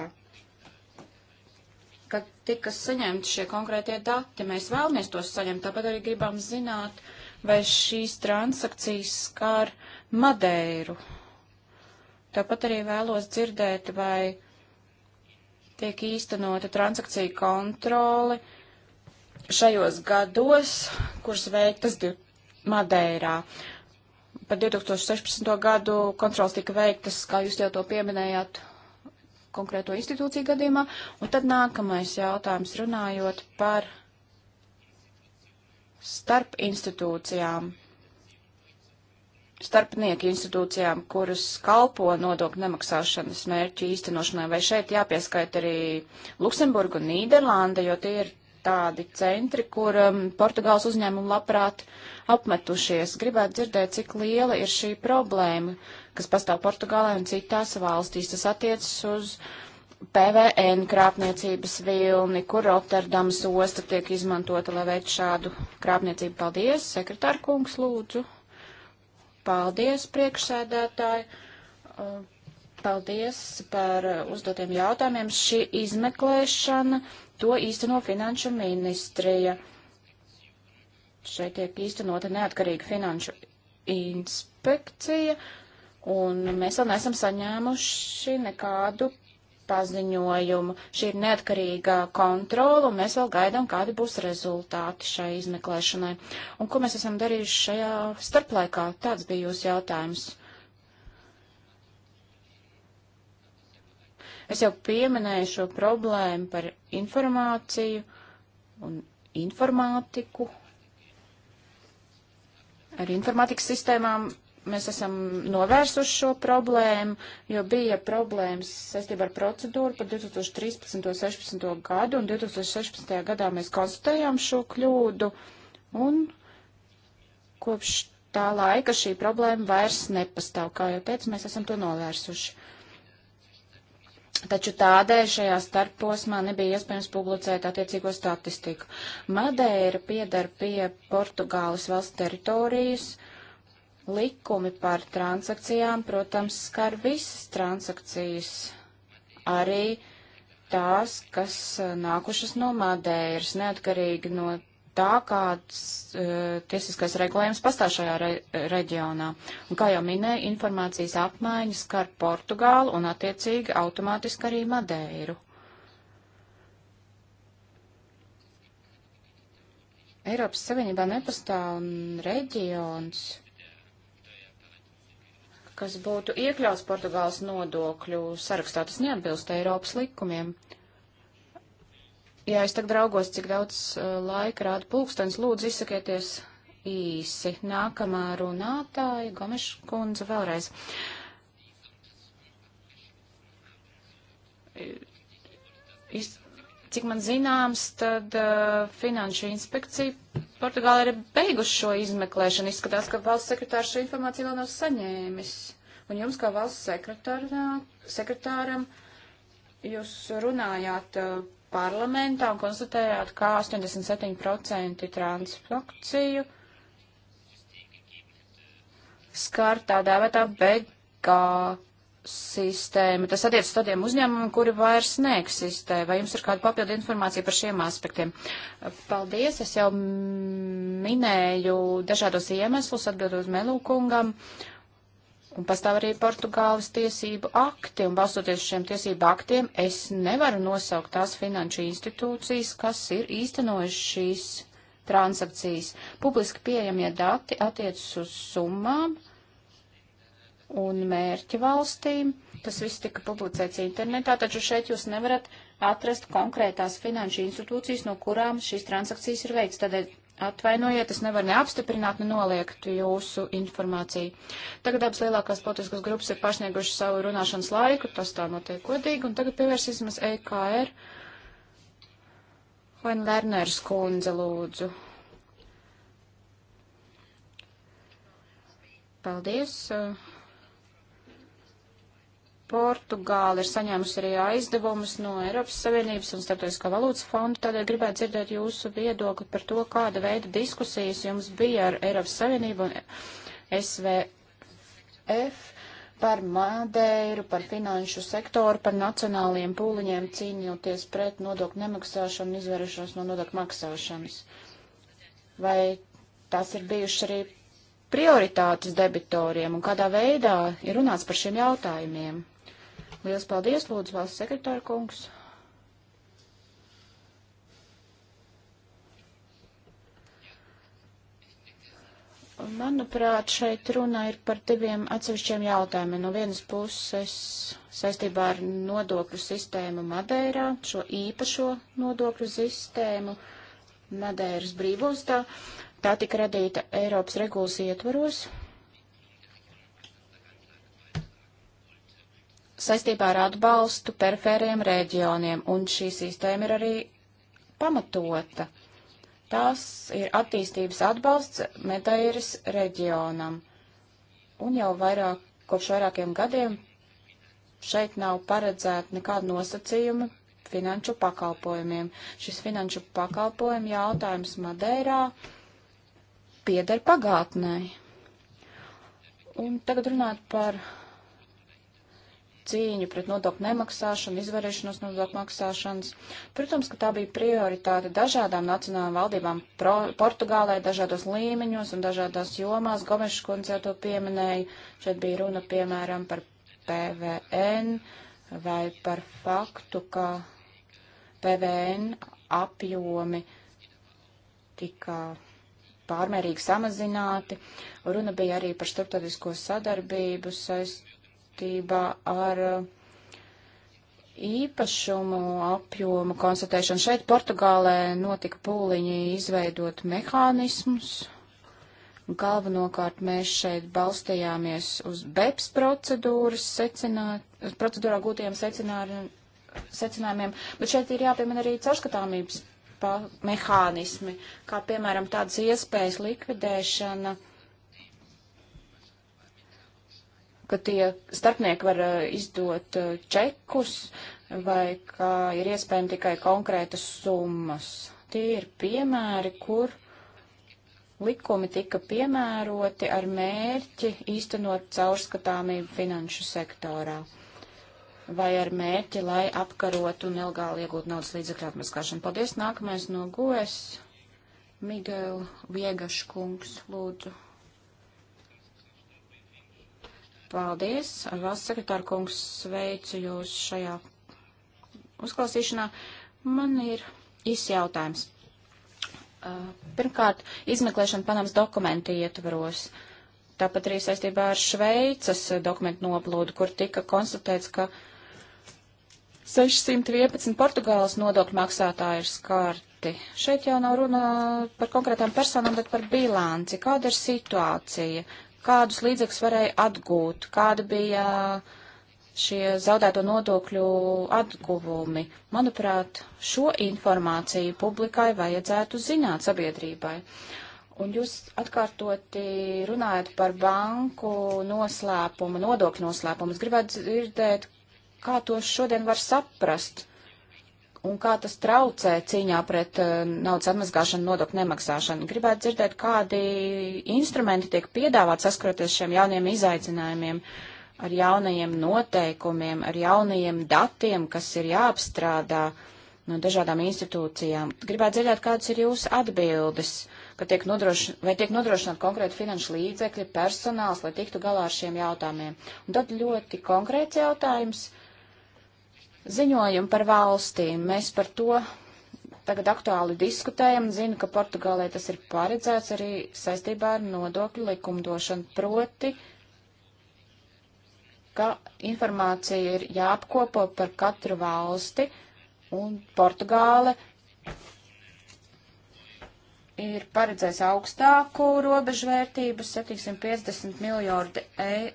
S3: kad tika saņemti šie konkrētie dati? Mēs vēlamies tos saņemt, tāpat arī gribam zināt, vai šīs transakcijas skār Madeiru. Tāpat arī vēlos dzirdēt, vai tiek īstenota transakcija kontroli šajos gados, kuras veiktas Madeirā. Par 2016. gadu kontrols tika veiktas, kā jūs jau to pieminējāt, konkrēto institūciju gadījumā. Un tad nākamais jautājums runājot par starp institūcijām, starpnieku institūcijām, kuras kalpo nodokļu nemaksāšanas mērķu īstenošanai, vai šeit jāpieskaita arī Luksemburga un Nīderlanda, jo tie ir tādi centri, kur um, Portugāles uzņēmumi labprāt apmetušies. Gribētu dzirdēt, cik liela ir šī problēma, kas pastāv Portugālē un citās valstīs. Tas attiecas uz PVN krāpniecības vilni, kur Rotterdams osta tiek izmantota, lai veic šādu krāpniecību. Paldies, sekretārkungs, lūdzu. Paldies, priekšsēdētāji. Uh, Paldies par uzdotiem jautājumiem. Šī izmeklēšana to īsteno finanšu ministrija. Šeit tiek īstenota neatkarīga finanšu inspekcija, un mēs vēl nesam saņēmuši nekādu paziņojumu. Šī ir neatkarīga kontrola, un mēs vēl gaidām, kādi būs rezultāti šai izmeklēšanai. Un ko mēs esam darījuši šajā starplaikā? Tāds bija jūsu jautājums. Es jau pieminēju šo problēmu par informāciju un informātiku. Ar informātikas sistēmām mēs esam novērsuši šo problēmu, jo bija problēmas saistībā ar procedūru par 2013. un 2016. gadu, un 2016. gadā mēs konstatējām šo kļūdu, un kopš tā laika šī problēma vairs nepastāv. Kā jau teicu, mēs esam to novērsuši. Taču tādēļ šajā starposmā nebija iespējams publicēt attiecīgo statistiku. Madeira piedar pie Portugāles valsts teritorijas. Likumi par transakcijām, protams, skar visas transakcijas, arī tās, kas uh, nākušas no Madeiras, neatkarīgi no tā, kāds uh, tiesiskais regulējums pastāv šajā re reģionā. Un, kā jau minēja, informācijas apmaiņas skar Portugālu un attiecīgi automātiski arī Madeiru. Eiropas Savienībā nepastāv reģions, kas būtu iekļauts Portugāles nodokļu sarakstā. Tas neatbilst Eiropas likumiem. Uh, Jā, es tagad raugos, cik daudz uh, laika rāda pulkstens. Lūdzu, izsakieties īsi. Nākamā runātāja, Gomeša kundze, vēlreiz. Iz, cik man zināms, tad uh, Finanšu inspekcija Portugāla ir beiguši šo izmeklēšanu. Izskatās, ka valsts sekretārs šo informāciju vēl nav saņēmis. Un jums, kā valsts sekretāram, jūs runājāt. Uh, parlamentā un konstatējāt, ka 87% transfrakciju skar tā dēvētā BGA sistēma. Tas attiec tādiem uzņēmumiem, kuri vairs neeksistē. Vai jums ir kāda papildu informācija par šiem aspektiem? Paldies, es jau minēju dažādos iemeslus atbildot Melūkungam. Uh, Un pastāv arī Portugāles tiesību akti, un balstoties uz šiem tiesību aktiem, es nevaru nosaukt tās finanšu institūcijas, kas ir īstenojuši šīs transakcijas. Publiski pieejamie dati attiecas uz summām un mērķi valstīm. Tas viss tika publicēts internetā, taču šeit jūs nevarat atrast konkrētās finanšu institūcijas, no kurām šīs transakcijas ir veikts. Tādēļ Atvainojiet, es nevaru neapstiprināt, ne noliegt jūsu informāciju. Tagad abas lielākās politiskas grupas ir pārsnieguši savu runāšanas laiku, tas tā notiek godīgi, un tagad pievērsīsimies EKR. Hoen Lerners kundze, lūdzu. Paldies. Uh, Portugāla ir saņēmusi arī aizdevumus no Eiropas Savienības un Startautiskā valūtas fonda, tādēļ gribētu dzirdēt jūsu viedokli par to, kāda veida diskusijas jums bija ar Eiropas Savienību un SVF par Madeiru, par finanšu sektoru, par nacionāliem pūliņiem cīnīties pret nodokļu nemaksāšanu un izvēršanos no nodokļu maksāšanas. Vai tās ir bijušas arī prioritātes debitoriem un kādā veidā ir runāts par šiem jautājumiem? Liels paldies, lūdzu, valsts sekretāra kungs. Manuprāt, šeit runa ir par diviem atsevišķiem jautājumiem. No vienas puses saistībā ar nodokļu sistēmu Madeirā, šo īpašo nodokļu sistēmu Madeiras brīvostā. Tā tika radīta Eiropas regulas ietvaros, saistībā ar atbalstu perifēriem reģioniem, un šī sistēma ir arī pamatota. Tās ir attīstības atbalsts Medeiras reģionam, un jau vairāk, kopš vairākiem gadiem šeit nav paredzēta nekāda nosacījuma finanšu pakalpojumiem. Šis finanšu pakalpojumu jautājums Madeirā pieder pagātnē. Un tagad runāt par cīņu pret nodokļu nemaksāšanu, izvarēšanos nodokļu maksāšanas. Protams, ka tā bija prioritāte dažādām nacionālām valdībām pro, Portugālē, dažādos līmeņos un dažādās jomās. Gomeša kundze jau to pieminēja. Šeit bija runa, piemēram, par PVN vai par faktu, ka PVN apjomi tika pārmērīgi samazināti. Runa bija arī par starptautisko sadarbību saist saistībā ar uh, īpašumu apjomu konstatēšanu. Šeit Portugālē notika pūliņi izveidot mehānismus. Galvenokārt mēs šeit balstījāmies uz BEPS procedūras secināt, procedūrā gūtajiem secinājumiem, bet šeit ir jāpiemina arī caurskatāmības mehānismi, kā piemēram tādas iespējas likvidēšana ka tie starpnieki var eh, izdot eh, čekus vai ka ir iespējami tikai konkrētas summas. Tie ir piemēri, kur likumi tika piemēroti ar mērķi īstenot caurskatāmību finanšu sektorā vai ar mērķi, lai apkarotu nelegāli iegūt naudas līdzekļu atmaskāšanu. Paldies, nākamais no gojas. Miguel Viegaškungs, lūdzu. Paldies. Valsts sekretāra kungs sveicu jūs šajā uzklausīšanā. Man ir īsts jautājums. Pirmkārt, izmeklēšana Panamas dokumentu ietvaros. Tāpat arī saistībā ar Šveicas dokumentu noplūdu, kur tika konstatēts, ka 611 Portugāles nodokļu maksātāji ir skarti. Šeit jau nav runa par konkrētām personām, bet par bilanci. Kāda ir situācija? kādus līdzekļus varēja atgūt, kāda bija šie zaudēto nodokļu atguvumi. Manuprāt, šo informāciju publikai vajadzētu zināt sabiedrībai. Un jūs atkārtoti runājat par banku noslēpumu, nodokļu noslēpumu. Es gribētu dzirdēt, kā to šodien var saprast un kā tas traucē cīņā pret uh, naudas atmazgāšanu, nodokļu nemaksāšanu. Gribētu dzirdēt, kādi instrumenti tiek piedāvāt saskroties šiem jauniem izaicinājumiem, ar jaunajiem noteikumiem, ar jaunajiem datiem, kas ir jāapstrādā no dažādām institūcijām. Gribētu dzirdēt, kādas ir jūsu atbildes, ka tiek nodrošin, vai tiek nodrošināt konkrēti finanšu līdzekļi, personāls, lai tiktu galā ar šiem jautājumiem. Un tad ļoti konkrēts jautājums Ziņojumi par valstīm. Mēs par to tagad aktuāli diskutējam. Zinu, ka Portugālē tas ir paredzēts arī saistībā ar nodokļu likumdošanu. Proti, ka informācija ir jāapkopo par katru valsti, un Portugāle ir paredzējis augstāku robežvērtību 750 miljardi eiro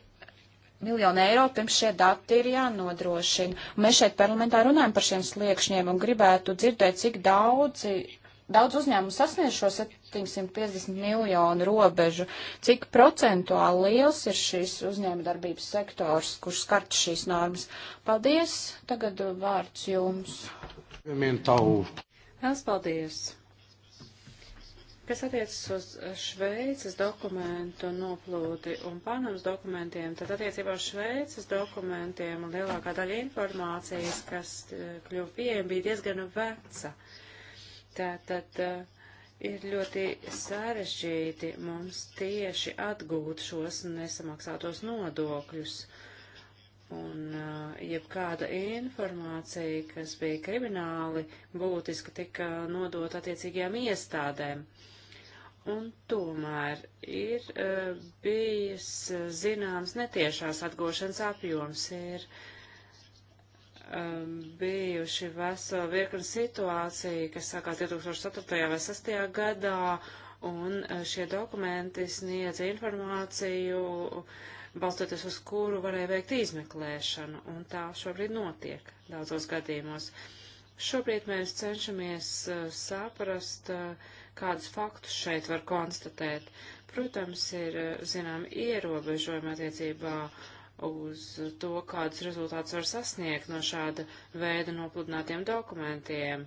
S3: miljonu eiro, pirms šie dati ir jānodrošina. Un mēs šeit parlamentā runājam par šiem sliekšņiem un gribētu dzirdēt, cik daudzi, daudz uzņēmumu sasniedz šo 750 miljonu robežu, cik procentuāli liels ir šīs uzņēmuma darbības sektors, kurš skart šīs normas. Paldies, tagad vārds jums.
S1: Vienmien tavu.
S2: Liels paldies. Kas attiecas uz Šveices dokumentu noplūdi un Panamas dokumentiem, tad attiecībā uz Šveices dokumentiem lielākā daļa informācijas, kas eh, kļuva pieejama, bija diezgan veca. Tātad eh, ir ļoti sarežģīti mums tieši atgūt šos nesamaksātos nodokļus. Un eh, jebkāda informācija, kas bija krimināli būtiska, tika nodota attiecīgajām iestādēm. Uh, Un tomēr ir uh, bijis eh, zināms netiešās atgošanas apjoms, ir uh, bijuši vesela virkna situācija, kas sākās 2004. vai 2006. gadā, un uh, šie dokumenti sniedz informāciju, balstoties uz kuru varēja veikt izmeklēšanu, un tā šobrīd notiek daudzos gadījumos. Šobrīd mēs cenšamies saprast, uh, kādus faktus šeit var konstatēt. Protams, ir eh, zinām ierobežojumi attiecībā uz to, kādus rezultātus var sasniegt no šāda veida nopludinātiem dokumentiem.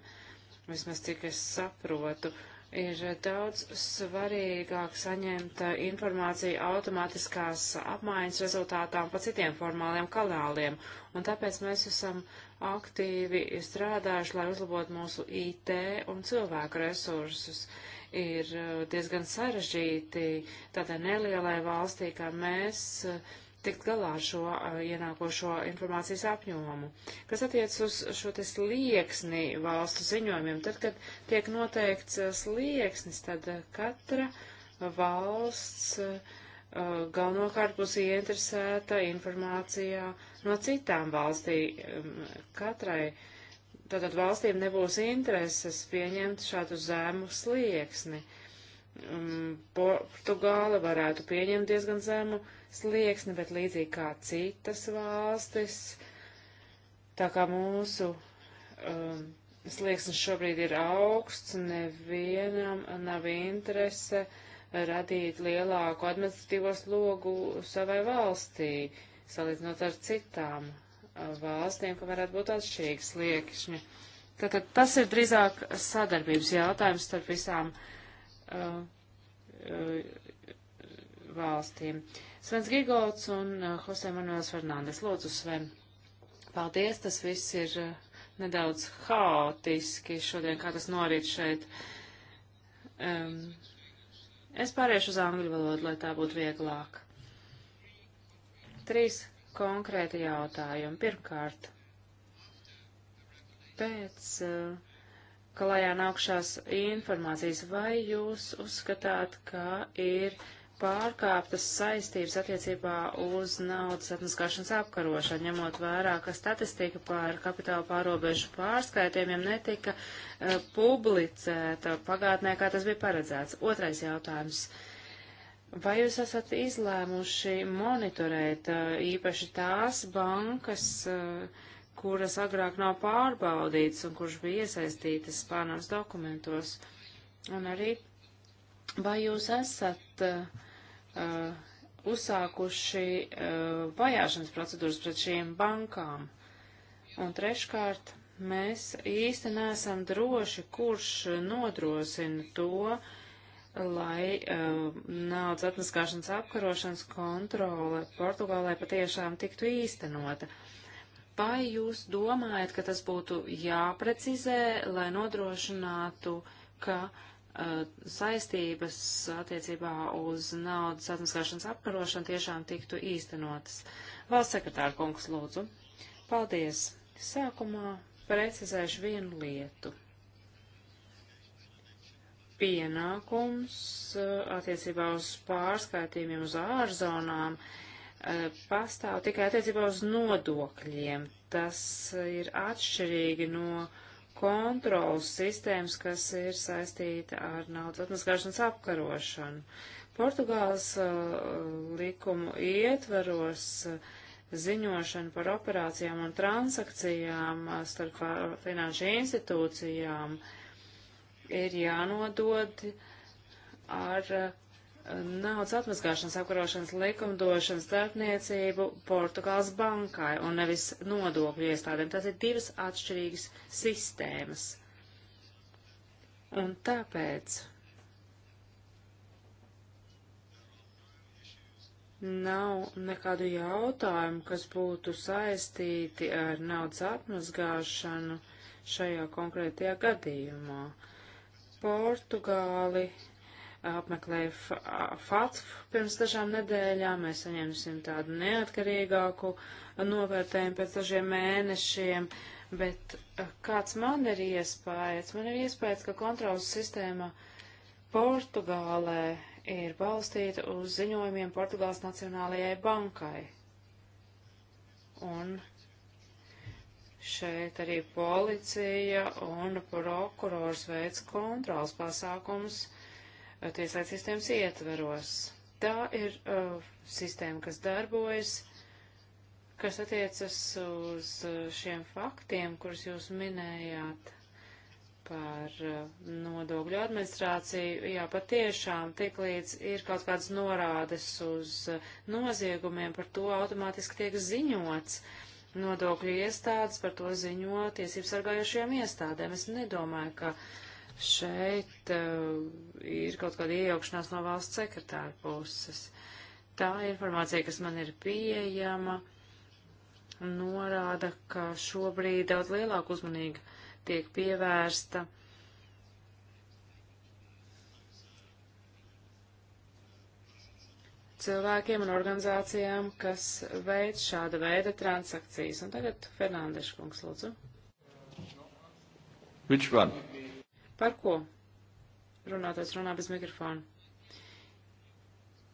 S2: Vismaz cik es saprotu, ir daudz svarīgāk saņemt eh, informāciju automātiskās apmaiņas rezultātām pa citiem formāliem kanāliem, un tāpēc mēs esam uh, aktīvi strādājuši, lai uzlabotu mūsu IT un cilvēku resursus. Ir uh, diezgan sarežģīti tādai nelielai valstī, kā mēs, uh, tikt galā ar šo uh, ienākošo informācijas apjomu. Kas attiec uz šo te slieksni valstu ziņojumiem, tad, kad tiek noteikts slieksnis, tad katra valsts galvenokārt būs ieinteresēta informācijā no citām valstīm. Um, katrai tātad valstīm nebūs intereses pieņemt šādu zēmu slieksni. Um, Portugāla varētu pieņemt diezgan zemu slieksni, bet līdzīgi kā citas valstis, tā kā mūsu um, slieksnis šobrīd ir augsts, nevienam nav interese radīt lielāku administratīvo slogu savai valstī. Uh, salīdzinot ar citām uh, valstīm, kam varētu būt atšķirīgi sliekšņi. Tātad tas ir drīzāk sadarbības jautājums starp visām uh, uh, valstīm. Svens Gigolds un uh, Jose Manuels Fernandes. Lūdzu, Sven. Paldies, tas viss ir uh, nedaudz haotiski šodien, kā tas norīt šeit. Um, es pāriešu uz angļu valodu, lai tā būtu vieglāk. Trīs konkrēti jautājumi. Pirmkārt, pēc uh, klajā nākšās informācijas, vai jūs uzskatāt, ka ir pārkāptas saistības attiecībā uz naudas atmaskāšanas apkarošanu, ņemot vērā, ka statistika par kapitāla pārobežu pārskaitījumiem netika uh, publicēta pagātnē, kā tas bija paredzēts. Otrais jautājums. Uh, Vai jūs esat izlēmuši monitorēt īpaši tās bankas, kuras agrāk nav pārbaudītas un kuras bija iesaistītas Panamas dokumentos? Un arī vai jūs esat uh, uzsākuši uh, vajāšanas procedūras pret šīm bankām? Un treškārt, mēs īsti neesam droši, kurš nodrosina to, lai uh, naudas atmaskāšanas apkarošanas kontrole Portugālē patiešām tiktu īstenota. Vai jūs domājat, ka tas būtu jāprecizē, lai nodrošinātu, ka uh, saistības attiecībā uz naudas atmaskāšanas apkarošanu tiešām tiktu īstenotas? Valsts sekretāra kungs, lūdzu. Paldies. Sākumā precizēšu vienu lietu pienākums eh, attiecībā uz pārskaitījumiem uz ārzonām eh, pastāv tikai attiecībā uz nodokļiem. Tas ir atšķirīgi no kontrolas sistēmas, kas ir saistīta ar naudas atmaskāšanas apkarošanu. Portugāles uh, likumu ietvaros uh, ziņošana par operācijām un transakcijām uh, starp finanšu institūcijām uh, ir jānodod ar eh, naudas atmazgāšanas apkarošanas likumdošanas starpniecību Portugāls bankai un nevis nodokļu iestādēm. Tas ir divas atšķirīgas sistēmas. Un tāpēc nav nekādu jautājumu, kas būtu saistīti ar naudas atmazgāšanu šajā konkrētajā gadījumā. Uh, Portugāli apmeklēju FATF pirms dažām nedēļām. Mēs saņemsim tādu neatkarīgāku novērtējumu pēc dažiem mēnešiem. Bet eh, kāds man ir iespējas? Man ir iespējas, ka kontrolas sistēma Portugālē ir balstīta uz ziņojumiem Portugāles Nacionālajai bankai. Un Šeit arī policija un prokurors veids kontrols pasākums uh, tieslietu sistēmas ietveros. Tā ir uh, sistēma, kas darbojas, kas attiecas uz uh, šiem faktiem, kurus jūs minējāt par uh, nodokļu administrāciju. Jā, patiešām tik līdz ir kaut kādas norādes uz noziegumiem, par to automātiski tiek ziņots. Uh, nodokļu iestādes par to ziņo tiesību sargājošajām iestādēm. Es nedomāju, ka šeit uh, ir kaut kāda iejaukšanās no valsts sekretāra puses. Tā informācija, kas man ir pieejama, norāda, ka šobrīd daudz lielāka uzmanība tiek pievērsta uh, cilvēkiem un organizācijām, kas veic šāda veida transakcijas. Un tagad Fernandeša kungs, lūdzu. Which one? Par ko? Runātājs runā bez mikrofona.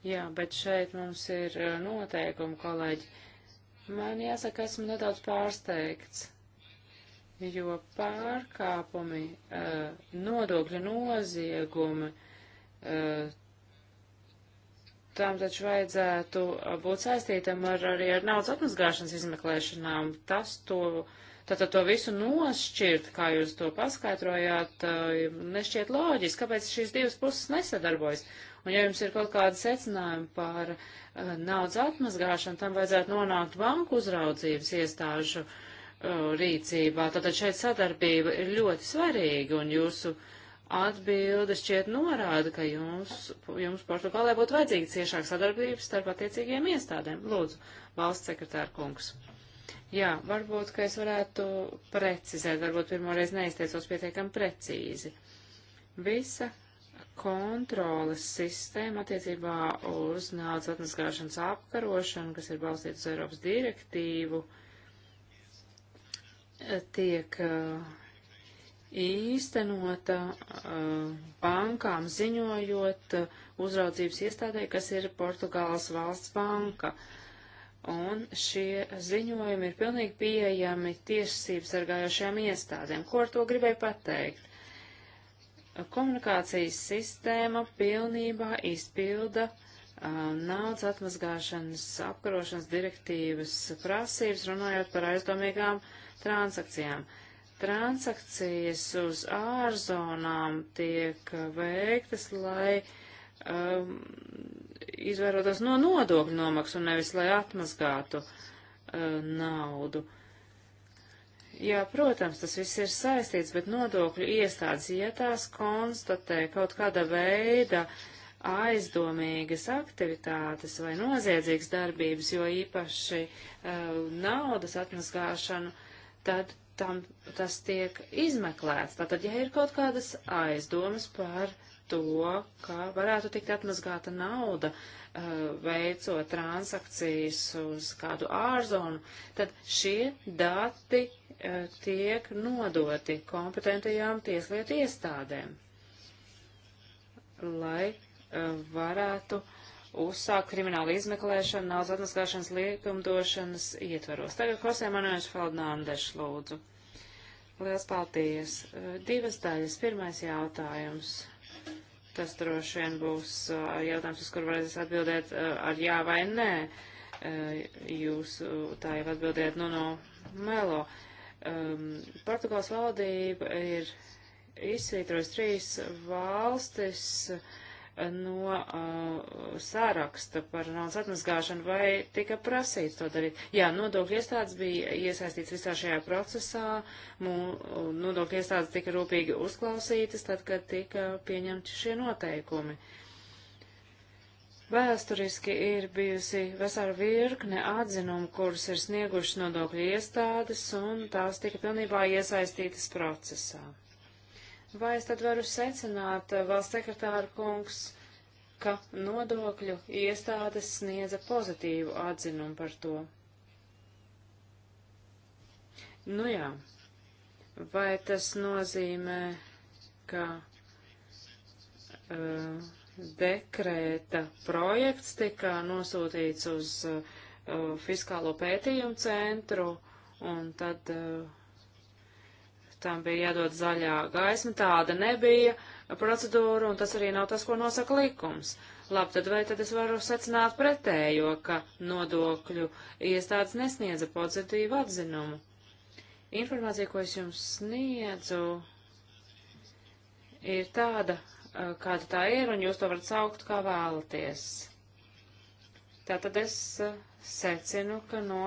S2: Jā, bet šeit mums ir eh, noteikumi, kolēģi. Man jāsaka, esmu nedaudz pārsteigts, jo pārkāpumi, eh, nodokļu noziegumi, eh, tam taču vajadzētu uh, būt saistītam ar, arī ar naudas atmazgāšanas izmeklēšanām. Tas to, tātad to visu nošķirt, kā jūs to paskaidrojāt, uh, nešķiet loģiski, kāpēc šīs divas puses nesadarbojas. Un ja jums ir kaut kāda secinājuma par uh, naudas atmazgāšanu, tam vajadzētu nonākt banku uzraudzības iestāžu uh, rīcībā. Tātad šeit sadarbība ir ļoti svarīga un jūsu uh, Atbilde šķiet norāda, ka jums, jums Portugālē būtu vajadzīga ciešāka sadarbība starp attiecīgiem iestādēm. Lūdzu, valsts sekretāra kungs. Jā, varbūt, ka es varētu precizēt, varbūt pirmoreiz neizteicos pietiekam precīzi. Visa kontroles sistēma attiecībā uz naudas atmaskāšanas apkarošanu, kas ir balstīta uz Eiropas direktīvu, tiek uh, īstenota uh, bankām ziņojot uh, uzraudzības iestādē, kas ir Portugāles valsts banka. Un šie ziņojumi ir pilnīgi pieejami tiesības sargājošajām iestādēm. Ko ar to gribēju pateikt? Komunikācijas sistēma pilnībā izpilda uh, naudas atmazgāšanas apkarošanas direktīvas prasības, runājot par aizdomīgām transakcijām. Uh, transakcijas uz ārzonām tiek veiktas, lai um, izvairotos no nodokļu nomaksu un nevis lai atmazgātu uh, naudu. Jā, protams, tas viss ir saistīts, bet nodokļu iestādes, ja tās konstatē kaut kāda veida aizdomīgas aktivitātes vai noziedzīgas darbības, jo īpaši uh, naudas atmazgāšanu, tad tam tas tiek izmeklēts. Tātad, ja ir kaut kādas aizdomas par to, ka varētu tikt atmazgāta nauda, uh, veicot transakcijas uz kādu ārzonu, tad šie dati uh, tiek nodoti kompetentajām tieslietu iestādēm, lai uh, varētu uzsākt kriminālu izmeklēšanu naudas atmaskāšanas likumdošanas ietvaros. Tagad Hosē Manuēš Feldnāndeš lūdzu. Liels paldies. Eh, divas daļas. Pirmais jautājums. Tas droši vien būs eh, jautājums, uz kur varēs atbildēt eh, ar jā vai nē. Jūs tā jau atbildējat, nu, no melo. Ehm, Portugāls valdība ir izsvītrojusi trīs valstis no uh, sāraksta par naudas atmazgāšanu, vai tika prasīts to darīt? Jā, nodokļu iestādes bija iesaistīts visā šajā procesā, nodokļu iestādes tika rūpīgi uzklausītas, tad, kad tika pieņemti šie noteikumi. Vēsturiski ir bijusi vesela virkne atzinumu, kurus ir sniegušas nodokļu iestādes, un tās tika pilnībā iesaistītas procesā. Vai es tad varu secināt, eh, valsts sekretāra kungs, ka nodokļu iestādes sniedza pozitīvu atzinumu par to? Nu jā, vai tas nozīmē, ka uh, dekrēta projekts tika nosūtīts uz uh, fiskālo pētījumu centru un tad. Uh, tam bija jādod zaļā gaisma, tāda nebija procedūra, un tas arī nav tas, ko nosaka likums. Labi, tad vai tad es varu secināt pretējo, ka nodokļu iestādes nesniedza pozitīvu atzinumu? Informācija, ko es jums sniedzu, ir tāda, eh, kāda tā ir, un jūs to varat saukt, kā vēlaties. Tātad es eh, secinu, ka no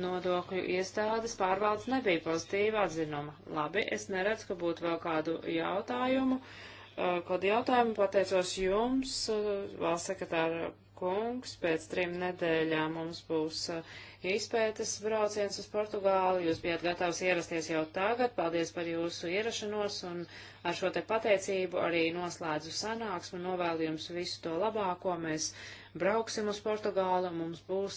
S2: nodokļu iestādes pārvaldes nebija pozitīva atzinuma. Labi, es neredzu, ka būtu vēl kādu jautājumu. Uh, kādu jautājumu pateicos jums, uh, valsts sekretāra kungs, pēc trim nedēļām mums būs uh, izpētes brauciens uz Portugāli. Jūs bijat gatavs ierasties jau tagad. Paldies par jūsu ierašanos un ar šo te pateicību arī noslēdzu sanāksmu. Novēlu jums visu to labāko. Mēs brauksim uz Portugālu, mums būs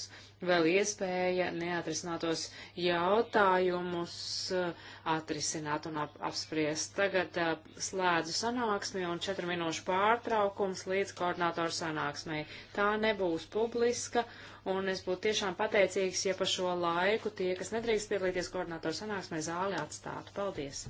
S2: vēl iespēja neatrisinātos jautājumus eh, atrisināt un ap apspriest. Tagad uh, slēdzu sanāksmi un četru minūšu pārtraukums līdz koordinātoru sanāksmei. Tā nebūs publiska, un es būtu tiešām pateicīgs, ja pa šo laiku tie, kas nedrīkst piedalīties koordinātoru sanāksmē, zāli atstātu. Paldies!